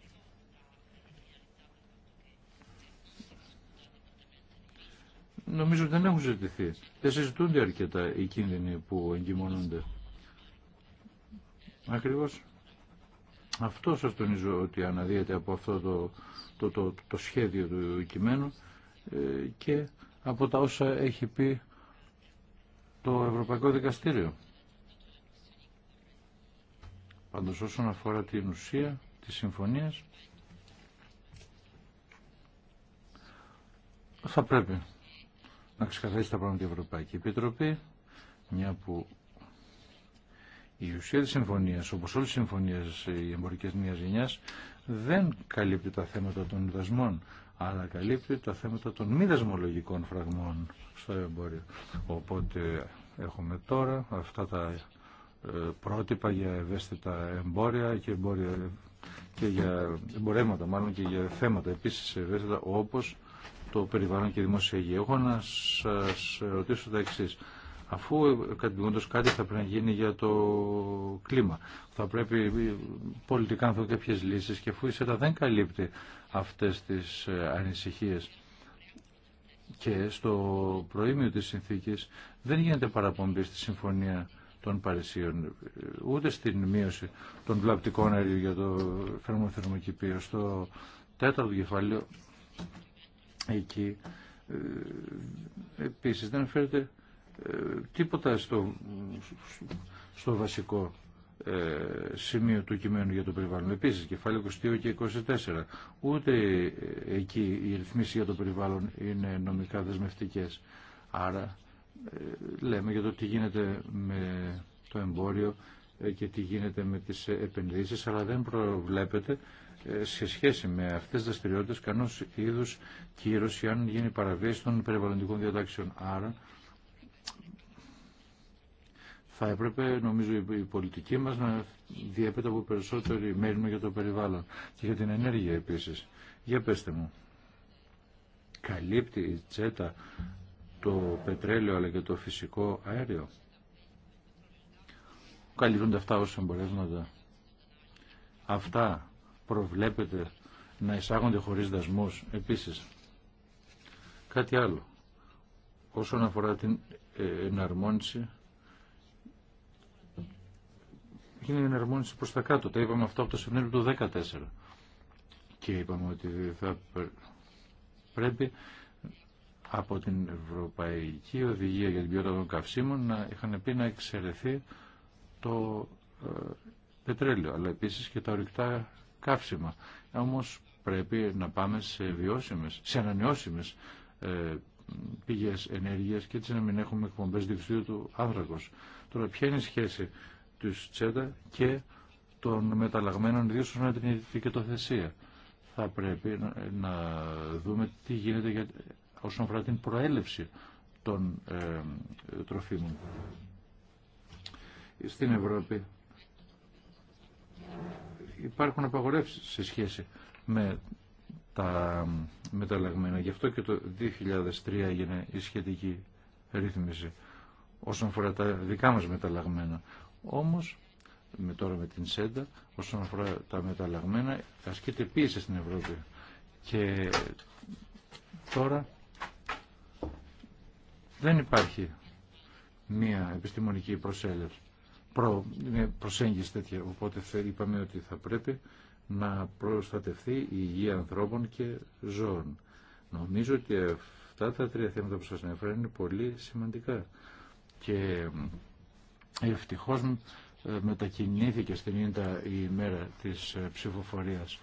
νομίζω ότι δεν έχουν ζητηθεί. Δεν συζητούνται αρκετά οι κίνδυνοι που εγκυμονούνται. Ακριβώς αυτό σα τονίζω ότι αναδύεται από αυτό το, το, το, σχέδιο του κειμένου ε, και από τα όσα έχει πει το Ευρωπαϊκό Δικαστήριο. Πάντως όσον αφορά την ουσία της συμφωνίας θα πρέπει να ξεκαθαρίσει τα πράγματα η Ευρωπαϊκή Επιτροπή, μια που η ουσία της συμφωνίας, όπως όλες οι συμφωνίες οι εμπορικές μιας γενιάς, δεν καλύπτει τα θέματα των δασμών, αλλά καλύπτει τα θέματα των μη δασμολογικών φραγμών στο εμπόριο. Οπότε έχουμε τώρα αυτά τα ε, πρότυπα για ευαίσθητα εμπόρια και, εμπόρια και για εμπορεύματα μάλλον και για θέματα επίσης ευαίσθητα όπως το περιβάλλον και δημόσια υγεία. Εγώ να σα ρωτήσω τα εξή. Αφού κατηγορώντα κάτι θα πρέπει να γίνει για το κλίμα, θα πρέπει πολιτικά να δω κάποιε λύσει και αφού η ΣΕΤΑ δεν καλύπτει αυτές τι ε, ανησυχίε. και στο προήμιο της συνθήκη δεν γίνεται παραπομπή στη Συμφωνία των Παρισίων, ούτε στην μείωση των βλαπτικών αερίων για το θερμοθερμοκηπίο. Στο τέταρτο κεφάλαιο εκεί. Ε, επίσης δεν αναφέρεται ε, τίποτα στο, στο βασικό ε, σημείο του κειμένου για το περιβάλλον. Επίσης, κεφάλαιο 22 και 24. Ούτε εκεί οι ρυθμίσεις για το περιβάλλον είναι νομικά δεσμευτικές. Άρα λέμε για το τι γίνεται με το εμπόριο και τι γίνεται με τις επενδύσεις, αλλά δεν προβλέπεται ε, σε σχέση με αυτές τις δραστηριότητες κανός είδους κύρωση αν γίνει παραβίαση των περιβαλλοντικών διατάξεων. Άρα θα έπρεπε νομίζω η πολιτική μας να διέπεται από περισσότερη μέρη για το περιβάλλον και για την ενέργεια επίσης. Για πέστε μου, καλύπτει η τσέτα το πετρέλαιο αλλά και το φυσικό αέριο. Καλύπτονται αυτά ως εμπορεύματα. Αυτά προβλέπεται να εισάγονται χωρίς δασμούς επίσης. Κάτι άλλο. Όσον αφορά την ε, εναρμόνιση, γίνει η εναρμόνιση προς τα κάτω. Τα είπαμε αυτό από το Σεπτέμβριο του 2014. Και είπαμε ότι θα πρέπει από την Ευρωπαϊκή Οδηγία για την Ποιότητα των Καυσίμων να είχαν πει να εξαιρεθεί το ε, πετρέλαιο, αλλά επίσης και τα ορυκτά καύσιμα. Όμως πρέπει να πάμε σε βιώσιμες, σε ανανεώσιμες ε, πηγές ενέργειας και έτσι να μην έχουμε εκπομπές διευθύντου του άνθρακος. Τώρα ποια είναι η σχέση του Τσέτα και των μεταλλαγμένων ιδίως όσον την ειδικετοθεσία. Θα πρέπει να, δούμε τι γίνεται για, όσον αφορά την προέλευση των ε, τροφίμων στην Ευρώπη υπάρχουν απαγορεύσει σε σχέση με τα μεταλλαγμένα. Γι' αυτό και το 2003 έγινε η σχετική ρύθμιση όσον αφορά τα δικά μας μεταλλαγμένα. Όμως, με τώρα με την ΣΕΝΤΑ, όσον αφορά τα μεταλλαγμένα, ασκείται πίεση στην Ευρώπη. Και τώρα δεν υπάρχει μία επιστημονική προσέλευση προ, είναι προσέγγιση τέτοια. Οπότε είπαμε ότι θα πρέπει να προστατευτεί η υγεία ανθρώπων και ζώων. Νομίζω ότι αυτά τα τρία θέματα που σας ανέφερα είναι πολύ σημαντικά. Και ε, ευτυχώς ε, μετακινήθηκε στην Ίντα η ημέρα της ε, ψηφοφορίας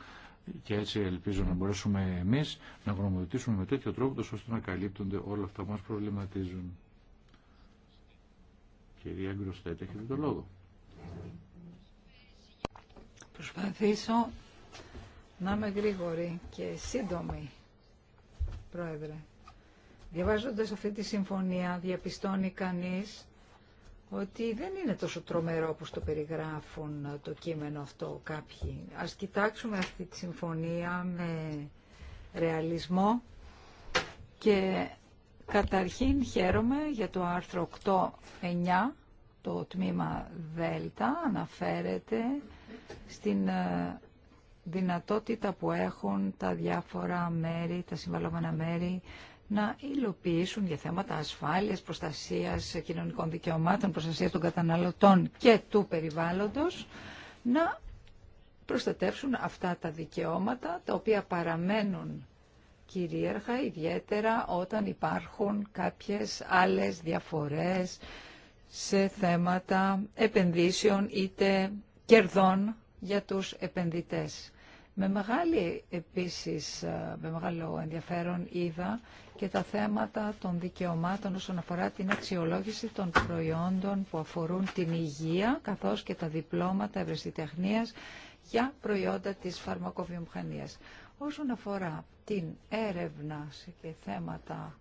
και έτσι ελπίζω να μπορέσουμε εμείς να γνωμοδοτήσουμε με τέτοιο τρόπο ώστε να καλύπτονται όλα αυτά που μας προβληματίζουν. Κυρία Γκροστέτ, έχετε το λόγο. Προσπαθήσω να είμαι γρήγορη και σύντομη, Πρόεδρε. Διαβάζοντας αυτή τη συμφωνία διαπιστώνει κανείς ότι δεν είναι τόσο τρομερό όπως το περιγράφουν το κείμενο αυτό κάποιοι. Ας κοιτάξουμε αυτή τη συμφωνία με ρεαλισμό και Καταρχήν χαίρομαι για το άρθρο 8.9, το τμήμα Δέλτα αναφέρεται στην ε, δυνατότητα που έχουν τα διάφορα μέρη, τα συμβαλλόμενα μέρη, να υλοποιήσουν για θέματα ασφάλειας, προστασίας κοινωνικών δικαιωμάτων, προστασίας των καταναλωτών και του περιβάλλοντος, να προστατεύσουν αυτά τα δικαιώματα, τα οποία παραμένουν κυρίαρχα, ιδιαίτερα όταν υπάρχουν κάποιες άλλες διαφορές σε θέματα επενδύσεων είτε κερδών για τους επενδυτές. Με μεγάλη επίσης, με μεγάλο ενδιαφέρον είδα και τα θέματα των δικαιωμάτων όσον αφορά την αξιολόγηση των προϊόντων που αφορούν την υγεία καθώς και τα διπλώματα ευρεσιτεχνίας για προϊόντα της φαρμακοβιομηχανίας. Όσον αφορά την έρευνα και θέματα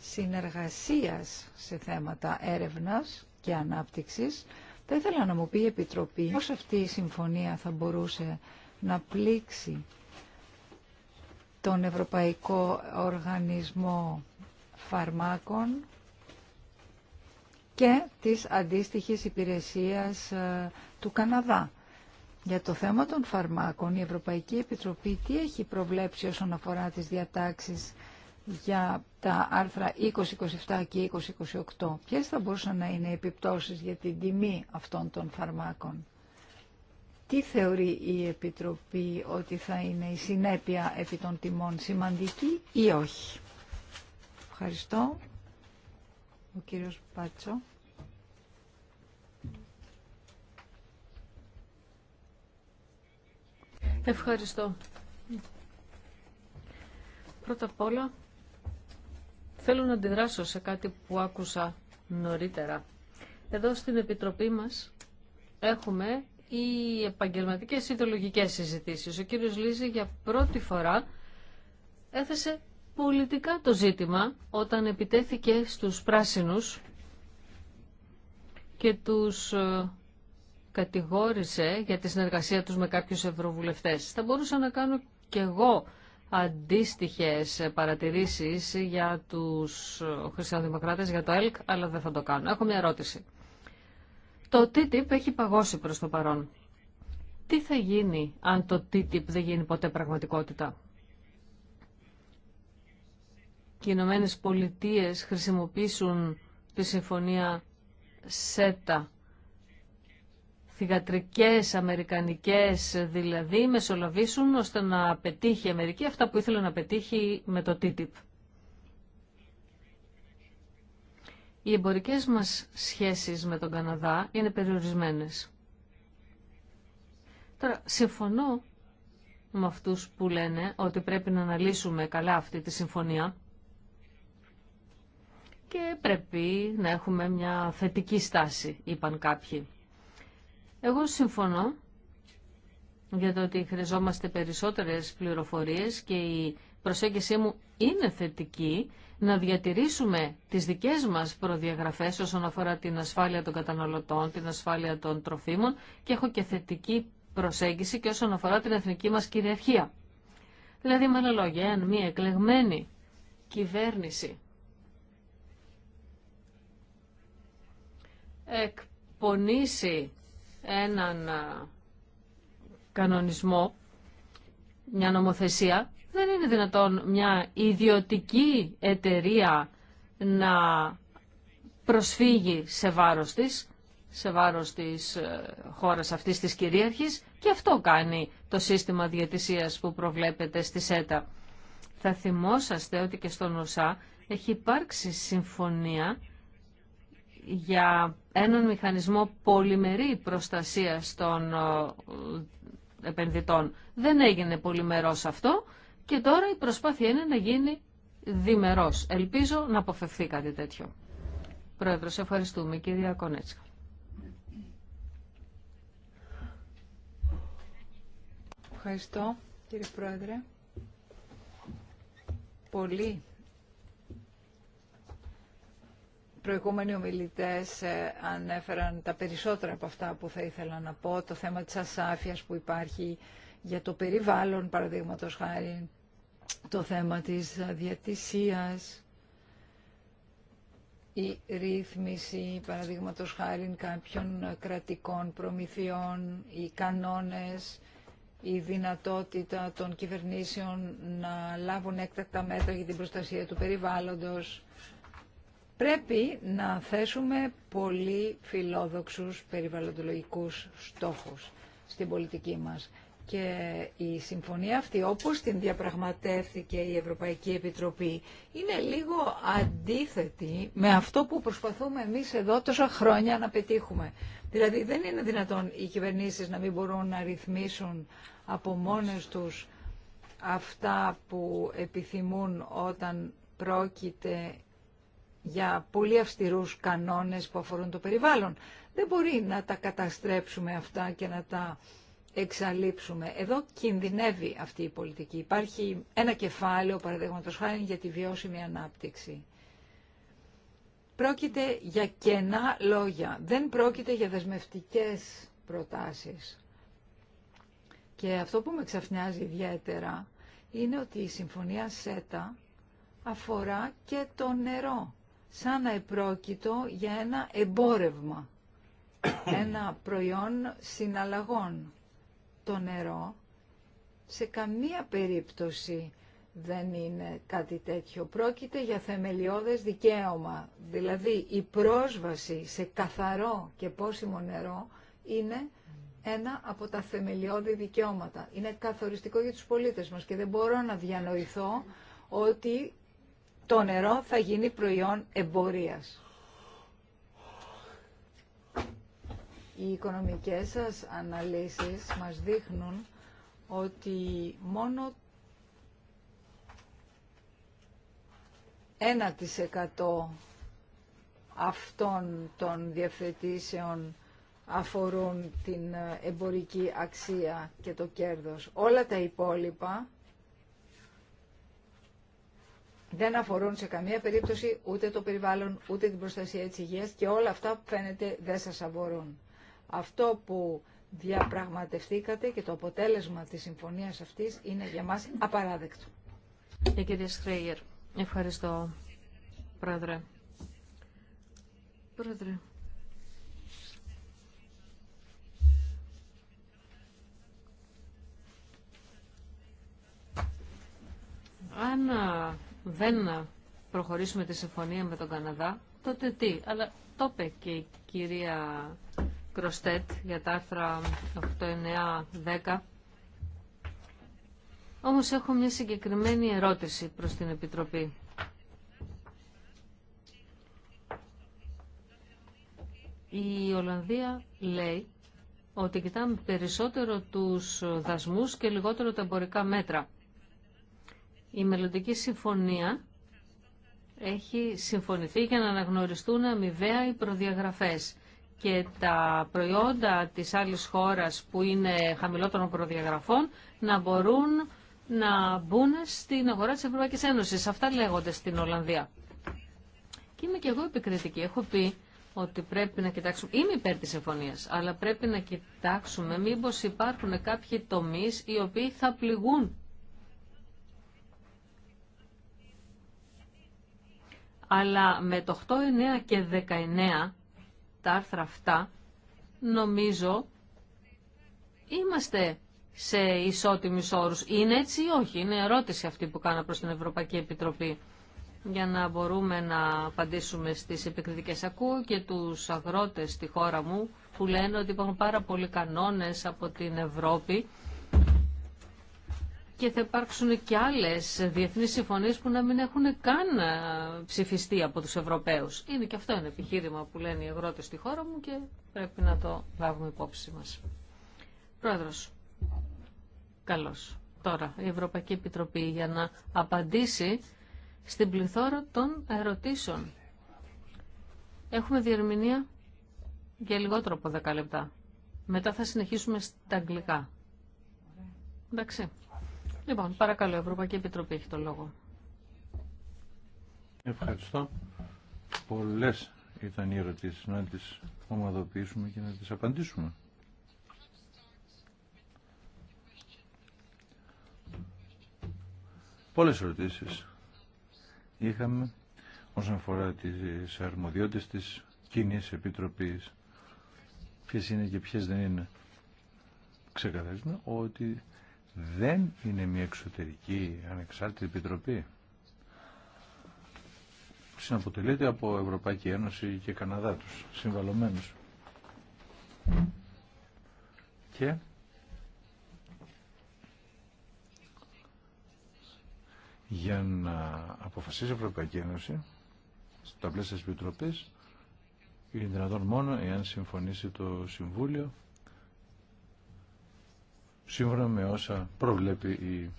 συνεργασίας σε θέματα έρευνας και ανάπτυξης, θα ήθελα να μου πει η Επιτροπή πώς αυτή η συμφωνία θα μπορούσε να πλήξει τον Ευρωπαϊκό Οργανισμό Φαρμάκων και της αντίστοιχης υπηρεσίας ε, του Καναδά. Για το θέμα των φαρμάκων, η Ευρωπαϊκή Επιτροπή τι έχει προβλέψει όσον αφορά τις διατάξεις για τα άρθρα 2027 και 2028. 28. Ποιες θα μπορούσαν να είναι οι επιπτώσεις για την τιμή αυτών των φαρμάκων. Τι θεωρεί η Επιτροπή ότι θα είναι η συνέπεια επί των τιμών σημαντική ή όχι. Ευχαριστώ. Ο κύριος Πάτσο. Ευχαριστώ. Πρώτα απ' όλα θέλω να αντιδράσω σε κάτι που άκουσα νωρίτερα. Εδώ στην Επιτροπή μας έχουμε οι επαγγελματικές ιδεολογικές συζητήσεις. Ο κύριος Λίζη για πρώτη φορά έθεσε πολιτικά το ζήτημα όταν επιτέθηκε στους πράσινους και τους ε, κατηγόρησε για τη συνεργασία τους με κάποιους ευρωβουλευτές. Θα μπορούσα να κάνω και εγώ αντίστοιχες παρατηρήσεις για τους χριστιανοδημοκράτες, για το ΕΛΚ, αλλά δεν θα το κάνω. Έχω μια ερώτηση. Το TTIP έχει παγώσει προς το παρόν. Τι θα γίνει αν το TTIP δεν γίνει ποτέ πραγματικότητα. Και οι Ηνωμένε Πολιτείε χρησιμοποιήσουν τη συμφωνία ΣΕΤΑ θηγατρικές αμερικανικές δηλαδή μεσολαβήσουν ώστε να πετύχει η Αμερική αυτά που ήθελε να πετύχει με το TTIP. Οι εμπορικές μας σχέσεις με τον Καναδά είναι περιορισμένες. Τώρα, συμφωνώ με αυτούς που λένε ότι πρέπει να αναλύσουμε καλά αυτή τη συμφωνία και πρέπει να έχουμε μια θετική στάση, είπαν κάποιοι. Εγώ συμφωνώ για το ότι χρειαζόμαστε περισσότερες πληροφορίες και η προσέγγιση μου είναι θετική να διατηρήσουμε τις δικές μας προδιαγραφές όσον αφορά την ασφάλεια των καταναλωτών, την ασφάλεια των τροφίμων και έχω και θετική προσέγγιση και όσον αφορά την εθνική μας κυριαρχία. Δηλαδή με άλλα λόγια, αν μια εκλεγμένη κυβέρνηση εκπονήσει έναν κανονισμό, μια νομοθεσία, δεν είναι δυνατόν μια ιδιωτική εταιρεία να προσφύγει σε βάρος της, σε βάρος της ε, χώρας αυτής της κυρίαρχης και αυτό κάνει το σύστημα διατησίας που προβλέπεται στη ΣΕΤΑ. Θα θυμόσαστε ότι και στον ΟΣΑ έχει υπάρξει συμφωνία για έναν μηχανισμό πολυμερή προστασία των ε, επενδυτών. Δεν έγινε πολυμερός αυτό και τώρα η προσπάθεια είναι να γίνει διμερός. Ελπίζω να αποφευθεί κάτι τέτοιο. Πρόεδρος, ευχαριστούμε. Κυρία Κονέτσκα. Ευχαριστώ, κύριε Πρόεδρε. Πολύ προηγούμενοι ομιλητές ε, ανέφεραν τα περισσότερα από αυτά που θα ήθελα να πω, το θέμα της ασάφειας που υπάρχει για το περιβάλλον, παραδείγματο χάρη, το θέμα της διατησίας, η ρύθμιση, παραδείγματο χάρη κάποιων κρατικών προμηθειών, οι κανόνες, η δυνατότητα των κυβερνήσεων να λάβουν έκτακτα μέτρα για την προστασία του περιβάλλοντος, Πρέπει να θέσουμε πολύ φιλόδοξους περιβαλλοντολογικούς στόχους στην πολιτική μας. Και η συμφωνία αυτή, όπως την διαπραγματεύθηκε η Ευρωπαϊκή Επιτροπή, είναι λίγο αντίθετη με αυτό που προσπαθούμε εμείς εδώ τόσα χρόνια να πετύχουμε. Δηλαδή δεν είναι δυνατόν οι κυβερνήσεις να μην μπορούν να ρυθμίσουν από μόνες τους αυτά που επιθυμούν όταν πρόκειται για πολύ αυστηρούς κανόνες που αφορούν το περιβάλλον. Δεν μπορεί να τα καταστρέψουμε αυτά και να τα εξαλείψουμε. Εδώ κινδυνεύει αυτή η πολιτική. Υπάρχει ένα κεφάλαιο, παραδείγματο χάρη, για τη βιώσιμη ανάπτυξη. Πρόκειται για κενά λόγια. Δεν πρόκειται για δεσμευτικές προτάσεις. Και αυτό που με ξαφνιάζει ιδιαίτερα είναι ότι η Συμφωνία ΣΕΤΑ αφορά και το νερό σαν να επρόκειτο για ένα εμπόρευμα, ένα προϊόν συναλλαγών. Το νερό σε καμία περίπτωση δεν είναι κάτι τέτοιο. Πρόκειται για θεμελιώδες δικαίωμα. Δηλαδή η πρόσβαση σε καθαρό και πόσιμο νερό είναι ένα από τα θεμελιώδη δικαιώματα. Είναι καθοριστικό για τους πολίτες μας και δεν μπορώ να διανοηθώ ότι το νερό θα γίνει προϊόν εμπορίας. Οι οικονομικές σας αναλύσεις μας δείχνουν ότι μόνο 1% αυτών των διευθετήσεων αφορούν την εμπορική αξία και το κέρδος. Όλα τα υπόλοιπα δεν αφορούν σε καμία περίπτωση ούτε το περιβάλλον, ούτε την προστασία της υγείας και όλα αυτά φαίνεται δεν σας αφορούν. Αυτό που διαπραγματευτήκατε και το αποτέλεσμα της συμφωνίας αυτής είναι για μας απαράδεκτο. Και ε, κύριε ευχαριστώ, Πρόεδρε. Πρόεδρε δεν προχωρήσουμε τη συμφωνία με τον Καναδά, τότε τι. Αλλά το είπε και η κυρία Κροστέτ για τα άρθρα 8, 9, 10. Όμως έχω μια συγκεκριμένη ερώτηση προς την Επιτροπή. Η Ολλανδία λέει ότι κοιτάμε περισσότερο τους δασμούς και λιγότερο τα εμπορικά μέτρα. Η μελλοντική συμφωνία έχει συμφωνηθεί για να αναγνωριστούν αμοιβαία οι προδιαγραφές και τα προϊόντα της άλλης χώρας που είναι χαμηλότερων προδιαγραφών να μπορούν να μπουν στην αγορά της Ευρωπαϊκής Ένωσης. Αυτά λέγονται στην Ολλανδία. Και είμαι και εγώ επικριτική. Έχω πει ότι πρέπει να κοιτάξουμε, είμαι υπέρ της συμφωνίας, αλλά πρέπει να κοιτάξουμε μήπως υπάρχουν κάποιοι τομείς οι οποίοι θα πληγούν αλλά με το 8, 9 και 19 τα άρθρα αυτά νομίζω είμαστε σε ισότιμους όρους. Είναι έτσι ή όχι. Είναι ερώτηση αυτή που κάνα προς την Ευρωπαϊκή Επιτροπή για να μπορούμε να απαντήσουμε στις επικριτικές. Ακούω και τους αγρότες στη χώρα μου που λένε ότι υπάρχουν πάρα πολλοί κανόνες από την Ευρώπη και θα υπάρξουν και άλλες διεθνείς συμφωνίες που να μην έχουν καν ε, ψηφιστεί από τους Ευρωπαίους. Είναι και αυτό ένα επιχείρημα που λένε οι αγρότες στη χώρα μου και πρέπει να το λάβουμε υπόψη μας. Πρόεδρος, καλώς. Τώρα η Ευρωπαϊκή Επιτροπή για να απαντήσει στην πληθώρα των ερωτήσεων. Έχουμε διερμηνία για λιγότερο από 10 λεπτά. Μετά θα συνεχίσουμε στα αγγλικά. Εντάξει. Λοιπόν, παρακαλώ, Ευρωπαϊκή Επιτροπή έχει το λόγο. Ευχαριστώ. Πολλέ ήταν οι ερωτήσει να τις ομαδοποιήσουμε και να τις απαντήσουμε. Πολλές ερωτήσεις είχαμε όσον αφορά τις αρμοδιότητες της κοινή επιτροπής. Ποιες είναι και ποιες δεν είναι. Ξεκαθαρίζουμε ότι δεν είναι μια εξωτερική ανεξάρτητη επιτροπή. Συναποτελείται από Ευρωπαϊκή Ένωση και Καναδά τους, συμβαλωμένους. Και για να αποφασίσει η Ευρωπαϊκή Ένωση στα πλαίσια της Επιτροπής είναι δυνατόν μόνο εάν συμφωνήσει το Συμβούλιο σύμφωνα με όσα προβλέπει η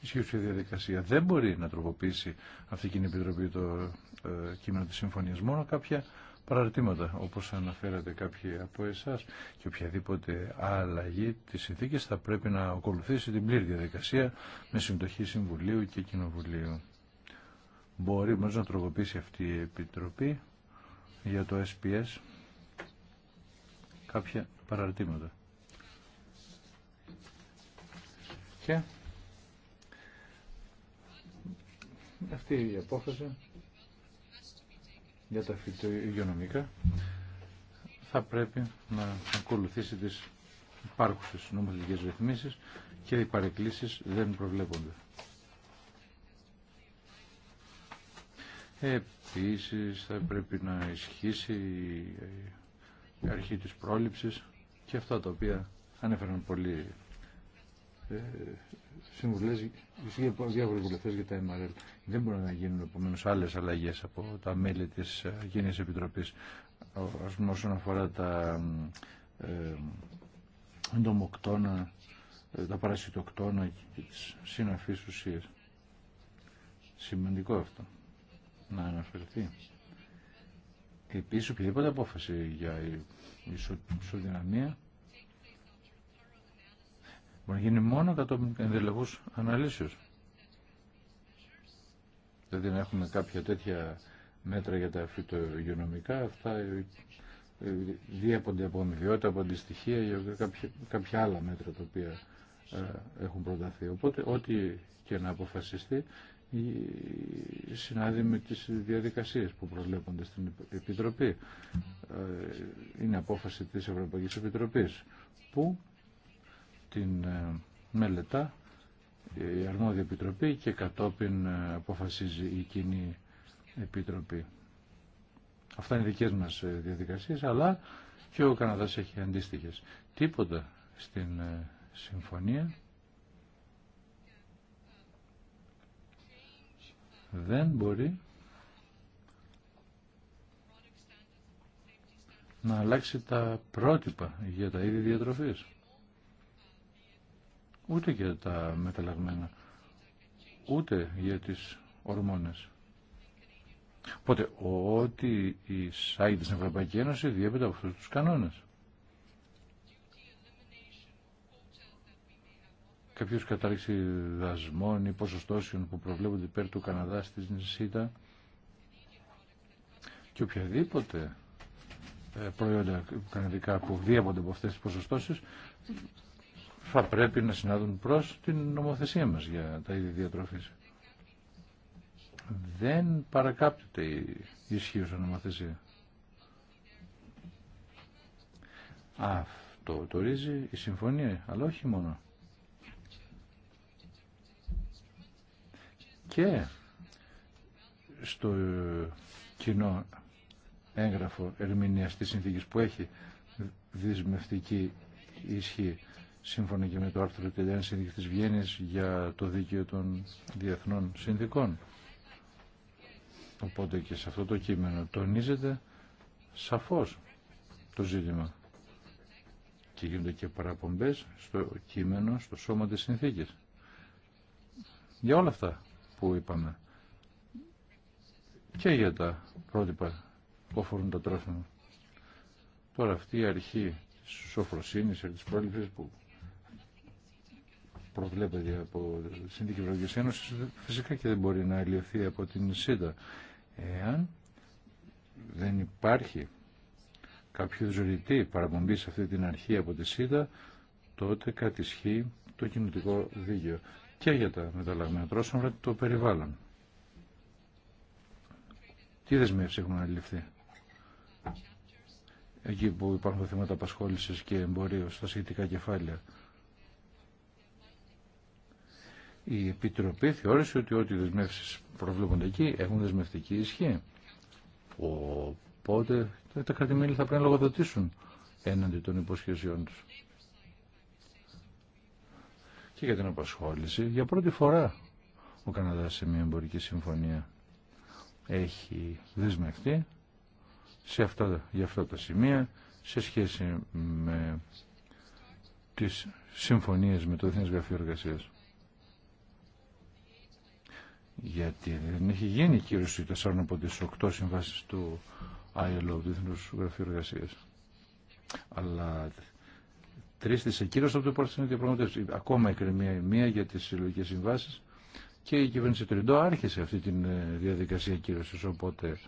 ισχυρή διαδικασία. Δεν μπορεί να τροποποιήσει αυτή την επιτροπή το ε, κείμενο της συμφωνίας. Μόνο κάποια παραρτήματα, όπως αναφέρατε κάποιοι από εσάς και οποιαδήποτε αλλαγή της συνθήκη θα πρέπει να ακολουθήσει την πλήρη διαδικασία με συμμετοχή Συμβουλίου και Κοινοβουλίου. Μπορεί μόνο να τροποποιήσει αυτή η επιτροπή για το SPS κάποια παραρτήματα. Και αυτή η απόφαση για τα φυτοϊγειονομικά θα πρέπει να ακολουθήσει τις υπάρχουσες νομοθετικές ρυθμίσεις και οι παρεκκλήσεις δεν προβλέπονται. Επίσης θα πρέπει να ισχύσει η αρχή της πρόληψης και αυτά τα οποία ανέφεραν πολλοί ε, συμβουλέ, για διάφορε βουλευτές για τα MRL. Δεν μπορούν να γίνουν επομένω άλλε αλλαγέ από τα μέλη τη ε, Γενικής επιτροπή, όσον αφορά τα ε, ντομοκτώνα, ε, τα παρασυτοκτώνα και τις συναφεί ουσίε. Σημαντικό αυτό να αναφερθεί. Επίσης οποιαδήποτε απόφαση για ισοδυναμία Μπορεί να γίνει μόνο κατόπιν ενδελεγού αναλύσεω. Δηλαδή να έχουμε κάποια τέτοια μέτρα για τα φυτογειονομικά, αυτά ε, ε, διέπονται από αμοιβιότητα, από αντιστοιχεία ή κάποια, κάποια άλλα μέτρα τα οποία ε, έχουν προταθεί. Οπότε ό,τι και να αποφασιστεί συνάδει με τις διαδικασίες που προβλέπονται στην Επιτροπή. Είναι απόφαση της Ευρωπαϊκής Επιτροπής που την ε, μελετά η αρμόδια επιτροπή και κατόπιν ε, αποφασίζει η κοινή επιτροπή. Αυτά είναι δικές μας ε, διαδικασίες, αλλά και ο Καναδάς έχει αντίστοιχες. Τίποτα στην συμφωνία δεν μπορεί να αλλάξει τα πρότυπα για τα είδη διατροφής ούτε για τα μεταλλαγμένα, ούτε για τις ορμόνες. Οπότε, ό,τι εισάγει στην Ευρωπαϊκή Ένωση διέπεται από αυτούς τους κανόνες. Κάποιο κατάρριξη δασμών ή ποσοστώσεων που προβλέπονται υπέρ του Καναδά στη ΣΥΤΑ και οποιαδήποτε ε, προϊόντα καναδικά που διέπονται από αυτές τις ποσοστώσεις θα πρέπει να συνάδουν προς την νομοθεσία μας για τα ίδια διατροφής. Δεν παρακάπτεται η ισχύουσα νομοθεσία. Αυτό το ορίζει η συμφωνία, αλλά όχι μόνο. Και στο κοινό έγγραφο ερμηνεία της συνθήκης που έχει δυσμευτική ισχύ σύμφωνα και με το άρθρο 31 Συνδίκη της Βιέννης για το δίκαιο των διεθνών συνδικών. Οπότε και σε αυτό το κείμενο τονίζεται σαφώς το ζήτημα και γίνονται και παραπομπές στο κείμενο, στο σώμα της συνθήκης. Για όλα αυτά που είπαμε και για τα πρότυπα που αφορούν τα τρόφιμα. Τώρα αυτή η αρχή της σοφροσύνης, της πρόληψης που προβλέπεται από τη Ευρωπαϊκής Ένωσης φυσικά και δεν μπορεί να αλλοιωθεί από την ΣΥΤΑ. Εάν δεν υπάρχει κάποιο ζωητή παραπομπή σε αυτή την αρχή από τη ΣΥΤΑ, τότε κατησχεί το κοινωτικό δίκαιο και για τα μεταλλαγμένα πρόσωπα το περιβάλλον. Τι δεσμεύσει έχουν αλληλευθεί. Εκεί που υπάρχουν θέματα απασχόλησης και εμπορίου στα σχετικά κεφάλαια η Επιτροπή θεώρησε ότι ό,τι δεσμεύσει προβλέπονται εκεί έχουν δεσμευτική ισχύ. Οπότε τα κρατημέλη θα πρέπει να λογοδοτήσουν έναντι των υποσχεσιών του. Και για την απασχόληση, για πρώτη φορά ο Καναδάς σε μια εμπορική συμφωνία έχει δεσμευτεί σε αυτά, για αυτά τα σημεία σε σχέση με τις συμφωνίες με το Εθνές Γραφείο Εργασίας γιατί δεν έχει γίνει η κύρωση τεσσάρων από τις οκτώ συμβάσεις του ILO, του Ιθνούς Γραφείου Εργασίας. Αλλά τρεις της εκκύρωσης από το πρόσθεσμα διαπραγματεύσεις. Ακόμα εκκρεμία η μία για τις συλλογικές συμβάσεις και η κυβέρνηση Τριντό άρχισε αυτή τη ε, διαδικασία κύρωσης, οπότε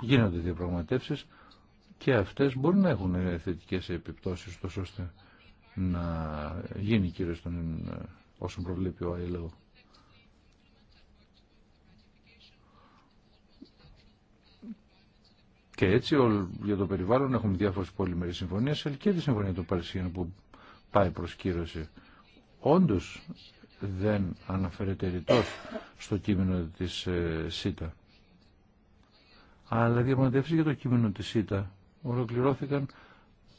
γίνονται διαπραγματεύσεις και αυτές μπορούν να έχουν ε, θετικές επιπτώσεις, τόσο ώστε να γίνει κύρωση των ε, όσων προβλέπει ο ILO. Και έτσι για το περιβάλλον έχουμε διάφορες πολυμερείς συμφωνίες, αλλά και τη συμφωνία των Παρισίων που πάει προς κύρωση. Όντως δεν αναφέρεται ρητός στο κείμενο της ε, ΣΥΤΑ. Αλλά διαπραγματεύσει για το κείμενο της ΣΥΤΑ ολοκληρώθηκαν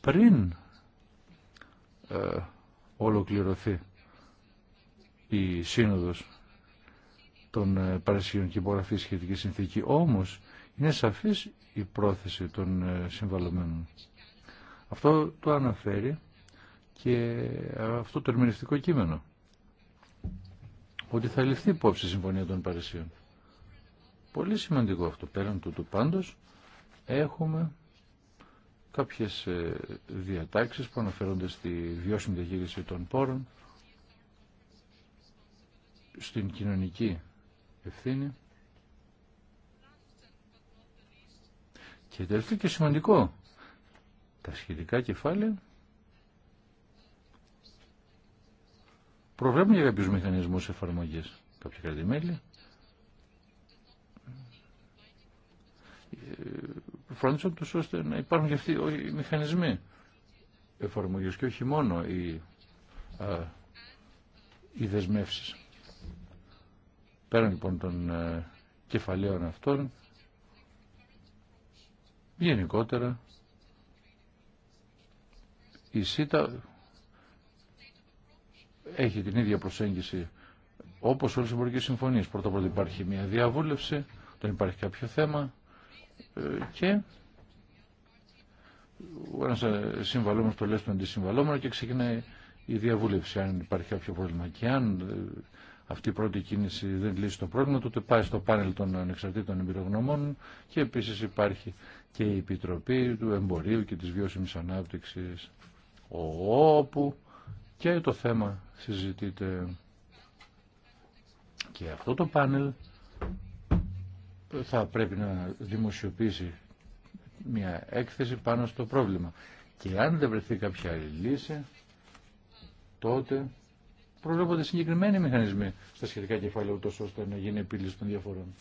πριν ε, ολοκληρωθεί η σύνοδος των ε, και υπογραφή σχετική συνθήκη. Όμως είναι σαφής η πρόθεση των ε, συμβαλωμένων. Αυτό το αναφέρει και αυτό το ερμηνευτικό κείμενο. Ότι θα ληφθεί υπόψη η Συμφωνία των Παρισίων. Πολύ σημαντικό αυτό. Πέραν του του πάντως έχουμε κάποιες ε, διατάξεις που αναφέρονται στη βιώσιμη διαχείριση των πόρων, στην κοινωνική ευθύνη Και τελευταίο και σημαντικό, τα σχετικά κεφάλαια προβλέπουν για κάποιους μηχανισμούς μηχανισμούς κάποια κρατημέλη. Ε, φρόντισαν τους ώστε να υπάρχουν και αυτοί οι μηχανισμοί εφαρμογής και όχι μόνο οι, α, οι δεσμεύσεις. Πέραν λοιπόν των α, ε, κεφαλαίων αυτών Γενικότερα, η ΣΥΤΑ έχει την ίδια προσέγγιση όπως όλες οι εμπορικές συμφωνίες. Πρώτα πρώτα υπάρχει μια διαβούλευση, δεν υπάρχει κάποιο θέμα ε, και ο ένας συμβαλόμενος το λέει στον αντισυμβαλόμενο και ξεκινάει η διαβούλευση αν υπάρχει κάποιο πρόβλημα. Και αν ε, αυτή η πρώτη κίνηση δεν λύσει το πρόβλημα, τότε πάει στο πάνελ των ανεξαρτήτων εμπειρογνωμών και επίσης υπάρχει και η Επιτροπή του Εμπορίου και της Βιώσιμης Ανάπτυξης όπου και το θέμα συζητείται και αυτό το πάνελ θα πρέπει να δημοσιοποιήσει μια έκθεση πάνω στο πρόβλημα και αν δεν βρεθεί κάποια λύση τότε προβλέπονται συγκεκριμένοι μηχανισμοί στα σχετικά κεφάλαια ούτως ώστε να γίνει επίλυση των διαφορών.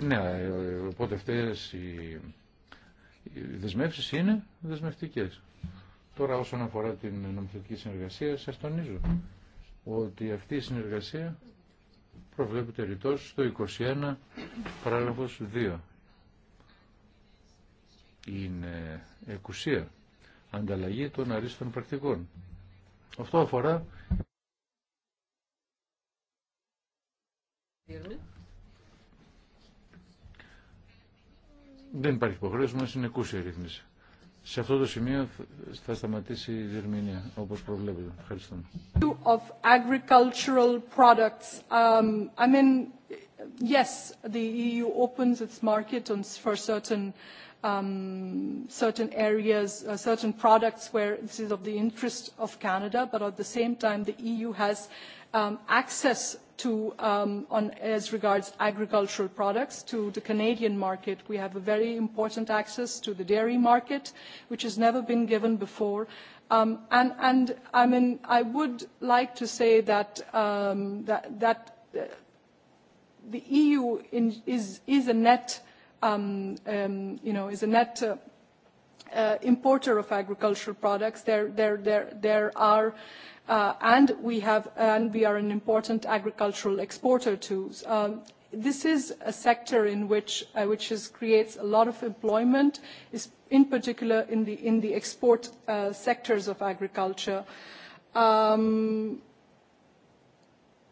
Ναι, οπότε αυτές οι δεσμεύσεις είναι δεσμευτικές. Τώρα όσον αφορά την νομοθετική συνεργασία, σα τονίζω ότι αυτή η συνεργασία προβλέπεται ρητό στο 21 παράγραφο 2. Είναι εκουσία, ανταλλαγή των αρίστων πρακτικών. Αυτό αφορά δεν υπάρχει υποχρέωση να είναι η ρύθμιση. Σε αυτό το σημείο θα σταματήσει η διερμηνία, όπως προβλέπετε. Ευχαριστώ. Of agricultural products, um, I mean, yes, the EU opens its market on, for certain um, certain areas, uh, certain products where this is of the interest of Canada, but at the same time, the EU has access to as regards agricultural products to the Canadian market. We have a very important access to the dairy market, which has never been given before. And I mean, I would like to say that the EU is a net, you know, is a net importer of agricultural products. There are and we have we are an important agricultural exporter too. This is a sector in which which creates a lot of employment, in particular in the in the export sectors of agriculture.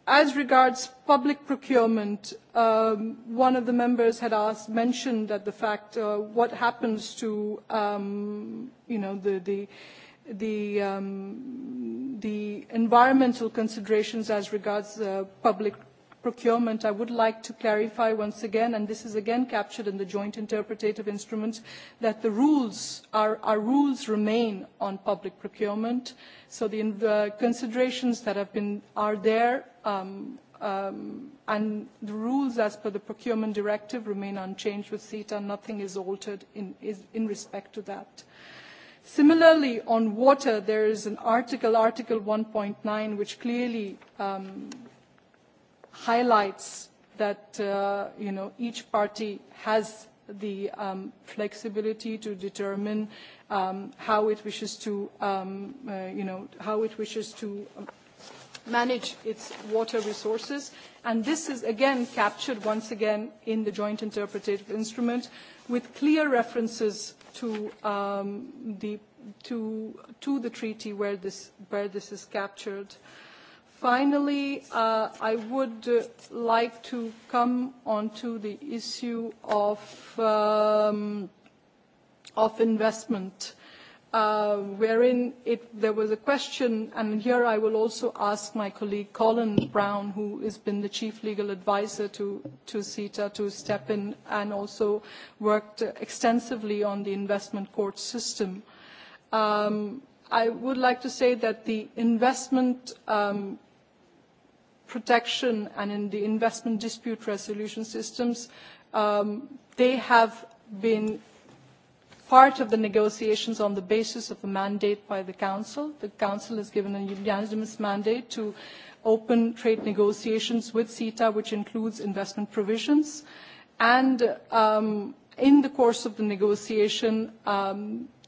As regards public procurement, one of the members had asked mentioned that the fact what happens to you know the the environmental considerations as regards public procurement, I would like to clarify once again, and this is again captured in the joint interpretative instruments, that the rules, our rules remain on public procurement. So the considerations that have been, are there, and the rules as per the procurement directive remain unchanged with CETA. Nothing is altered in respect to that. Similarly, on water, there is an article, Article 1.9, which clearly highlights that you know each party has the flexibility to determine how it wishes to you know how it wishes to manage its water resources and this is again captured once again in the joint interpretative instrument with clear references to the to to the treaty where this where is captured finally i would like to come on to the issue of of investment wherein there was a question, and here I will also ask my colleague Colin Brown, who has been the chief legal advisor to CETA, to step in and also worked extensively on the investment court system. I would like to say that the investment protection and in the investment dispute resolution systems, they have been part of the negotiations on the basis of a mandate by the Council. The Council has given a unanimous mandate to open trade negotiations with CETA, which includes investment provisions. And in the course of the negotiation,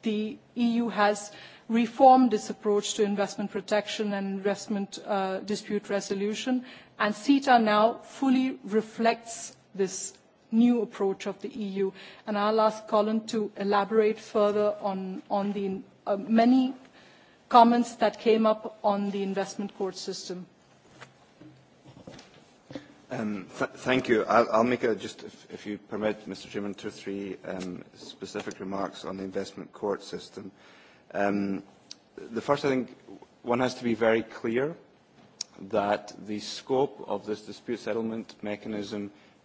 the EU has reformed its approach to investment protection and investment dispute resolution, and CETA now fully reflects this new approach of the EU. And I'll ask Colin to elaborate further on the many comments that came up on the investment court system. Thank you. I'll make just, if you permit, Mr. Chairman, two or three specific remarks on the investment court system. The first, I think, one has to be very clear that the scope of this dispute settlement mechanism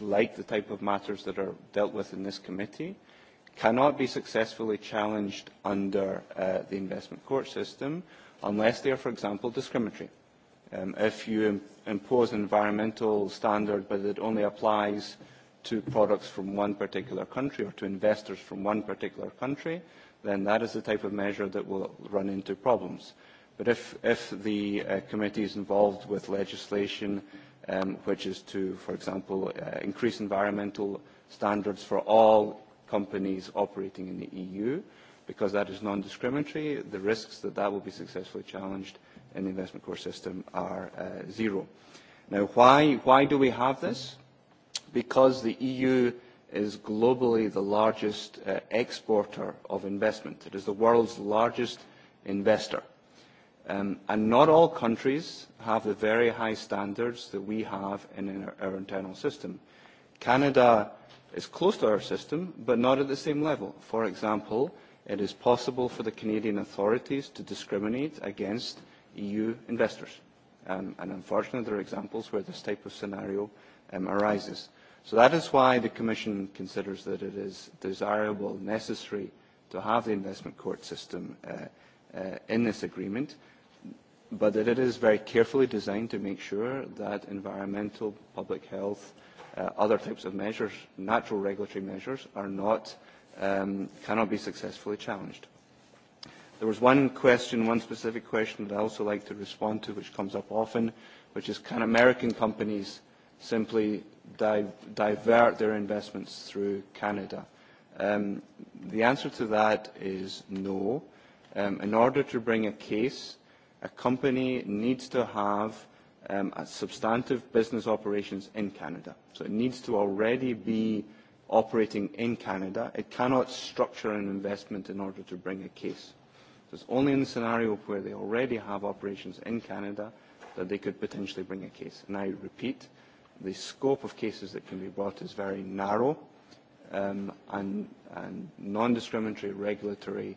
like the type of matters that are dealt with in this committee, cannot be successfully challenged under the investment court system unless they are, for example, discriminatory. If you impose an environmental standard but it only applies to products from one particular country or to investors from one particular country, then that is the type of measure that will run into problems. But if the committee is involved with legislation which is to, for example, increase environmental standards for all companies operating in the EU, because that is non-discriminatory. The risks that that will be successfully challenged in the investment core system are zero. Now, why do we have this? Because the EU is globally the largest exporter of investment. It is the world's largest investor. And not all countries have the very high standards that we have in our internal system. Canada is close to our system, but not at the same level. For example, it is possible for the Canadian authorities to discriminate against EU investors. And unfortunately, there are examples where this type of scenario arises. So that is why the Commission considers that it is desirable, necessary, to have the investment court system in this agreement but that it is very carefully designed to make sure that environmental, public health, other types of measures, natural regulatory measures, are not, cannot be successfully challenged. There was one question, one specific question that I also like to respond to, which comes up often, which is can American companies simply divert their investments through Canada? The answer to that is no. In order to bring a case a company needs to have substantive business operations in Canada. So it needs to already be operating in Canada. It cannot structure an investment in order to bring a case. So it's only in the scenario where they already have operations in Canada that they could potentially bring a case. And I repeat, the scope of cases that can be brought is very narrow, and non-discriminatory regulatory